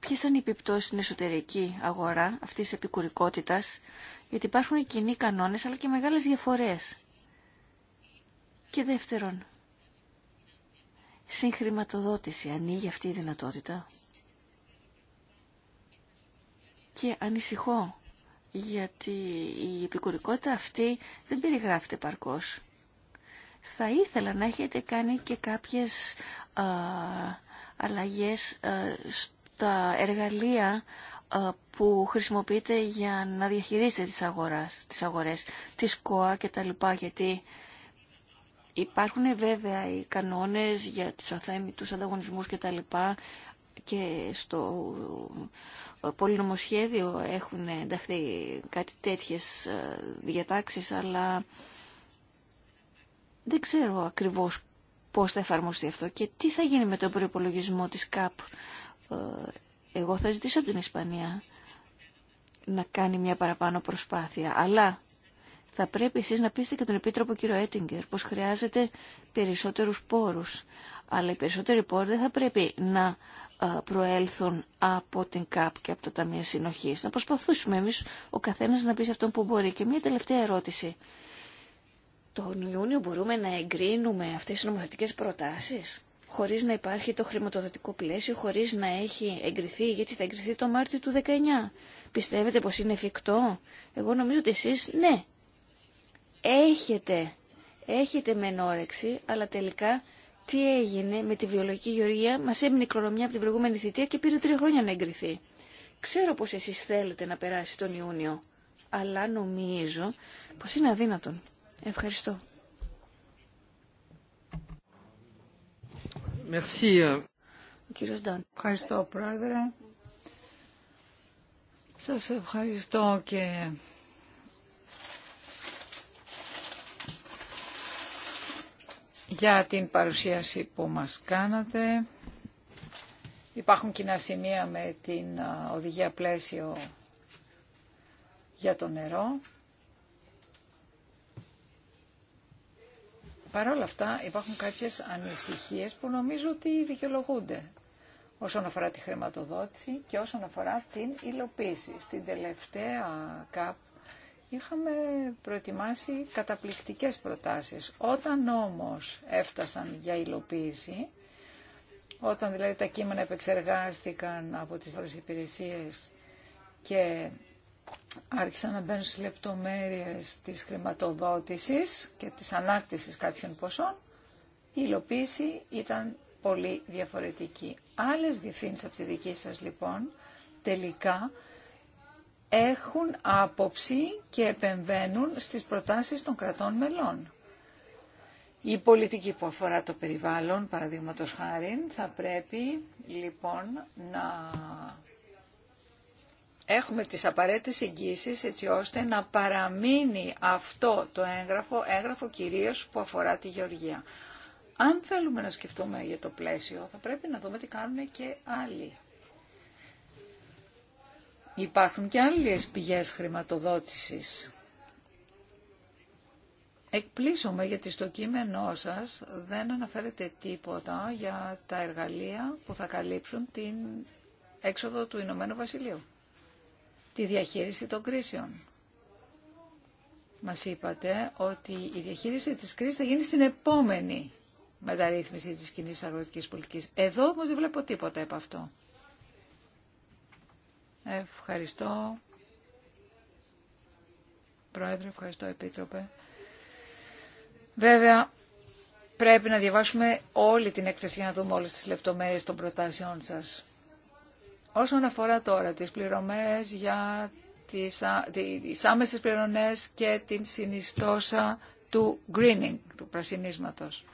ποιες είναι οι επιπτώσει στην εσωτερική αγορά αυτής τη επικουρικότητα, γιατί υπάρχουν κοινοί κανόνες αλλά και μεγάλες διαφορές. Και δεύτερον, συγχρηματοδότηση ανοίγει αυτή η δυνατότητα. Και ανησυχώ, γιατί η επικουρικότητα αυτή δεν περιγράφεται παρκώς. Θα ήθελα να έχετε κάνει και κάποιες αλλαγέ τα εργαλεία ε, που χρησιμοποιείτε για να διαχειρίσετε τις, αγοράς, τις αγορές, τις ΚΟΑ και τα λοιπά, γιατί υπάρχουν βέβαια οι κανόνες για τους αθέμητους ανταγωνισμούς και τα λοιπά και στο ε, πολυνομοσχέδιο έχουν ενταχθεί κάτι τέτοιες ε, διατάξεις, αλλά δεν ξέρω ακριβώς πώς θα εφαρμοστεί αυτό και τι θα γίνει με τον προϋπολογισμό της ΚΑΠ εγώ θα ζητήσω από την Ισπανία να κάνει μια παραπάνω προσπάθεια. Αλλά θα πρέπει εσείς να πείστε και τον Επίτροπο κύριο Έτιγκερ πως χρειάζεται περισσότερους πόρους. Αλλά οι περισσότεροι πόροι δεν θα πρέπει να ε, προέλθουν από την ΚΑΠ και από τα Ταμεία Συνοχής. Να προσπαθήσουμε εμείς ο καθένας να πει σε αυτόν που μπορεί. Και μια τελευταία ερώτηση. Τον Ιούνιο μπορούμε να εγκρίνουμε αυτές τις νομοθετικές προτάσεις χωρίς να υπάρχει το χρηματοδοτικό πλαίσιο, χωρίς να έχει εγκριθεί, γιατί θα εγκριθεί το Μάρτιο του 19. Πιστεύετε πως είναι εφικτό. Εγώ νομίζω ότι εσείς ναι. Έχετε, έχετε μεν όρεξη, αλλά τελικά τι έγινε με τη βιολογική γεωργία. Μας έμεινε η κληρονομιά από την προηγούμενη θητεία και πήρε τρία χρόνια να εγκριθεί. Ξέρω πως εσείς θέλετε να περάσει τον Ιούνιο, αλλά νομίζω πως είναι αδύνατον. Ευχαριστώ. Euh. Ευχαριστώ πρόεδρε. Σας ευχαριστώ και για την παρουσίαση που μας κάνατε. Υπάρχουν κοινά σημεία με την οδηγία πλαίσιο για το νερό. Παρ' όλα αυτά υπάρχουν κάποιες ανησυχίες που νομίζω ότι δικαιολογούνται όσον αφορά τη χρηματοδότηση και όσον αφορά την υλοποίηση. Στην τελευταία ΚΑΠ είχαμε προετοιμάσει καταπληκτικές προτάσεις. Όταν όμως έφτασαν για υλοποίηση, όταν δηλαδή τα κείμενα επεξεργάστηκαν από τις υπηρεσίες και άρχισαν να μπαίνουν στις λεπτομέρειες της χρηματοδότησης και της ανάκτησης κάποιων ποσών, η υλοποίηση ήταν πολύ διαφορετική. Άλλες διευθύνσεις από τη δική σας λοιπόν τελικά έχουν άποψη και επεμβαίνουν στις προτάσεις των κρατών μελών. Η πολιτική που αφορά το περιβάλλον, παραδείγματος χάρη, θα πρέπει λοιπόν να έχουμε τις απαραίτητες εγγύσεις έτσι ώστε να παραμείνει αυτό το έγγραφο, έγγραφο κυρίως που αφορά τη γεωργία. Αν θέλουμε να σκεφτούμε για το πλαίσιο, θα πρέπει να δούμε τι κάνουν και άλλοι. Υπάρχουν και άλλες πηγές χρηματοδότησης. Εκπλήσωμαι γιατί στο κείμενό σας δεν αναφέρετε τίποτα για τα εργαλεία που θα καλύψουν την έξοδο του Ηνωμένου Βασιλείου τη διαχείριση των κρίσεων. Μας είπατε ότι η διαχείριση της κρίσης θα γίνει στην επόμενη μεταρρύθμιση της κοινή αγροτικής πολιτικής. Εδώ όμως δεν βλέπω τίποτα από αυτό. Ευχαριστώ. Πρόεδρε, ευχαριστώ Επίτροπε. Βέβαια, πρέπει να διαβάσουμε όλη την έκθεση για να δούμε όλες τις λεπτομέρειες των προτάσεών σας. Όσον αφορά τώρα τις πληρωμές για τις, τις άμεσες πληρωμές και την συνιστόσα του greening, του πρασινίσματος.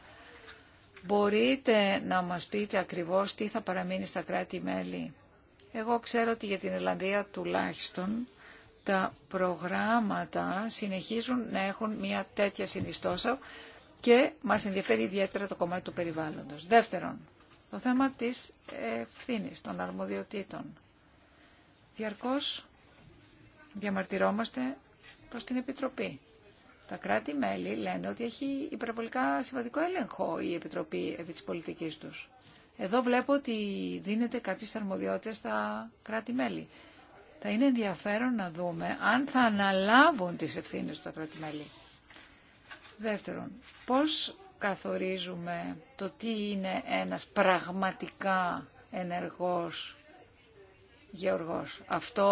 Μπορείτε να μας πείτε ακριβώς τι θα παραμείνει στα κράτη-μέλη. Εγώ ξέρω ότι για την Ελλανδία τουλάχιστον τα προγράμματα συνεχίζουν να έχουν μια τέτοια συνιστόσα και μας ενδιαφέρει ιδιαίτερα το κομμάτι του περιβάλλοντος. Δεύτερον, το θέμα της ευθύνη των αρμοδιοτήτων. Διαρκώς διαμαρτυρόμαστε προς την Επιτροπή. Τα κράτη-μέλη λένε ότι έχει υπερβολικά σημαντικό έλεγχο η Επιτροπή επί της πολιτικής τους. Εδώ βλέπω ότι δίνεται κάποιες αρμοδιότητες στα κράτη-μέλη. Θα είναι ενδιαφέρον να δούμε αν θα αναλάβουν τις ευθύνες του τα κράτη-μέλη. Δεύτερον, πώς καθορίζουμε το τι είναι ένας πραγματικά ενεργός γεωργός. Αυτό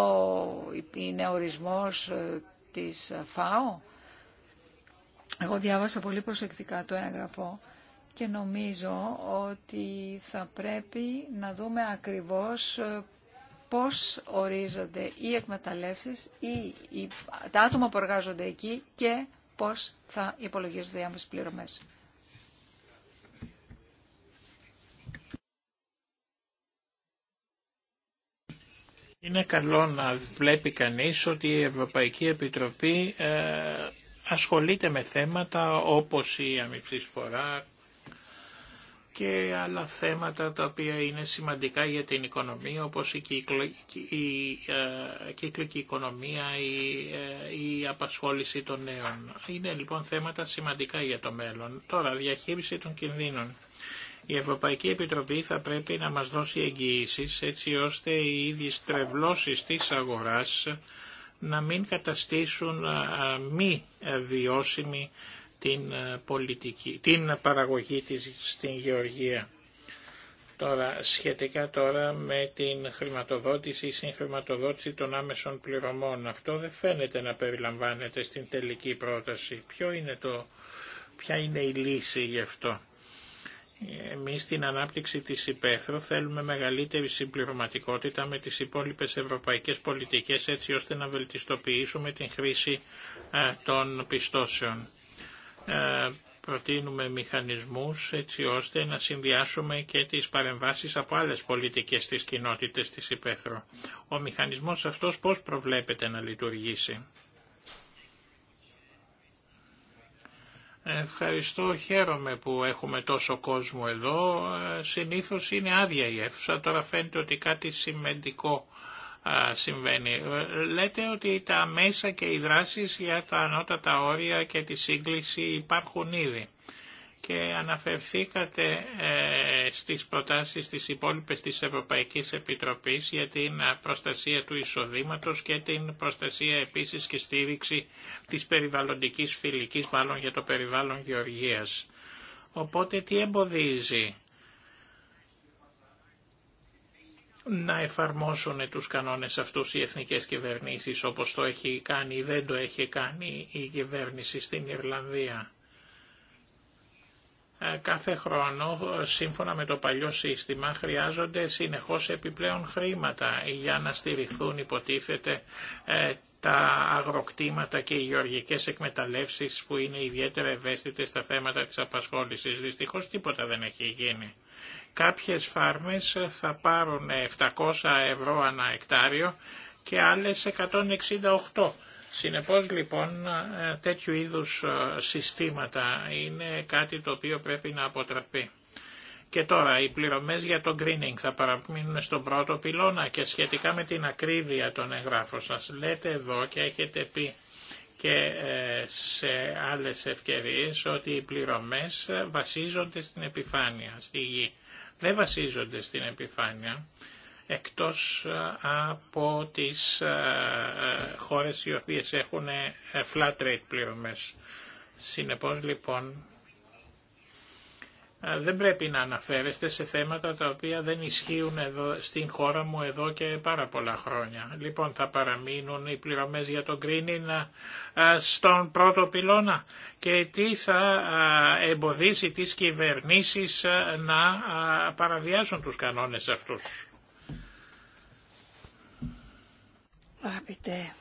είναι ορισμός ε, της ΦΑΟ. Εγώ διάβασα πολύ προσεκτικά το έγγραφο και νομίζω ότι θα πρέπει να δούμε ακριβώς ε, πώς ορίζονται οι εκμεταλλεύσεις ή τα άτομα που εργάζονται εκεί και πώς θα υπολογίζονται οι άμεσες πληρωμές. Είναι καλό να βλέπει κανείς ότι η Ευρωπαϊκή Επιτροπή ε, ασχολείται με θέματα όπως η φορά και άλλα θέματα τα οποία είναι σημαντικά για την οικονομία όπως η, ε, κυκλική η κύκλικη οικονομία, η, ε, η απασχόληση των νέων. Είναι λοιπόν θέματα σημαντικά για το μέλλον. Τώρα, διαχείριση των κινδύνων. Η Ευρωπαϊκή Επιτροπή θα πρέπει να μας δώσει εγγυήσεις έτσι ώστε οι ίδιες στρεβλώσεις της αγοράς να μην καταστήσουν μη βιώσιμη την, πολιτική, την παραγωγή της στην Γεωργία. Τώρα, σχετικά τώρα με την χρηματοδότηση ή συγχρηματοδότηση των άμεσων πληρωμών. Αυτό δεν φαίνεται να περιλαμβάνεται στην τελική πρόταση. είναι το, ποια είναι η λύση γι' αυτό εμείς στην ανάπτυξη της υπαίθρου θέλουμε μεγαλύτερη συμπληρωματικότητα με τις υπόλοιπες ευρωπαϊκές πολιτικές έτσι ώστε να βελτιστοποιήσουμε την χρήση ε, των πιστώσεων. Ε, προτείνουμε μηχανισμούς έτσι ώστε να συνδυάσουμε και τις παρεμβάσεις από άλλες πολιτικές της κοινότητες της Υπέθρο. Ο μηχανισμό αυτός πώς προβλέπεται να λειτουργήσει. Ευχαριστώ, χαίρομαι που έχουμε τόσο κόσμο εδώ. Ε, συνήθως είναι άδεια η αίθουσα, τώρα φαίνεται ότι κάτι σημαντικό συμβαίνει. Ε, λέτε ότι τα μέσα και οι δράσεις για τα ανώτατα όρια και τη σύγκληση υπάρχουν ήδη και αναφερθήκατε ε, στις προτάσεις της υπόλοιπες της Ευρωπαϊκής Επιτροπής για την ε, προστασία του εισοδήματος και την προστασία επίσης και στήριξη της περιβαλλοντικής φιλικής, μάλλον για το περιβάλλον γεωργίας. Οπότε τι εμποδίζει να εφαρμόσουν τους κανόνες αυτούς οι εθνικές κυβερνήσεις όπως το έχει κάνει ή δεν το έχει κάνει η κυβέρνηση στην Ιρλανδία. Ε, κάθε χρόνο, σύμφωνα με το παλιό σύστημα, χρειάζονται συνεχώς επιπλέον χρήματα για να στηριχθούν, υποτίθεται, ε, τα αγροκτήματα και οι γεωργικές εκμεταλλεύσεις που είναι ιδιαίτερα ευαίσθητες στα θέματα της απασχόλησης. Δυστυχώς τίποτα δεν έχει γίνει. Κάποιες φάρμες θα πάρουν 700 ευρώ ανά εκτάριο και άλλες 168 Συνεπώς λοιπόν ε, τέτοιου είδους ε, συστήματα είναι κάτι το οποίο πρέπει να αποτραπεί. Και τώρα οι πληρωμές για το greening θα παραμείνουν στον πρώτο πυλώνα και σχετικά με την ακρίβεια των εγγράφων σας. Λέτε εδώ και έχετε πει και ε, σε άλλες ευκαιρίες ότι οι πληρωμές βασίζονται στην επιφάνεια, στη γη. Δεν βασίζονται στην επιφάνεια εκτός ε, από τις ε, ε, χώρες οι οποίες έχουν flat rate πληρωμές. Συνεπώς λοιπόν δεν πρέπει να αναφέρεστε σε θέματα τα οποία δεν ισχύουν εδώ, στην χώρα μου εδώ και πάρα πολλά χρόνια. Λοιπόν, θα παραμείνουν οι πληρωμές για τον Greening στον πρώτο πυλώνα και τι θα εμποδίσει τις κυβερνήσεις να παραβιάσουν τους κανόνες αυτούς. Αγαπητέ,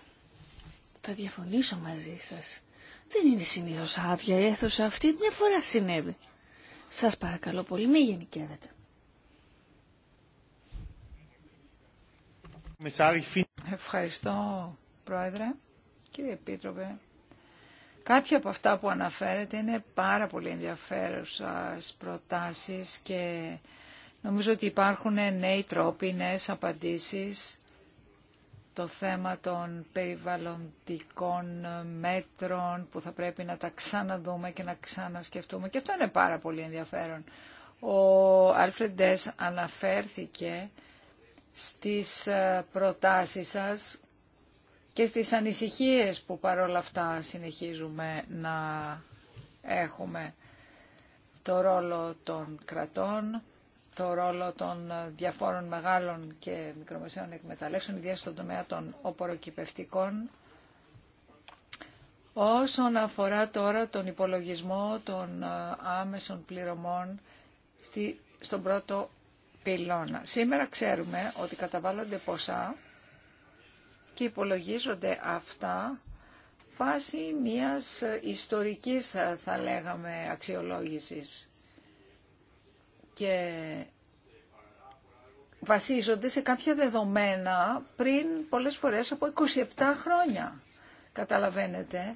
θα διαφωνήσω μαζί σας. Δεν είναι συνήθως άδεια η αίθουσα αυτή, μια φορά συνέβη. Σας παρακαλώ πολύ, μη γενικεύετε. Ευχαριστώ, Πρόεδρε. Κύριε Επίτροπε, κάποια από αυτά που αναφέρετε είναι πάρα πολύ ενδιαφέρουσα προτάσεις και νομίζω ότι υπάρχουν νέοι τρόποι, νέες απαντήσεις το θέμα των περιβαλλοντικών μέτρων που θα πρέπει να τα ξαναδούμε και να ξανασκεφτούμε. Και αυτό είναι πάρα πολύ ενδιαφέρον. Ο Άλφρεντ αναφέρθηκε στις ε, προτάσεις σας και στις ανησυχίες που παρόλα αυτά συνεχίζουμε να έχουμε το ρόλο των κρατών, το ρόλο των διαφόρων μεγάλων και μικρομεσαίων εκμεταλλεύσεων, ιδιαίτερα στον τομέα των οποροκυπευτικών. Όσον αφορά τώρα τον υπολογισμό των ε, άμεσων πληρωμών στη, στον πρώτο πυλώνα. Σήμερα ξέρουμε ότι καταβάλλονται ποσά και υπολογίζονται αυτά βάσει μιας ιστορικής, θα, θα λέγαμε, αξιολόγησης και βασίζονται σε κάποια δεδομένα πριν πολλές φορές από 27 χρόνια. Καταλαβαίνετε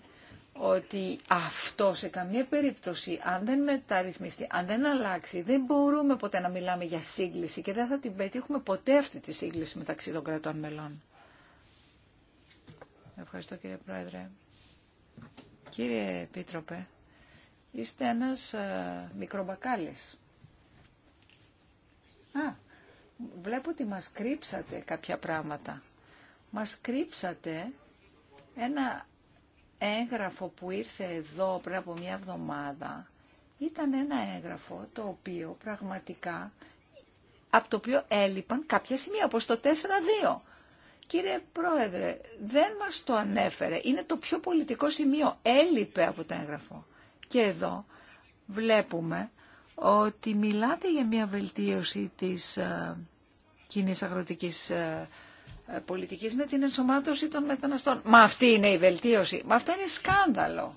ότι αυτό σε καμία περίπτωση, αν δεν μεταρρυθμιστεί, αν δεν αλλάξει, δεν μπορούμε ποτέ να μιλάμε για σύγκληση και δεν θα την πετύχουμε ποτέ αυτή τη σύγκληση μεταξύ των κρατών μελών. Ευχαριστώ κύριε Πρόεδρε. Κύριε Επίτροπε, είστε ένας ε, μικρομπακάλης. Α, βλέπω ότι μας κρύψατε κάποια πράγματα. Μας κρύψατε ένα έγγραφο που ήρθε εδώ πριν από μια εβδομάδα. Ήταν ένα έγγραφο το οποίο πραγματικά, από το οποίο έλειπαν κάποια σημεία, όπως το 4-2. Κύριε Πρόεδρε, δεν μας το ανέφερε. Είναι το πιο πολιτικό σημείο. Έλειπε από το έγγραφο. Και εδώ βλέπουμε ότι μιλάτε για μια βελτίωση της ε, κοινή αγροτικής ε, ε, πολιτικής με την ενσωμάτωση των μεταναστών. Μα αυτή είναι η βελτίωση. Μα αυτό είναι σκάνδαλο.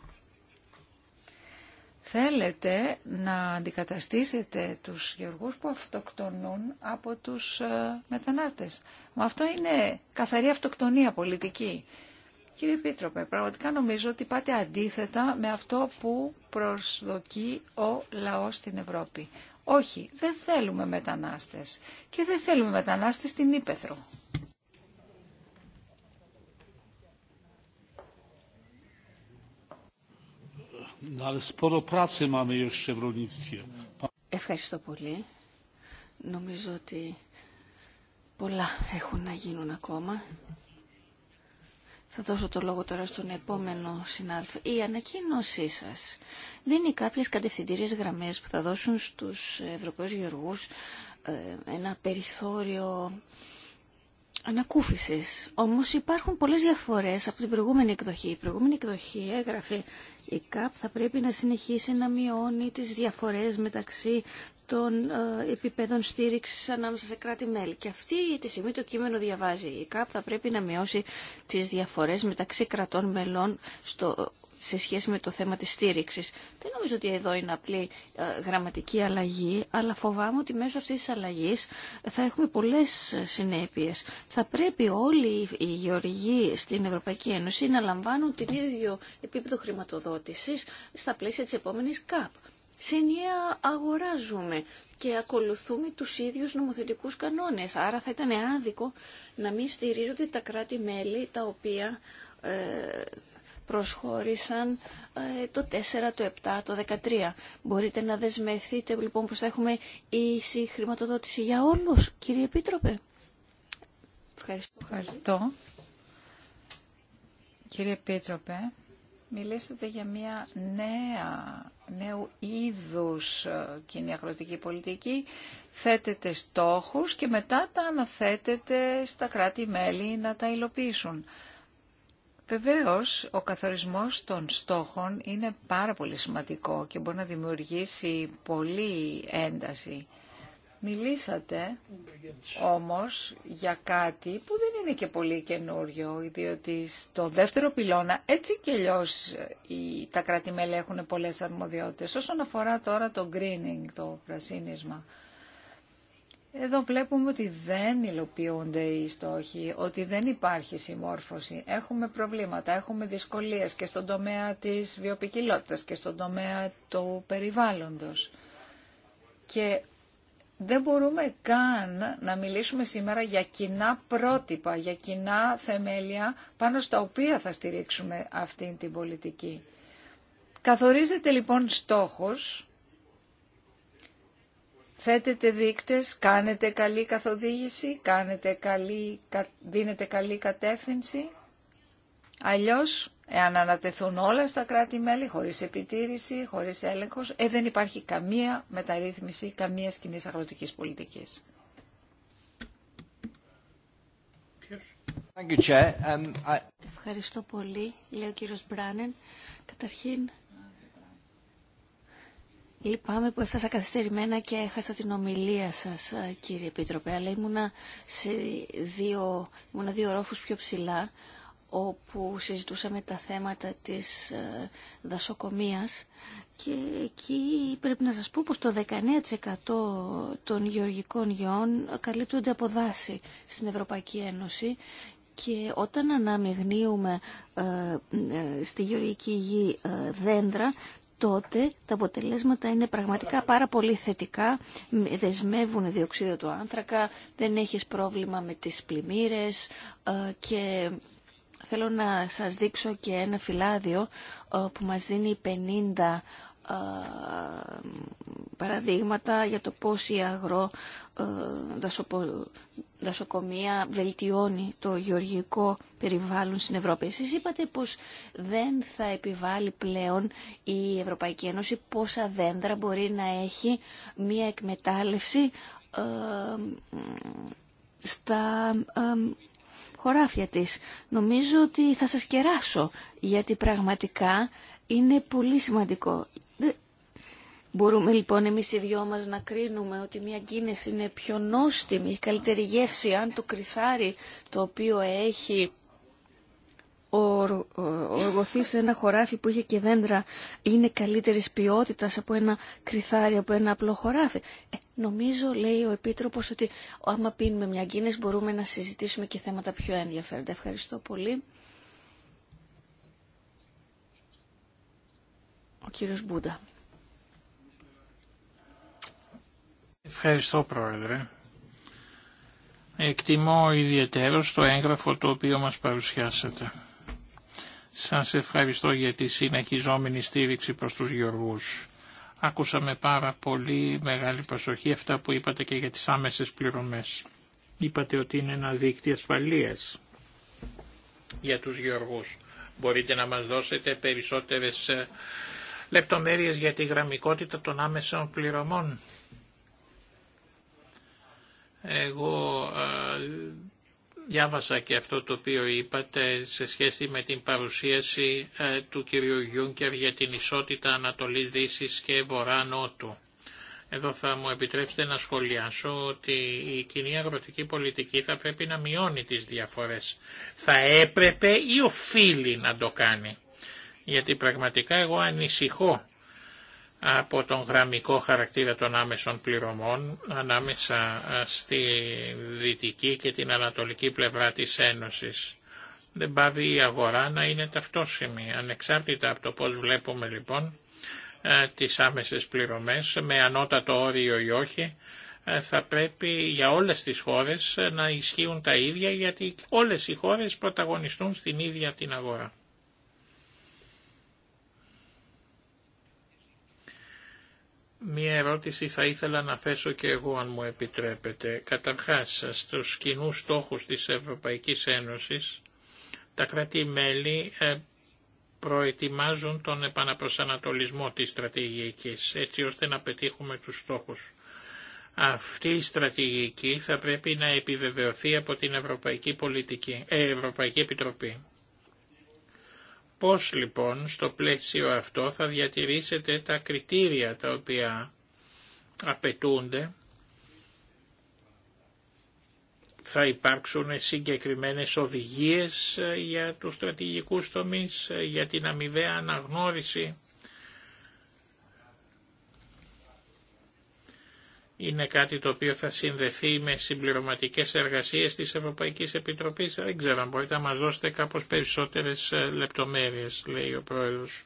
Θέλετε να αντικαταστήσετε τους γεωργούς που αυτοκτονούν από τους μετανάστες. Μα αυτό είναι καθαρή αυτοκτονία πολιτική. Κύριε Επίτροπε, πραγματικά νομίζω ότι πάτε αντίθετα με αυτό που προσδοκεί ο λαός στην Ευρώπη. Όχι, δεν θέλουμε μετανάστες και δεν θέλουμε μετανάστες στην Ήπεθρο. Ευχαριστώ πολύ. Νομίζω ότι πολλά έχουν να γίνουν ακόμα. Θα δώσω το λόγο τώρα στον επόμενο συνάδελφο. Η ανακοίνωσή σας δίνει κάποιε κατευθυντήριες γραμμές που θα δώσουν στους Ευρωπαίους Γεωργούς ε, ένα περιθώριο ανακούφιση. Όμως υπάρχουν πολλές διαφορές από την προηγούμενη εκδοχή. Η προηγούμενη εκδοχή έγραφε η ΚΑΠ θα πρέπει να συνεχίσει να μειώνει τις διαφορές μεταξύ των ε, επίπεδων στήριξη ανάμεσα σε κράτη-μέλη. Και αυτή τη στιγμή το κείμενο διαβάζει. Η ΚΑΠ θα πρέπει να μειώσει τι διαφορέ μεταξύ κρατών-μελών στο σε σχέση με το θέμα της στήριξης. Δεν νομίζω ότι εδώ είναι απλή ε, γραμματική αλλαγή, αλλά φοβάμαι ότι μέσω αυτής τη αλλαγή θα έχουμε πολλές συνέπειες. Θα πρέπει όλοι οι γεωργοί στην Ευρωπαϊκή Ένωση να λαμβάνουν την ίδιο επίπεδο χρηματοδότηση στα πλαίσια τη επόμενη ΚΑΠ σε αγοράζουμε και ακολουθούμε τους ίδιους νομοθετικούς κανόνες. Άρα θα ήταν άδικο να μην στηρίζονται τα κράτη-μέλη τα οποία ε, προσχώρησαν ε, το 4, το 7, το 13. Μπορείτε να δεσμευτείτε λοιπόν πως θα έχουμε ίση χρηματοδότηση για όλους, κύριε Επίτροπε. Ευχαριστώ. Ευχαριστώ. Κύριε Επίτροπε, μιλήσατε για μια νέα νέου είδους ε, κοινή αγροτική πολιτική, θέτεται στόχους και μετά τα αναθέτεται στα κράτη-μέλη να τα υλοποιήσουν. Βεβαίως, ο καθορισμός των στόχων είναι πάρα πολύ σημαντικό και μπορεί να δημιουργήσει πολλή ένταση. Μιλήσατε όμως για κάτι που δεν είναι και πολύ καινούριο, διότι στο δεύτερο πυλώνα έτσι και αλλιώ τα κράτη-μέλη έχουν πολλές αρμοδιότητες. Όσον αφορά τώρα το greening, το πρασίνισμα, εδώ βλέπουμε ότι δεν υλοποιούνται οι στόχοι, ότι δεν υπάρχει συμμόρφωση. Έχουμε προβλήματα, έχουμε δυσκολίες και στον τομέα της βιοπικιλότητας και στον τομέα του περιβάλλοντος. Και δεν μπορούμε καν να μιλήσουμε σήμερα για κοινά πρότυπα, για κοινά θεμέλια πάνω στα οποία θα στηρίξουμε αυτή την πολιτική. Καθορίζεται λοιπόν στόχος, θέτετε δείκτες, κάνετε καλή καθοδήγηση, κάνετε καλή, δίνετε καλή κατεύθυνση, αλλιώς Εάν ανατεθούν όλα στα κράτη-μέλη, χωρίς επιτήρηση, χωρίς έλεγχος, ε, δεν υπάρχει καμία μεταρρύθμιση, καμία κοινή αγροτικής πολιτικής. Um, Ευχαριστώ πολύ, λέει ο κύριος Μπράνεν. Καταρχήν, Λυπάμαι που έφτασα καθυστερημένα και έχασα την ομιλία σας, ε, κύριε Επίτροπε, αλλά ήμουνα, σε δύο, ήμουνα δύο ρόφους πιο ψηλά όπου συζητούσαμε τα θέματα της ε, δασοκομείας και εκεί πρέπει να σας πω πως το 19% των γεωργικών γεών καλύπτονται από δάση στην Ευρωπαϊκή Ένωση και όταν αναμειγνύουμε ε, ε, στη γεωργική γη δέντρα τότε τα αποτελέσματα είναι πραγματικά πάρα πολύ θετικά. Δεσμεύουν διοξείδιο του άνθρακα, δεν έχεις πρόβλημα με τις πλημμύρες Θέλω να σας δείξω και ένα φυλάδιο ε, που μας δίνει 50 ε, παραδείγματα για το πώς η αγρό ε, δασοκομεία βελτιώνει το γεωργικό περιβάλλον στην Ευρώπη. Εσείς είπατε πως δεν θα επιβάλλει πλέον η Ευρωπαϊκή Ένωση πόσα δέντρα μπορεί να έχει μία εκμετάλλευση στα χωράφια της. Νομίζω ότι θα σας κεράσω, γιατί πραγματικά είναι πολύ σημαντικό. Μπορούμε λοιπόν εμείς οι δυο μας να κρίνουμε ότι μια κίνηση είναι πιο νόστιμη, καλύτερη γεύση αν το κρυθάρι το οποίο έχει οργωθεί σε ένα χωράφι που είχε και δέντρα είναι καλύτερης ποιότητας από ένα κρυθάρι, από ένα απλό χωράφι. Ε, νομίζω, λέει ο Επίτροπος, ότι άμα πίνουμε μια γκίνες μπορούμε να συζητήσουμε και θέματα πιο ενδιαφέροντα. Ευχαριστώ πολύ. Ο κύριος Μπούντα. Ευχαριστώ, Πρόεδρε. Εκτιμώ ιδιαίτερο το έγγραφο το οποίο μας παρουσιάσατε. Σας ευχαριστώ για τη συνεχιζόμενη στήριξη προς τους γεωργούς. Ακούσαμε πάρα πολύ μεγάλη προσοχή αυτά που είπατε και για τις άμεσες πληρωμές. Είπατε ότι είναι ένα δίκτυο ασφαλείας για τους γεωργούς. Μπορείτε να μας δώσετε περισσότερες ε, λεπτομέρειες για τη γραμμικότητα των άμεσων πληρωμών. Εγώ ε, Διάβασα και αυτό το οποίο είπατε σε σχέση με την παρουσίαση ε, του κυρίου Γιούνκερ για την ισότητα Ανατολής Δύσης και Βορρά Νότου. Εδώ θα μου επιτρέψετε να σχολιάσω ότι η κοινή αγροτική πολιτική θα πρέπει να μειώνει τις διαφορές. Θα έπρεπε ή οφείλει να το κάνει. Γιατί πραγματικά εγώ ανησυχώ από τον γραμμικό χαρακτήρα των άμεσων πληρωμών ανάμεσα ε, στη δυτική και την ανατολική πλευρά της Ένωσης. Δεν πάβει η αγορά να είναι ταυτόσιμη, ανεξάρτητα από το πώς βλέπουμε λοιπόν ε, τις άμεσες πληρωμές, με ανώτατο όριο ή όχι, ε, θα πρέπει για όλες τις χώρες να ισχύουν τα ίδια, γιατί όλες οι χώρες πρωταγωνιστούν στην ίδια την αγορά. Μία ερώτηση θα ήθελα να θέσω και εγώ αν μου επιτρέπετε. Καταρχάς, στους κοινού στόχους της Ευρωπαϊκής Ένωσης, τα κράτη-μέλη ε, προετοιμάζουν τον επαναπροσανατολισμό της στρατηγικής, έτσι ώστε να πετύχουμε τους στόχους. Αυτή η στρατηγική θα πρέπει να επιβεβαιωθεί από την Ευρωπαϊκή, Πολιτική, ε, Ευρωπαϊκή Επιτροπή. Πώς λοιπόν στο πλαίσιο αυτό θα διατηρήσετε τα κριτήρια τα οποία απαιτούνται, θα υπάρξουν συγκεκριμένες οδηγίες ε, για τους στρατηγικούς τομείς, ε, για την αμοιβαία αναγνώριση είναι κάτι το οποίο θα συνδεθεί με συμπληρωματικές εργασίες της Ευρωπαϊκής Επιτροπής. Δεν ξέρω αν μπορείτε να μας δώσετε κάπως περισσότερες ε, λεπτομέρειες, λέει ο Πρόεδρος.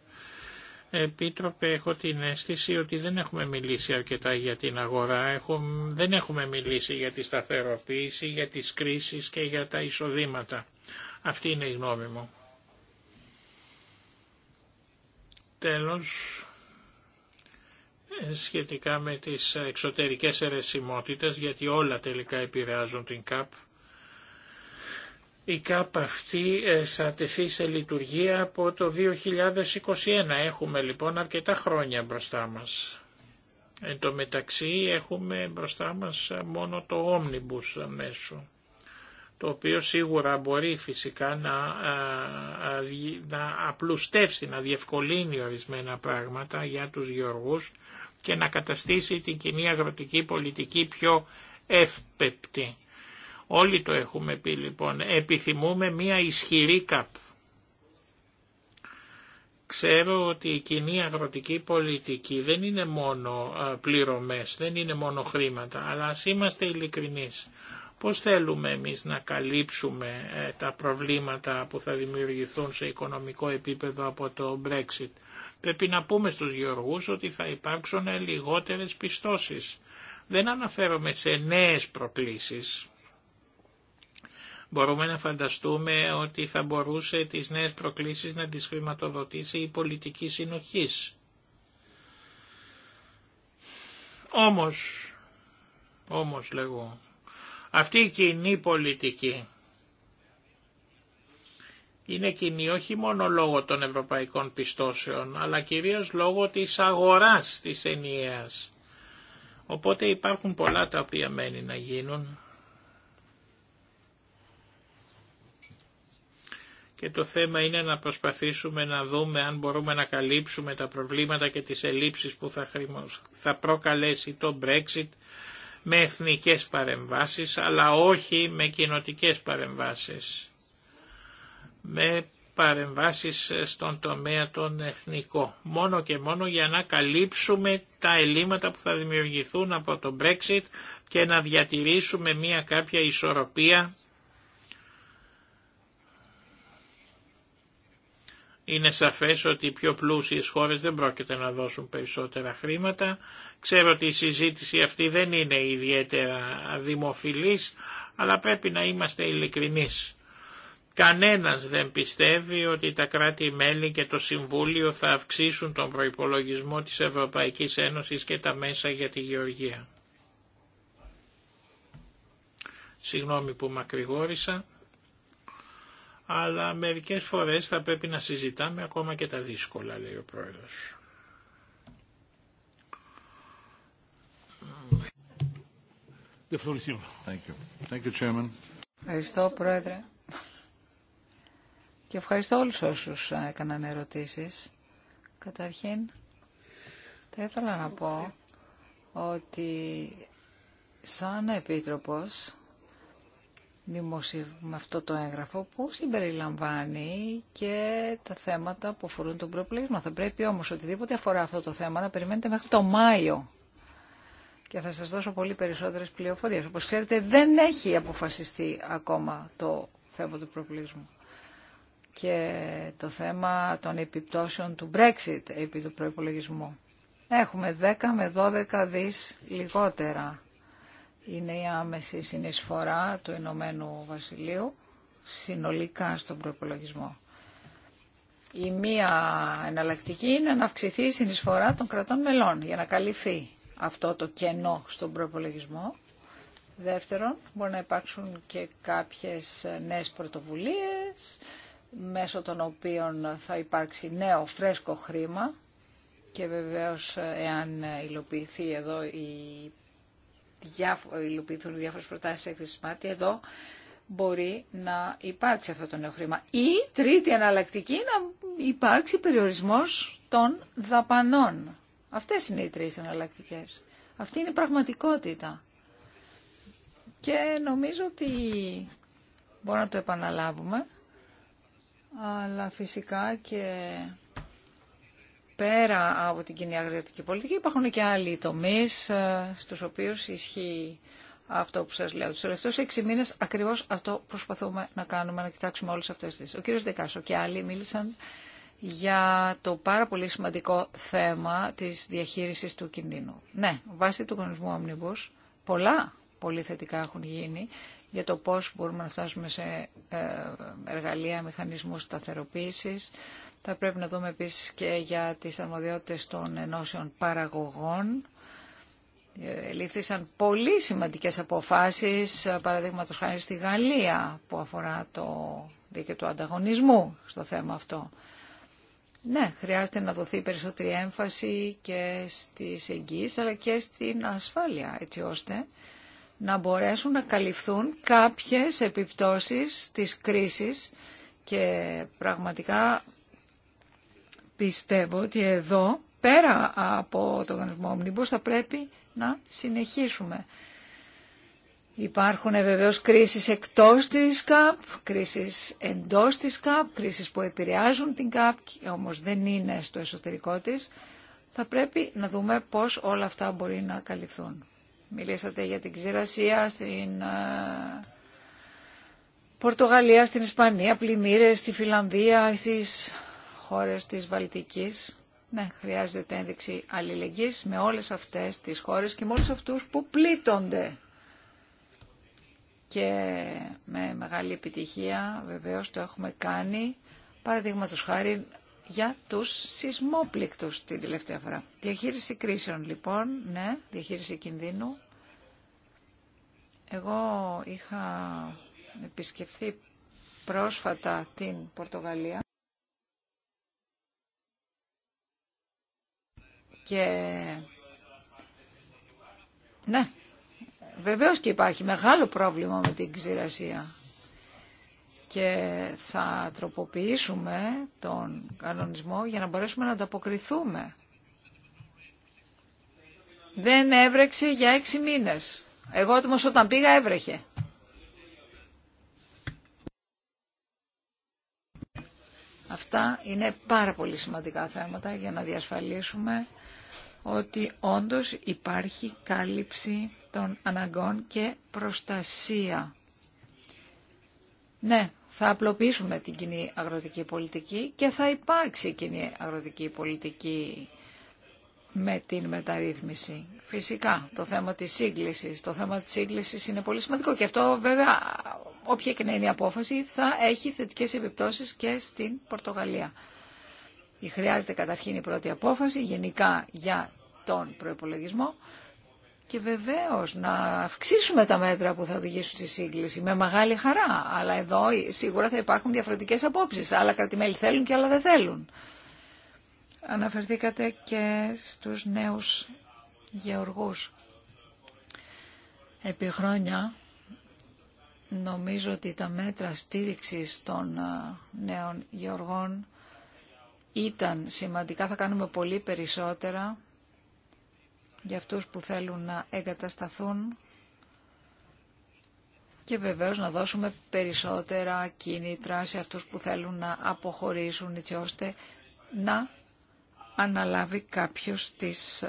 Επίτροπε, έχω την αίσθηση ότι δεν έχουμε μιλήσει αρκετά για την αγορά, έχουμε, δεν έχουμε μιλήσει για τη σταθεροποίηση, για τις κρίσεις και για τα εισοδήματα. Αυτή είναι η γνώμη μου. Τέλος, σχετικά με τις εξωτερικές αιρεσιμότητες, γιατί όλα τελικά επηρεάζουν την ΚΑΠ. Η ΚΑΠ αυτή ε, θα τεθεί σε λειτουργία από το 2021. Έχουμε λοιπόν αρκετά χρόνια μπροστά μας. Εν τω μεταξύ έχουμε μπροστά μας μόνο το Omnibus μέσο, το οποίο σίγουρα μπορεί φυσικά να, να απλουστεύσει, να διευκολύνει ορισμένα πράγματα για τους γεωργούς, και να καταστήσει την κοινή αγροτική πολιτική πιο εύπεπτη. Όλοι το έχουμε πει λοιπόν. Επιθυμούμε μία ισχυρή ΚΑΠ. Ξέρω ότι η κοινή αγροτική πολιτική δεν είναι μόνο πληρωμές, δεν είναι μόνο χρήματα, αλλά ας είμαστε ειλικρινείς. Πώς θέλουμε εμείς να καλύψουμε ε, τα προβλήματα που θα δημιουργηθούν σε οικονομικό επίπεδο από το Brexit. Πρέπει να πούμε στους γεωργούς ότι θα υπάρξουν λιγότερες πιστώσεις. Δεν αναφέρομαι σε νέες προκλήσεις. Μπορούμε να φανταστούμε ότι θα μπορούσε τις νέες προκλήσεις να τις χρηματοδοτήσει η πολιτική συνοχής. Όμως, όμως λέγω, αυτή η κοινή πολιτική είναι κοινή όχι μόνο λόγω των ευρωπαϊκών πιστώσεων, αλλά κυρίως λόγω της αγοράς της ενιαίας. Οπότε υπάρχουν πολλά τα οποία μένει να γίνουν. Και το θέμα είναι να προσπαθήσουμε να δούμε αν μπορούμε να καλύψουμε τα προβλήματα και τις ελλείψεις που θα, θα προκαλέσει το Brexit με εθνικές παρεμβάσεις, αλλά όχι με κοινοτικές παρεμβάσεις με παρεμβάσεις στον τομέα τον εθνικό. Μόνο και μόνο για να καλύψουμε τα ελλείμματα που θα δημιουργηθούν από το Brexit και να διατηρήσουμε μια κάποια ισορροπία. Είναι σαφές ότι οι πιο πλούσιες χώρες δεν πρόκειται να δώσουν περισσότερα χρήματα. Ξέρω ότι η συζήτηση αυτή δεν είναι ιδιαίτερα δημοφιλής, αλλά πρέπει να είμαστε ειλικρινείς Κανένας δεν πιστεύει ότι τα κράτη-μέλη και το Συμβούλιο θα αυξήσουν τον προϋπολογισμό της Ευρωπαϊκής Ένωσης και τα μέσα για τη γεωργία. Συγγνώμη που μακρηγόρησα, αλλά μερικές φορές θα πρέπει να συζητάμε ακόμα και τα δύσκολα, λέει ο Πρόεδρος. Ευχαριστώ, Πρόεδρε. Και ευχαριστώ όλους όσους ε, έκαναν ερωτήσεις. Καταρχήν, θα ήθελα να πω ότι σαν επίτροπος με αυτό το έγγραφο που συμπεριλαμβάνει και τα θέματα που αφορούν τον προπλήγμα. Θα πρέπει όμως οτιδήποτε αφορά αυτό το θέμα να περιμένετε μέχρι το Μάιο και θα σας δώσω πολύ περισσότερες πληροφορίες. Όπως ξέρετε δεν έχει αποφασιστεί ακόμα το θέμα του προπλήγματος και το θέμα των επιπτώσεων του Brexit επί του προϋπολογισμού. Έχουμε 10 με 12 δις λιγότερα. Είναι η άμεση συνεισφορά του Ηνωμένου Βασιλείου συνολικά στον προϋπολογισμό. Η μία εναλλακτική είναι να αυξηθεί η συνεισφορά των κρατών μελών για να καλυφθεί αυτό το κενό στον προϋπολογισμό. Δεύτερον, μπορεί να υπάρξουν και κάποιες νέες πρωτοβουλίες, μέσω των οποίων θα υπάρξει νέο φρέσκο χρήμα και βεβαίως εάν υλοποιηθεί εδώ η υλοποιηθούν διάφορες προτάσεις έκθεσης μάτι, εδώ μπορεί να υπάρξει αυτό το νέο χρήμα. Ή τρίτη αναλλακτική να υπάρξει περιορισμός των δαπανών. Αυτές είναι οι τρεις εναλλακτικέ. Αυτή είναι η πραγματικότητα. Και νομίζω ότι μπορώ να το επαναλάβουμε αλλά φυσικά και πέρα από την κοινή αγροτική πολιτική υπάρχουν και άλλοι τομείς ε, στους οποίους ισχύει αυτό που σας λέω. Τους τελευταίους έξι μήνες ακριβώς αυτό προσπαθούμε να κάνουμε, να κοιτάξουμε όλες αυτές τις. Ο κύριος Δεκάσο και άλλοι μίλησαν για το πάρα πολύ σημαντικό θέμα της διαχείρισης του κινδύνου. Ναι, βάσει του κανονισμού Omnibus πολλά πολύ θετικά έχουν γίνει για το πώς μπορούμε να φτάσουμε σε ε, εργαλεία, μηχανισμούς σταθεροποίησης. Θα πρέπει να δούμε επίσης και για τις αρμοδιότητες των ενώσεων παραγωγών. Ε, λήφθησαν πολύ σημαντικές αποφάσεις, ε, παραδείγματος χάρη στη Γαλλία, που αφορά το δίκαιο του ανταγωνισμού στο θέμα αυτό. Ναι, χρειάζεται να δοθεί περισσότερη έμφαση και στις εγγύσεις, αλλά και στην ασφάλεια, έτσι ώστε να μπορέσουν να καλυφθούν κάποιες επιπτώσεις της κρίσης και πραγματικά πιστεύω ότι εδώ πέρα από το οργανισμό Omnibus θα πρέπει να συνεχίσουμε. Υπάρχουν ε, βεβαίως κρίσεις εκτός της ΚΑΠ, κρίσεις εντός της ΚΑΠ, κρίσεις που επηρεάζουν την ΚΑΠ, όμως δεν είναι στο εσωτερικό της. Θα πρέπει να δούμε πώς όλα αυτά μπορεί να καλυφθούν. Μιλήσατε για την ξηρασία στην ε, Πορτογαλία, στην Ισπανία, πλημμύρες στη Φιλανδία, στις χώρες της Βαλτικής. Ναι, χρειάζεται ένδειξη αλληλεγγύης με όλες αυτές τις χώρες και με όλους αυτούς που πλήττονται. Και με μεγάλη επιτυχία βεβαίως το έχουμε κάνει. Παραδείγματο χάρη για τους σεισμόπληκτους την τελευταία φορά. Διαχείριση κρίσεων λοιπόν, ναι, διαχείριση κινδύνου. Εγώ είχα επισκεφθεί πρόσφατα την Πορτογαλία και ναι, βεβαίως και υπάρχει μεγάλο πρόβλημα με την ξηρασία και θα τροποποιήσουμε τον κανονισμό για να μπορέσουμε να ανταποκριθούμε. Δεν έβρεξε για έξι μήνες. Εγώ όμως όταν πήγα έβρεχε. Αυτά είναι πάρα πολύ σημαντικά θέματα για να διασφαλίσουμε ότι όντως υπάρχει κάλυψη των αναγκών και προστασία. Ναι, θα απλοποιήσουμε την κοινή αγροτική πολιτική και θα υπάρξει κοινή αγροτική πολιτική με την μεταρρύθμιση. Φυσικά, το θέμα της σύγκλησης. Το θέμα της σύγκλησης είναι πολύ σημαντικό και αυτό βέβαια, όποια και να είναι η απόφαση, θα έχει θετικές επιπτώσεις και στην Πορτογαλία. Χρειάζεται καταρχήν η πρώτη απόφαση γενικά για τον προϋπολογισμό και βεβαίως να αυξήσουμε τα μέτρα που θα οδηγήσουν στη σύγκληση με μεγάλη χαρά. Αλλά εδώ σίγουρα θα υπάρχουν διαφορετικές απόψεις. Άλλα κρατημέλη θέλουν και άλλα δεν θέλουν. Αναφερθήκατε και στους νέους γεωργούς. Επί χρόνια νομίζω ότι τα μέτρα στήριξης των νέων γεωργών ήταν σημαντικά. Θα κάνουμε πολύ περισσότερα για αυτούς που θέλουν να εγκατασταθούν και βεβαίως να δώσουμε περισσότερα κίνητρα σε αυτούς που θέλουν να αποχωρήσουν έτσι ώστε να αναλάβει κάποιος τις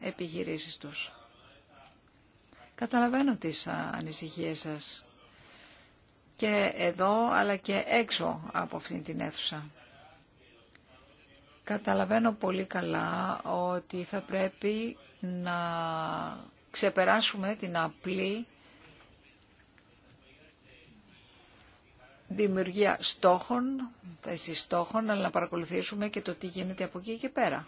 επιχειρήσεις τους. Καταλαβαίνω τις ανησυχίες σας και εδώ αλλά και έξω από αυτήν την αίθουσα. Καταλαβαίνω πολύ καλά ότι θα πρέπει να ξεπεράσουμε την απλή δημιουργία στόχων, θέση στόχων, αλλά να παρακολουθήσουμε και το τι γίνεται από εκεί και πέρα.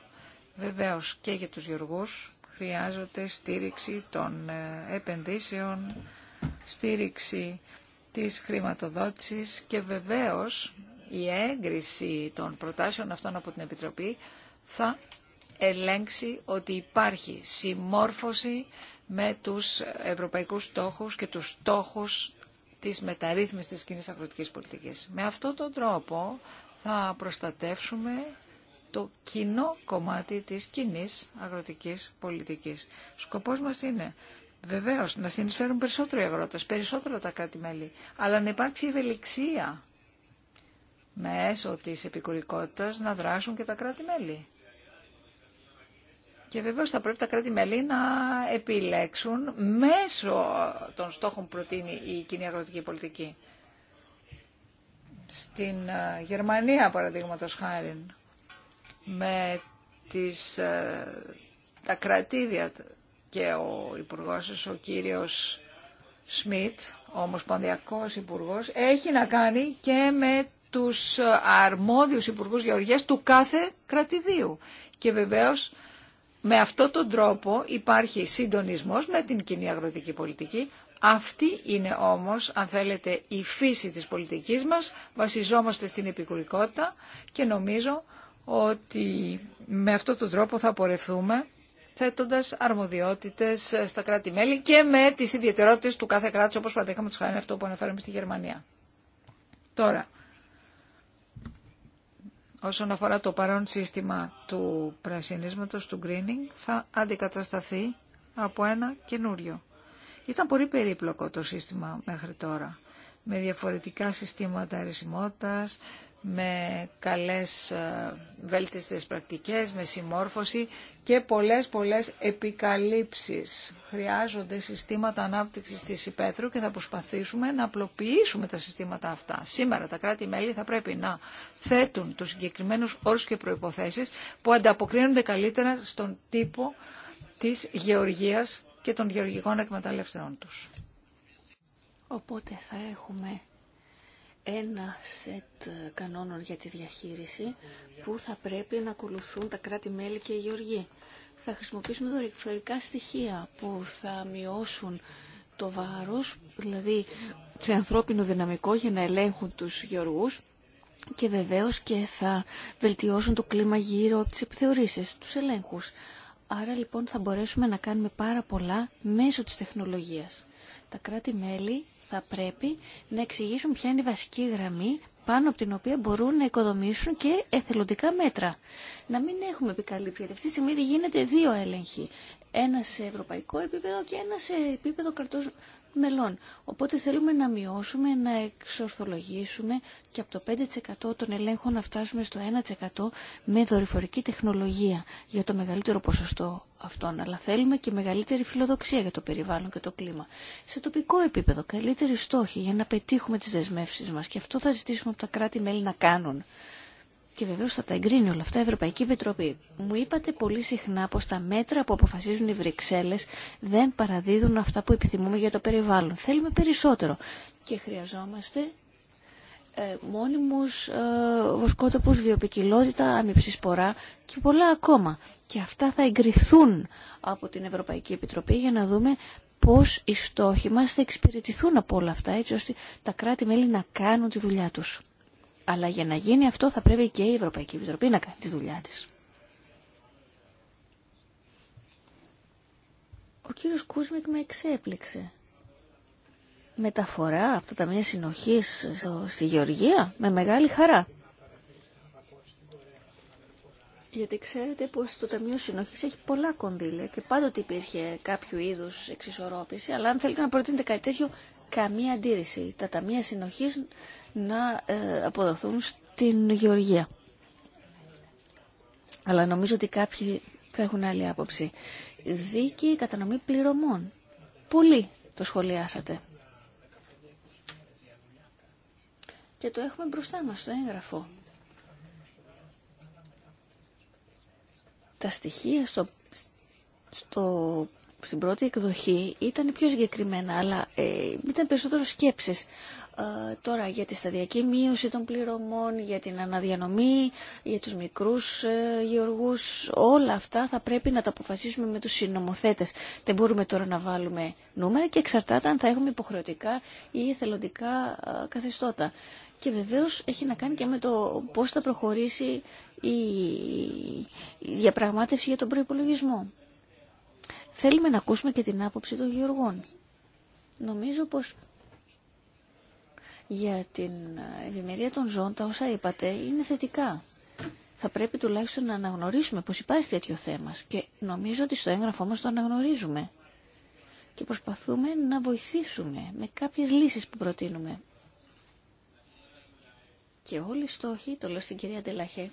Βεβαίως και για τους γεωργούς χρειάζεται στήριξη των ε, επενδύσεων, στήριξη της χρηματοδότησης και βεβαίως η έγκριση των προτάσεων αυτών από την Επιτροπή θα ελέγξει ότι υπάρχει συμμόρφωση με τους ευρωπαϊκούς στόχους και τους στόχους της μεταρρύθμισης της κοινή αγροτικής πολιτικής. Με αυτόν τον τρόπο θα προστατεύσουμε το κοινό κομμάτι της κοινή αγροτικής πολιτικής. Σκοπός μας είναι βεβαίως να συνεισφέρουν περισσότερο οι αγρότες, περισσότερο τα κράτη-μέλη, αλλά να υπάρξει ευελιξία μέσω της επικουρικότητας να δράσουν και τα κράτη-μέλη. Και βεβαίω θα πρέπει τα κράτη-μέλη να επιλέξουν μέσω των στόχων που προτείνει η κοινή αγροτική πολιτική. Στην ε, Γερμανία, παραδείγματο χάρη, με τις, ε, τα κρατήδια και ο υπουργός ο κύριο Σμιτ, ο ομοσπονδιακό υπουργό, έχει να κάνει και με τους ε, αρμόδιους Υπουργούς Γεωργίας του κάθε κρατηδίου. Και βεβαίως με αυτόν τον τρόπο υπάρχει συντονισμός με την κοινή αγροτική πολιτική. Αυτή είναι όμως, αν θέλετε, η φύση της πολιτικής μας. Βασιζόμαστε στην επικουρικότητα και νομίζω ότι με αυτόν τον τρόπο θα πορευθούμε θέτοντας αρμοδιότητες στα κράτη-μέλη και με τις ιδιαιτερότητες του κάθε κράτους, όπως παραδέχαμε τους χάρη αυτό που στη Γερμανία. Τώρα, όσον αφορά το παρόν σύστημα του πρασινίσματος, του greening, θα αντικατασταθεί από ένα καινούριο. Ήταν πολύ περίπλοκο το σύστημα μέχρι τώρα, με διαφορετικά συστήματα αρισιμότητας, με καλές ε, βέλτιστες πρακτικές, με συμμόρφωση και πολλές πολλές επικαλύψεις. Χρειάζονται συστήματα ανάπτυξης της υπαίθρου και θα προσπαθήσουμε να απλοποιήσουμε τα συστήματα αυτά. Σήμερα τα κράτη-μέλη θα πρέπει να θέτουν τους συγκεκριμένους όρους και προϋποθέσεις που ανταποκρίνονται καλύτερα στον τύπο της γεωργίας και των γεωργικών εκμεταλλευτών τους. Οπότε θα έχουμε ένα σετ ε, κανόνων για τη διαχείριση που θα πρέπει να ακολουθούν τα κράτη-μέλη και οι γεωργοί. Θα χρησιμοποιήσουμε δορυφορικά στοιχεία που θα μειώσουν το βάρος, δηλαδή σε ανθρώπινο δυναμικό για να ελέγχουν τους γεωργούς και βεβαίως και θα βελτιώσουν το κλίμα γύρω από τις επιθεωρήσεις, τους ελέγχους. Άρα λοιπόν θα μπορέσουμε να κάνουμε πάρα πολλά μέσω της τεχνολογίας. Τα κράτη-μέλη θα πρέπει να εξηγήσουν ποια είναι η βασική γραμμή πάνω από την οποία μπορούν να οικοδομήσουν και εθελοντικά μέτρα. Να μην έχουμε επικαλύψει, γιατί αυτή τη στιγμή γίνεται δύο έλεγχοι. Ένα σε ευρωπαϊκό επίπεδο και ένα σε επίπεδο κρατών μελών. Οπότε θέλουμε να μειώσουμε, να εξορθολογήσουμε και από το 5% των ελέγχων να φτάσουμε στο 1% με δορυφορική τεχνολογία για το μεγαλύτερο ποσοστό αυτό αλλά θέλουμε και μεγαλύτερη φιλοδοξία για το περιβάλλον και το κλίμα. Σε τοπικό επίπεδο, καλύτερη στόχη για να πετύχουμε τις δεσμεύσεις μας και αυτό θα ζητήσουμε από τα κράτη-μέλη να κάνουν. Και βεβαίως θα τα εγκρίνει όλα αυτά η Ευρωπαϊκή Επιτροπή. Μου είπατε πολύ συχνά πως τα μέτρα που αποφασίζουν οι Βρυξέλλες δεν παραδίδουν αυτά που επιθυμούμε για το περιβάλλον. Θέλουμε περισσότερο. Και χρειαζόμαστε ε, μόνιμους ε, βοσκότοπους, βιοπικιλότητα, άνοιψη σπορά και πολλά ακόμα. Και αυτά θα εγκριθούν από την Ευρωπαϊκή Επιτροπή για να δούμε πώς οι στόχοι μας θα εξυπηρετηθούν από όλα αυτά έτσι ώστε τα κράτη-μέλη να κάνουν τη δουλειά τους. Αλλά για να γίνει αυτό θα πρέπει και η Ευρωπαϊκή Επιτροπή να κάνει τη δουλειά της. Ο κύριος Κούσμικ με εξέπληξε μεταφορά από το Ταμείο Συνοχής στη Γεωργία με μεγάλη χαρά. Γιατί ξέρετε πως το Ταμείο Συνοχής έχει πολλά κονδύλια και πάντοτε υπήρχε κάποιο είδους εξισορρόπηση, αλλά αν θέλετε να προτείνετε κάτι τέτοιο, καμία αντίρρηση. Τα Ταμεία Συνοχής να ε, αποδοθούν στην Γεωργία. Αλλά νομίζω ότι κάποιοι θα έχουν άλλη άποψη. Δίκη κατανομή πληρωμών. Πολύ το σχολιάσατε. και το έχουμε μπροστά μας στο έγγραφο. Τα στοιχεία στο, στο, στην πρώτη εκδοχή ήταν πιο συγκεκριμένα, αλλά ε, ήταν περισσότερο σκέψεις. Ε, τώρα για τη σταδιακή μείωση των πληρωμών, για την αναδιανομή, για τους μικρούς ε, γεωργούς, όλα αυτά θα πρέπει να τα αποφασίσουμε με τους συνομοθέτες. Δεν μπορούμε τώρα να βάλουμε νούμερα και εξαρτάται αν θα έχουμε υποχρεωτικά ή εθελοντικά ε, καθεστώτα και βεβαίως έχει να κάνει και με το πώς θα προχωρήσει η διαπραγμάτευση για τον προϋπολογισμό. Θέλουμε να ακούσουμε και την άποψη των γεωργών. Νομίζω πως για την ευημερία των ζώων τα όσα είπατε είναι θετικά. Θα πρέπει τουλάχιστον να αναγνωρίσουμε πως υπάρχει τέτοιο θέμα και νομίζω ότι στο έγγραφό μας το αναγνωρίζουμε και προσπαθούμε να βοηθήσουμε με κάποιες λύσεις που προτείνουμε και όλοι οι στόχοι, το λέω στην κυρία Ντελαχέ,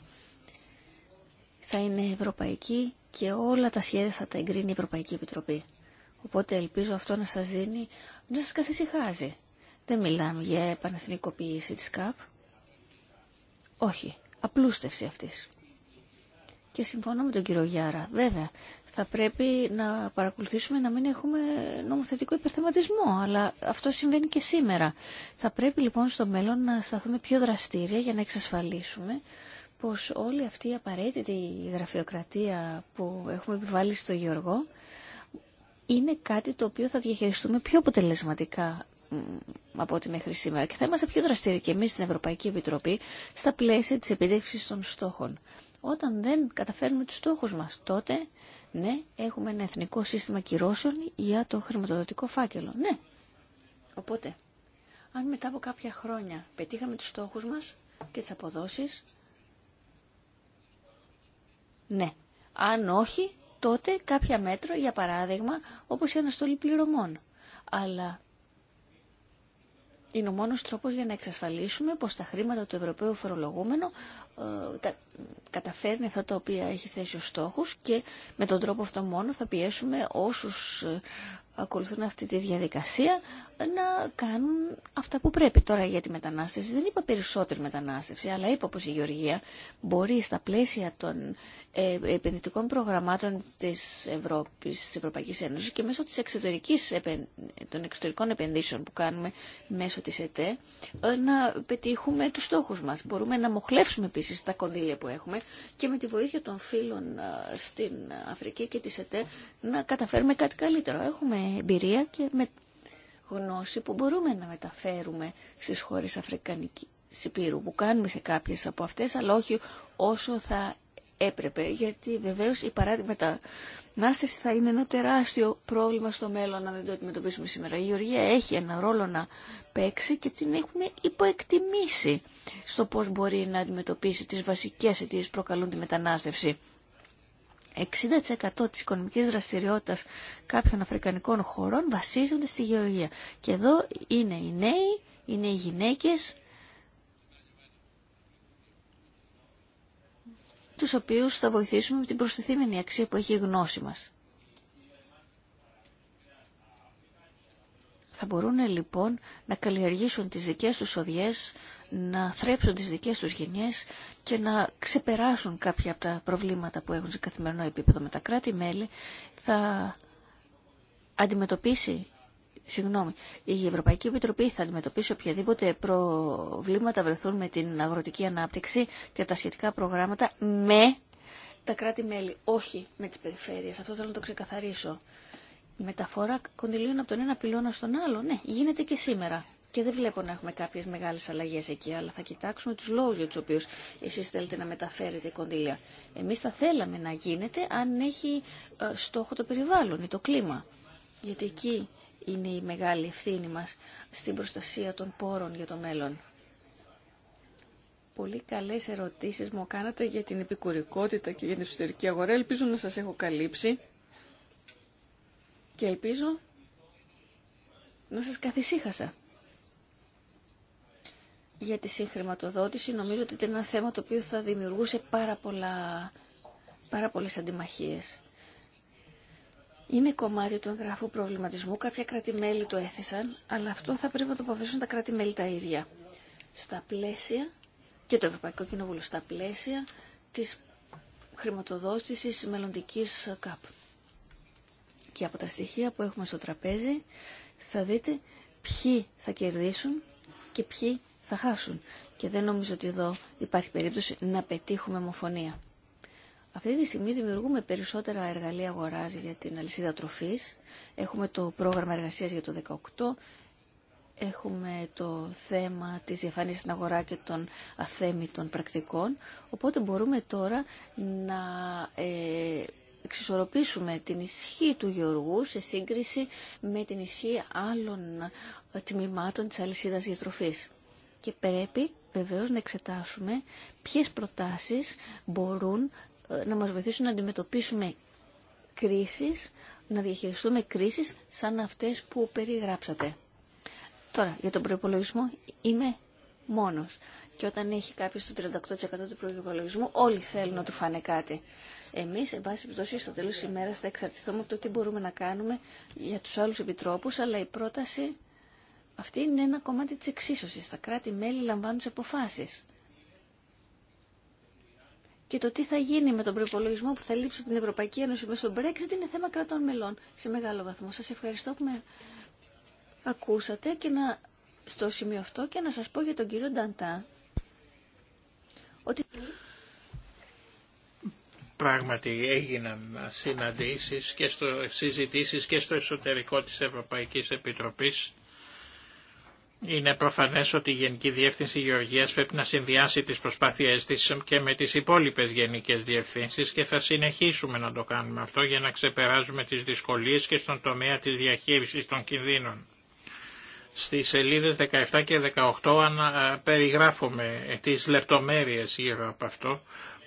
θα είναι ευρωπαϊκοί και όλα τα σχέδια θα τα εγκρίνει η Ευρωπαϊκή Επιτροπή. Οπότε ελπίζω αυτό να σας δίνει, να σας καθησυχάζει. Δεν μιλάμε για επανεθνικοποίηση της ΚΑΠ. Όχι, απλούστευση αυτής. Και συμφωνώ με τον κύριο Γιάρα. Βέβαια, θα πρέπει να παρακολουθήσουμε να μην έχουμε νομοθετικό υπερθεματισμό, αλλά αυτό συμβαίνει και σήμερα. Θα πρέπει λοιπόν στο μέλλον να σταθούμε πιο δραστήρια για να εξασφαλίσουμε πως όλη αυτή η απαραίτητη γραφειοκρατία που έχουμε επιβάλει στο Γιώργο είναι κάτι το οποίο θα διαχειριστούμε πιο αποτελεσματικά από ό,τι μέχρι σήμερα και θα είμαστε πιο δραστήριοι και εμείς στην Ευρωπαϊκή Επιτροπή στα πλαίσια της επίτευξης των στόχων. Όταν δεν καταφέρνουμε τους στόχους μας, τότε ναι, έχουμε ένα εθνικό σύστημα κυρώσεων για το χρηματοδοτικό φάκελο. Ναι. Οπότε, αν μετά από κάποια χρόνια πετύχαμε τους στόχους μας και τις αποδόσεις, ναι. Αν όχι, τότε κάποια μέτρο, για παράδειγμα, όπως η αναστολή πληρωμών. Αλλά είναι ο μόνος τρόπος για να εξασφαλίσουμε πως τα χρήματα του Ευρωπαίου φορολογούμενου ε, καταφέρνει αυτά τα οποία έχει θέσει ο στόχους και με τον τρόπο αυτό μόνο θα πιέσουμε όσους ε, ακολουθούν αυτή τη διαδικασία να κάνουν αυτά που πρέπει. Τώρα για τη μετανάστευση δεν είπα περισσότερη μετανάστευση, αλλά είπα πως η Γεωργία μπορεί στα πλαίσια των ε, επενδυτικών προγραμμάτων της, Ευρώπης, της Ευρωπαϊκής Ένωσης και μέσω της εξωτερικής, των εξωτερικών επενδύσεων που κάνουμε μέσω της ΕΤΕ να πετύχουμε τους στόχους μας. Μπορούμε να μοχλεύσουμε επίσης τα κονδύλια που έχουμε και με τη βοήθεια των φίλων ε, στην Αφρική και της ΕΤΕ να καταφέρουμε κάτι καλύτερο. Έχουμε εμπειρία και με γνώση που μπορούμε να μεταφέρουμε στις χώρες Αφρικανικής Υπήρου που κάνουμε σε κάποιες από αυτές αλλά όχι όσο θα έπρεπε, γιατί βεβαίως η παράδειγμα μετανάστευση θα είναι ένα τεράστιο πρόβλημα στο μέλλον αν δεν το αντιμετωπίσουμε σήμερα. Η Γεωργία έχει ένα ρόλο να παίξει και την έχουμε υποεκτιμήσει στο πώς μπορεί να αντιμετωπίσει τις βασικές αιτίε που προκαλούν τη μετανάστευση. 60% της οικονομικής δραστηριότητας κάποιων αφρικανικών χωρών βασίζονται στη γεωργία. Και εδώ είναι οι νέοι, είναι οι γυναίκες, τους οποίους θα βοηθήσουμε με την προστιθήμενη αξία που έχει η γνώση μας. Θα μπορούν λοιπόν να καλλιεργήσουν τις δικές τους οδιές, να θρέψουν τις δικές τους γενιές και να ξεπεράσουν κάποια από τα προβλήματα που έχουν σε καθημερινό επίπεδο με τα κράτη-μέλη. Θα αντιμετωπίσει Συγγνώμη, η Ευρωπαϊκή Επιτροπή θα αντιμετωπίσει οποιαδήποτε προβλήματα βρεθούν με την αγροτική ανάπτυξη και τα σχετικά προγράμματα με τα κράτη-μέλη, όχι με τις περιφέρειες. Αυτό θέλω να το ξεκαθαρίσω. Η μεταφορά κονδυλίων από τον ένα πυλώνα στον άλλο, ναι, γίνεται και σήμερα. Και δεν βλέπω να έχουμε κάποιε μεγάλε αλλαγέ εκεί, αλλά θα κοιτάξουμε του λόγου για του οποίου εσεί θέλετε να μεταφέρετε κονδύλια. Εμεί θα θέλαμε να γίνεται αν έχει ε, στόχο το περιβάλλον ή το κλίμα. Γιατί εκεί είναι η μεγάλη ευθύνη μας στην προστασία των πόρων για το μέλλον. Πολύ καλές ερωτήσεις μου κάνατε για την επικουρικότητα και για την εσωτερική αγορά. Ελπίζω να σας έχω καλύψει και ελπίζω να σας καθησύχασα. Για τη συγχρηματοδότηση νομίζω ότι ήταν ένα θέμα το οποίο θα δημιουργούσε πάρα, πολλά, πάρα πολλές αντιμαχίες είναι κομμάτι του εγγράφου προβληματισμού. Κάποια κράτη-μέλη το έθεσαν, αλλά αυτό θα πρέπει να το αποφασίσουν τα κράτη-μέλη τα ίδια. Στα πλαίσια και το Ευρωπαϊκό Κοινοβούλιο, στα πλαίσια της χρηματοδότηση μελλοντική ΚΑΠ. Και από τα στοιχεία που έχουμε στο τραπέζι θα δείτε ποιοι θα κερδίσουν και ποιοι θα χάσουν. Και δεν νομίζω ότι εδώ υπάρχει περίπτωση να πετύχουμε μοφωνία. Αυτή τη στιγμή δημιουργούμε περισσότερα εργαλεία αγοράς για την αλυσίδα τροφής. Έχουμε το πρόγραμμα εργασίας για το 18, έχουμε το θέμα της διαφάνειας στην αγορά και των αθέμητων πρακτικών. Οπότε μπορούμε τώρα να ε, εξισορροπήσουμε την ισχύ του γεωργού σε σύγκριση με την ισχύ άλλων τμήματων της αλυσίδας διατροφής. Και πρέπει βεβαίως να εξετάσουμε ποιες προτάσεις μπορούν να μας βοηθήσουν να αντιμετωπίσουμε κρίσεις, να διαχειριστούμε κρίσεις σαν αυτές που περιγράψατε. Τώρα, για τον προπολογισμό είμαι μόνος. Και όταν έχει κάποιο το 38% του προπολογισμού, όλοι θέλουν να του φάνε κάτι. Εμεί, εν πάση περιπτώσει, στο τέλο τη ημέρα θα εξαρτηθούμε από το τι μπορούμε να κάνουμε για του άλλου επιτρόπου, αλλά η πρόταση αυτή είναι ένα κομμάτι τη εξίσωση. Τα κράτη-μέλη λαμβάνουν τι αποφάσει και το τι θα γίνει με τον προπολογισμό που θα λείψει από την Ευρωπαϊκή Ένωση μέσω Brexit είναι θέμα κρατών μελών σε μεγάλο βαθμό. Σας ευχαριστώ που με ακούσατε και να, στο σημείο αυτό και να σας πω για τον κύριο Νταντά ότι... Πράγματι έγιναν συναντήσεις και στο, συζητήσεις και στο εσωτερικό της Ευρωπαϊκής Επιτροπής είναι προφανές ότι η Γενική Διεύθυνση Γεωργίας πρέπει να συνδυάσει τις προσπάθειές της και με τις υπόλοιπες γενικές διευθύνσεις και θα συνεχίσουμε να το κάνουμε αυτό για να ξεπεράζουμε τις δυσκολίες και στον τομέα της διαχείρισης των κινδύνων. Στις σελίδες 17 και 18 περιγράφουμε τις λεπτομέρειες γύρω από αυτό.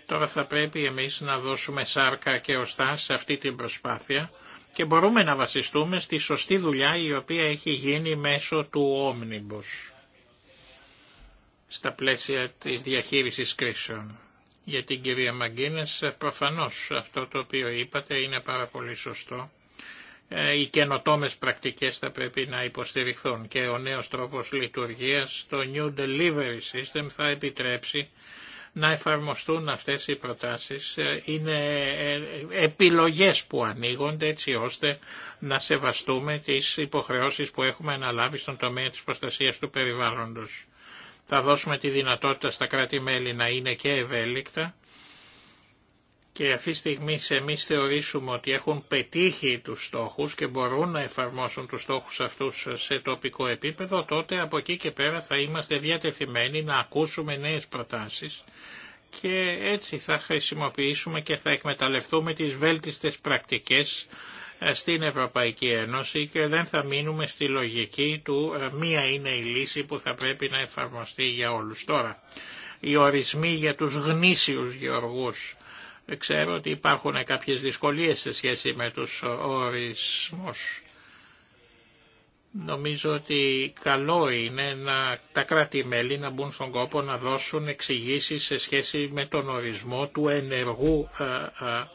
Τώρα θα πρέπει εμείς να δώσουμε σάρκα και οστά σε αυτή την προσπάθεια και μπορούμε να βασιστούμε στη σωστή δουλειά η οποία έχει γίνει μέσω του Omnibus στα πλαίσια της διαχείρισης κρίσεων. Για την κυρία Μαγκίνες προφανώς αυτό το οποίο είπατε είναι πάρα πολύ σωστό. Ε, οι καινοτόμες πρακτικές θα πρέπει να υποστηριχθούν και ο νέος τρόπος λειτουργίας, το New Delivery System θα επιτρέψει να εφαρμοστούν αυτές οι προτάσεις ε, είναι ε, επιλογές που ανοίγονται έτσι ώστε να σεβαστούμε τις υποχρεώσεις που έχουμε αναλάβει στον τομέα της προστασίας του περιβάλλοντος. Θα δώσουμε τη δυνατότητα στα κράτη-μέλη να είναι και ευέλικτα και αυτή τη στιγμή εμείς θεωρήσουμε ότι έχουν πετύχει τους στόχους και μπορούν να εφαρμόσουν τους στόχους αυτούς σε τοπικό επίπεδο, τότε από εκεί και πέρα θα είμαστε διατεθειμένοι να ακούσουμε νέες προτάσεις και έτσι θα χρησιμοποιήσουμε και θα εκμεταλλευτούμε τις βέλτιστες πρακτικές ε, στην Ευρωπαϊκή Ένωση και δεν θα μείνουμε στη λογική του ε, μία είναι η λύση που θα πρέπει να εφαρμοστεί για όλους. Τώρα, οι ορισμοί για τους γνήσιους γεωργούς Ξέρω ότι υπάρχουν κάποιες δυσκολίες σε σχέση με τους ορισμούς. Νομίζω ότι καλό είναι να, τα κράτη-μέλη να μπουν στον κόπο να δώσουν εξηγήσεις σε σχέση με τον ορισμό του ενεργού α, ε, α,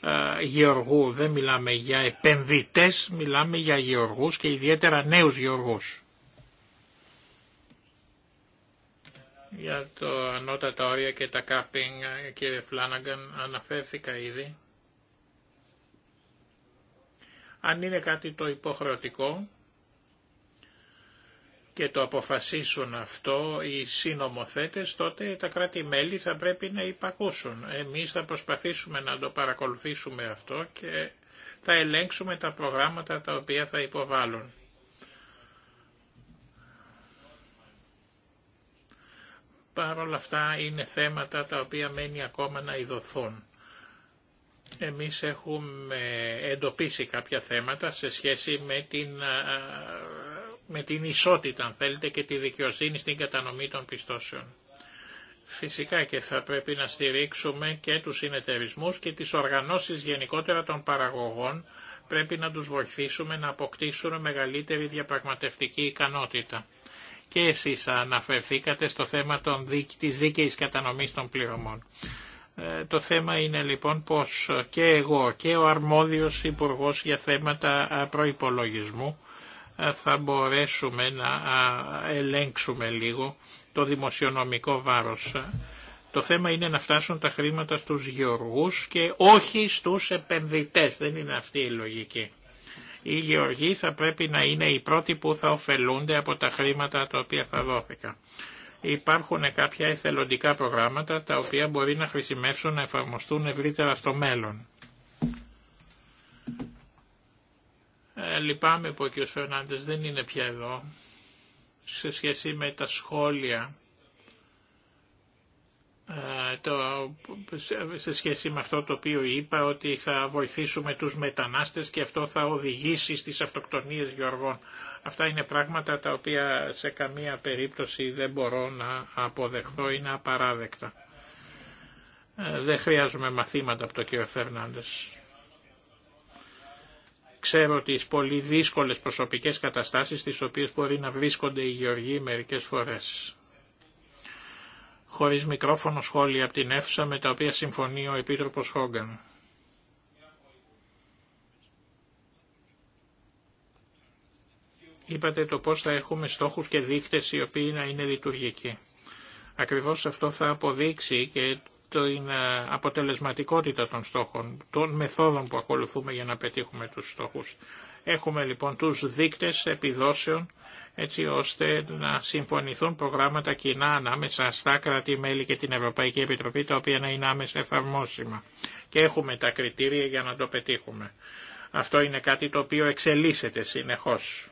ε, ε, γεωργού. Δεν μιλάμε για επενδυτές, μιλάμε για γεωργούς και ιδιαίτερα νέους γεωργούς. Για το ανώτατα όρια και τα κάπινγκ, κύριε Φλάναγκαν, αναφέρθηκα ήδη. Αν είναι κάτι το υποχρεωτικό και το αποφασίσουν αυτό οι συνομοθέτες, τότε τα κράτη-μέλη θα πρέπει να υπακούσουν. Εμείς θα προσπαθήσουμε να το παρακολουθήσουμε αυτό και θα ελέγξουμε τα προγράμματα τα οποία θα υποβάλουν. Παρ' όλα αυτά είναι θέματα τα οποία μένει ακόμα να ειδωθούν. Εμείς έχουμε εντοπίσει κάποια θέματα σε σχέση με την, με την ισότητα, αν θέλετε, και τη δικαιοσύνη στην κατανομή των πιστώσεων. Φυσικά και θα πρέπει να στηρίξουμε και τους συνεταιρισμούς και τις οργανώσεις γενικότερα των παραγωγών, πρέπει να τους βοηθήσουμε να αποκτήσουν μεγαλύτερη διαπραγματευτική ικανότητα και εσείς αναφερθήκατε στο θέμα των, της δίκαιης κατανομής των πληρωμών. Ε, το θέμα είναι λοιπόν πως και εγώ και ο αρμόδιος υπουργός για θέματα ε, προϋπολογισμού ε, θα μπορέσουμε να ελέγξουμε λίγο το δημοσιονομικό βάρος. Το θέμα είναι να φτάσουν τα χρήματα στους γεωργούς και όχι στους επενδυτές. Δεν είναι αυτή η λογική οι γεωργοί θα πρέπει να είναι οι πρώτοι που θα ωφελούνται από τα χρήματα τα οποία θα δόθηκαν. Υπάρχουν κάποια εθελοντικά προγράμματα τα οποία μπορεί να χρησιμεύσουν να εφαρμοστούν ευρύτερα στο μέλλον. Ε, λυπάμαι που ο κ. Φερνάντες δεν είναι πια εδώ σε σχέση με τα σχόλια ε, το, σε σχέση με αυτό το οποίο είπα ότι θα βοηθήσουμε τους μετανάστες και αυτό θα οδηγήσει στις αυτοκτονίες Γεωργών. Αυτά είναι πράγματα τα οποία σε καμία περίπτωση δεν μπορώ να αποδεχθώ, είναι απαράδεκτα. Ε, δεν χρειάζομαι μαθήματα από τον κύριο Φερνάντες. Ξέρω τις πολύ δύσκολες προσωπικές καταστάσεις στις οποίες μπορεί να βρίσκονται οι Γεωργοί μερικές φορές χωρίς μικρόφωνο σχόλια από την αίθουσα με τα οποία συμφωνεί ο Επίτροπος Χόγκαν. Είπατε το πώς θα έχουμε στόχους και δείκτες οι οποίοι να είναι λειτουργικοί. Ακριβώς αυτό θα αποδείξει και την ε, αποτελεσματικότητα των στόχων, των μεθόδων που ακολουθούμε για να πετύχουμε τους στόχους. Έχουμε λοιπόν τους δείκτες επιδόσεων έτσι ώστε να συμφωνηθούν προγράμματα κοινά ανάμεσα στα κράτη-μέλη και την Ευρωπαϊκή Επιτροπή, τα οποία να είναι άμεσα εφαρμόσιμα. Και έχουμε τα κριτήρια για να το πετύχουμε. Αυτό είναι κάτι το οποίο εξελίσσεται συνεχώς.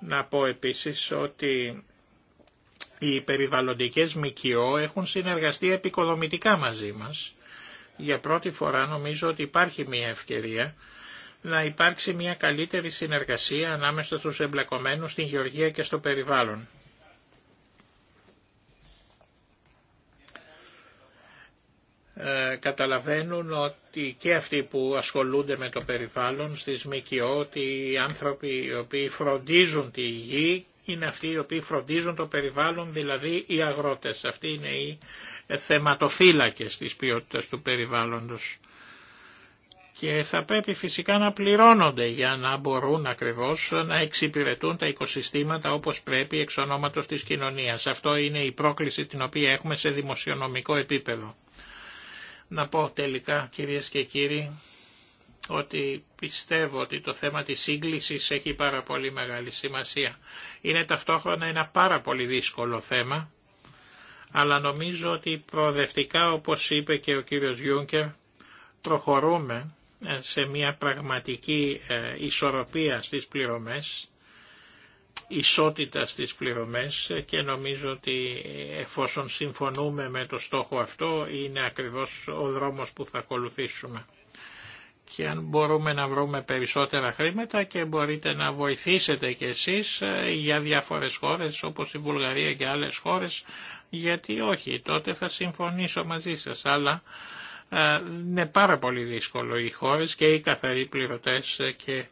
Να πω επίσης ότι οι περιβαλλοντικές ΜΚΟ έχουν συνεργαστεί επικοδομητικά μαζί μας. Για πρώτη φορά νομίζω ότι υπάρχει μια ευκαιρία να υπάρξει μια καλύτερη συνεργασία ανάμεσα στους εμπλεκομένους στην γεωργία και στο περιβάλλον. Ε, καταλαβαίνουν ότι και αυτοί που ασχολούνται με το περιβάλλον στις ΜΚΟ, ότι οι άνθρωποι οι οποίοι φροντίζουν τη γη είναι αυτοί οι οποίοι φροντίζουν το περιβάλλον, δηλαδή οι αγρότες. Αυτοί είναι οι θεματοφύλακες της ποιότητας του περιβάλλοντος και θα πρέπει φυσικά να πληρώνονται για να μπορούν ακριβώς να εξυπηρετούν τα οικοσυστήματα όπως πρέπει εξ ονόματος της κοινωνίας. Αυτό είναι η πρόκληση την οποία έχουμε σε δημοσιονομικό επίπεδο. Να πω τελικά κυρίες και κύριοι ότι πιστεύω ότι το θέμα της σύγκλησης έχει πάρα πολύ μεγάλη σημασία. Είναι ταυτόχρονα ένα πάρα πολύ δύσκολο θέμα, αλλά νομίζω ότι προοδευτικά όπως είπε και ο κύριος Γιούνκερ προχωρούμε ε, σε μια πραγματική ε, ισορροπία στις πληρωμές, ισότητα στις πληρωμές ε, και νομίζω ότι εφόσον συμφωνούμε με το στόχο αυτό είναι ακριβώς ο δρόμος που θα ακολουθήσουμε. Και αν μπορούμε να βρούμε περισσότερα χρήματα και μπορείτε να βοηθήσετε κι εσείς για διάφορες χώρες όπως η Βουλγαρία και άλλες χώρες, γιατί όχι, τότε θα συμφωνήσω μαζί σας, αλλά ε, είναι πάρα πολύ δύσκολο οι χώρες και οι καθαροί πληρωτές και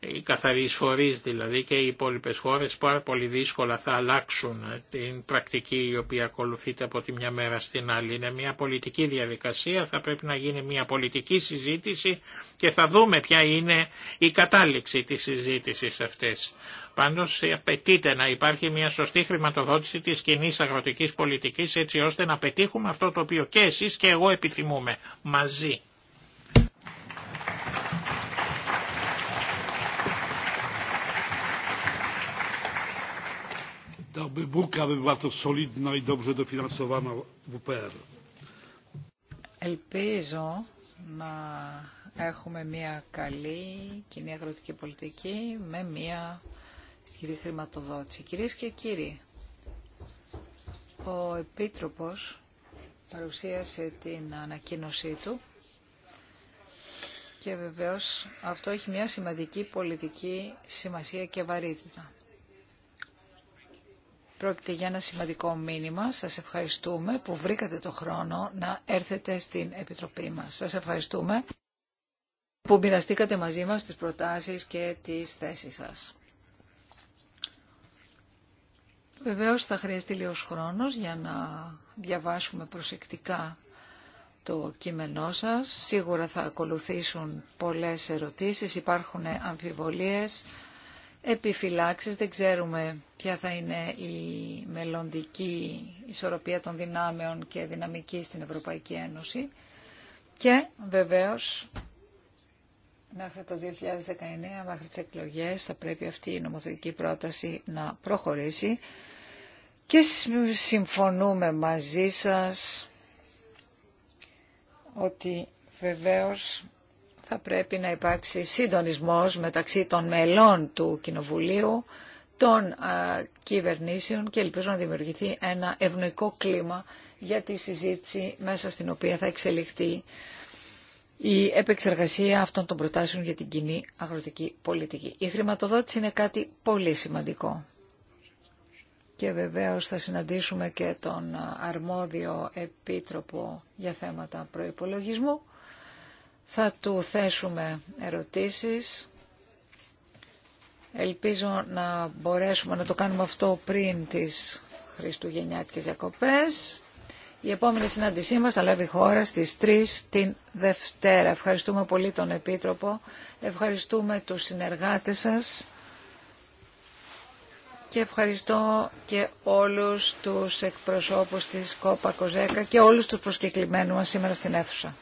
οι καθαροί εισφορείς δηλαδή και οι υπόλοιπε χώρες πάρα πολύ δύσκολα θα αλλάξουν την πρακτική η οποία ακολουθείται από τη μια μέρα στην άλλη. Είναι μια πολιτική διαδικασία, θα πρέπει να γίνει μια πολιτική συζήτηση και θα δούμε ποια είναι η κατάληξη τη συζήτησης αυτής. Πάντως απαιτείται να υπάρχει μια σωστή χρηματοδότηση της κοινή αγροτικής πολιτικής έτσι ώστε να πετύχουμε αυτό το οποίο και εσείς και εγώ επιθυμούμε μαζί. Ελπίζω να έχουμε μια καλή κοινή αγροτική πολιτική με μια Κύριε χρηματοδότηση. Κυρίες και κύριοι, ο Επίτροπος παρουσίασε την ανακοίνωσή του και βεβαίως αυτό έχει μια σημαντική πολιτική σημασία και βαρύτητα. Πρόκειται για ένα σημαντικό μήνυμα. Σας ευχαριστούμε που βρήκατε το χρόνο να έρθετε στην Επιτροπή μας. Σας ευχαριστούμε που μοιραστήκατε μαζί μας τις προτάσεις και τις θέσεις σας. Βεβαίως θα χρειαστεί λίγος χρόνος για να διαβάσουμε προσεκτικά το κείμενό σας. Σίγουρα θα ακολουθήσουν πολλές ερωτήσεις, υπάρχουν αμφιβολίες, επιφυλάξεις, δεν ξέρουμε ποια θα είναι η μελλοντική ισορροπία των δυνάμεων και δυναμική στην Ευρωπαϊκή Ένωση. Και βεβαίως μέχρι το 2019, μέχρι τις εκλογές, θα πρέπει αυτή η νομοθετική πρόταση να προχωρήσει και συμφωνούμε μαζί σας ότι βεβαίως θα πρέπει να υπάρξει συντονισμός μεταξύ των μελών του Κοινοβουλίου, των κυβερνήσεων και ελπίζω να δημιουργηθεί ένα ευνοϊκό κλίμα για τη συζήτηση μέσα στην οποία θα εξελιχθεί η επεξεργασία αυτών των προτάσεων για την κοινή αγροτική πολιτική. Η χρηματοδότηση είναι κάτι πολύ σημαντικό και βεβαίως θα συναντήσουμε και τον αρμόδιο επίτροπο για θέματα προϋπολογισμού. Θα του θέσουμε ερωτήσεις. Ελπίζω να μπορέσουμε να το κάνουμε αυτό πριν τις Χριστουγεννιάτικες διακοπές. Η επόμενη συνάντησή μας θα λάβει χώρα στις 3 την Δευτέρα. Ευχαριστούμε πολύ τον Επίτροπο. Ευχαριστούμε τους συνεργάτες σας και ευχαριστώ και όλους τους εκπροσώπους της ΚΟΠΑ ΚΟΖΕΚΑ και όλους τους προσκεκλημένους μας σήμερα στην αίθουσα.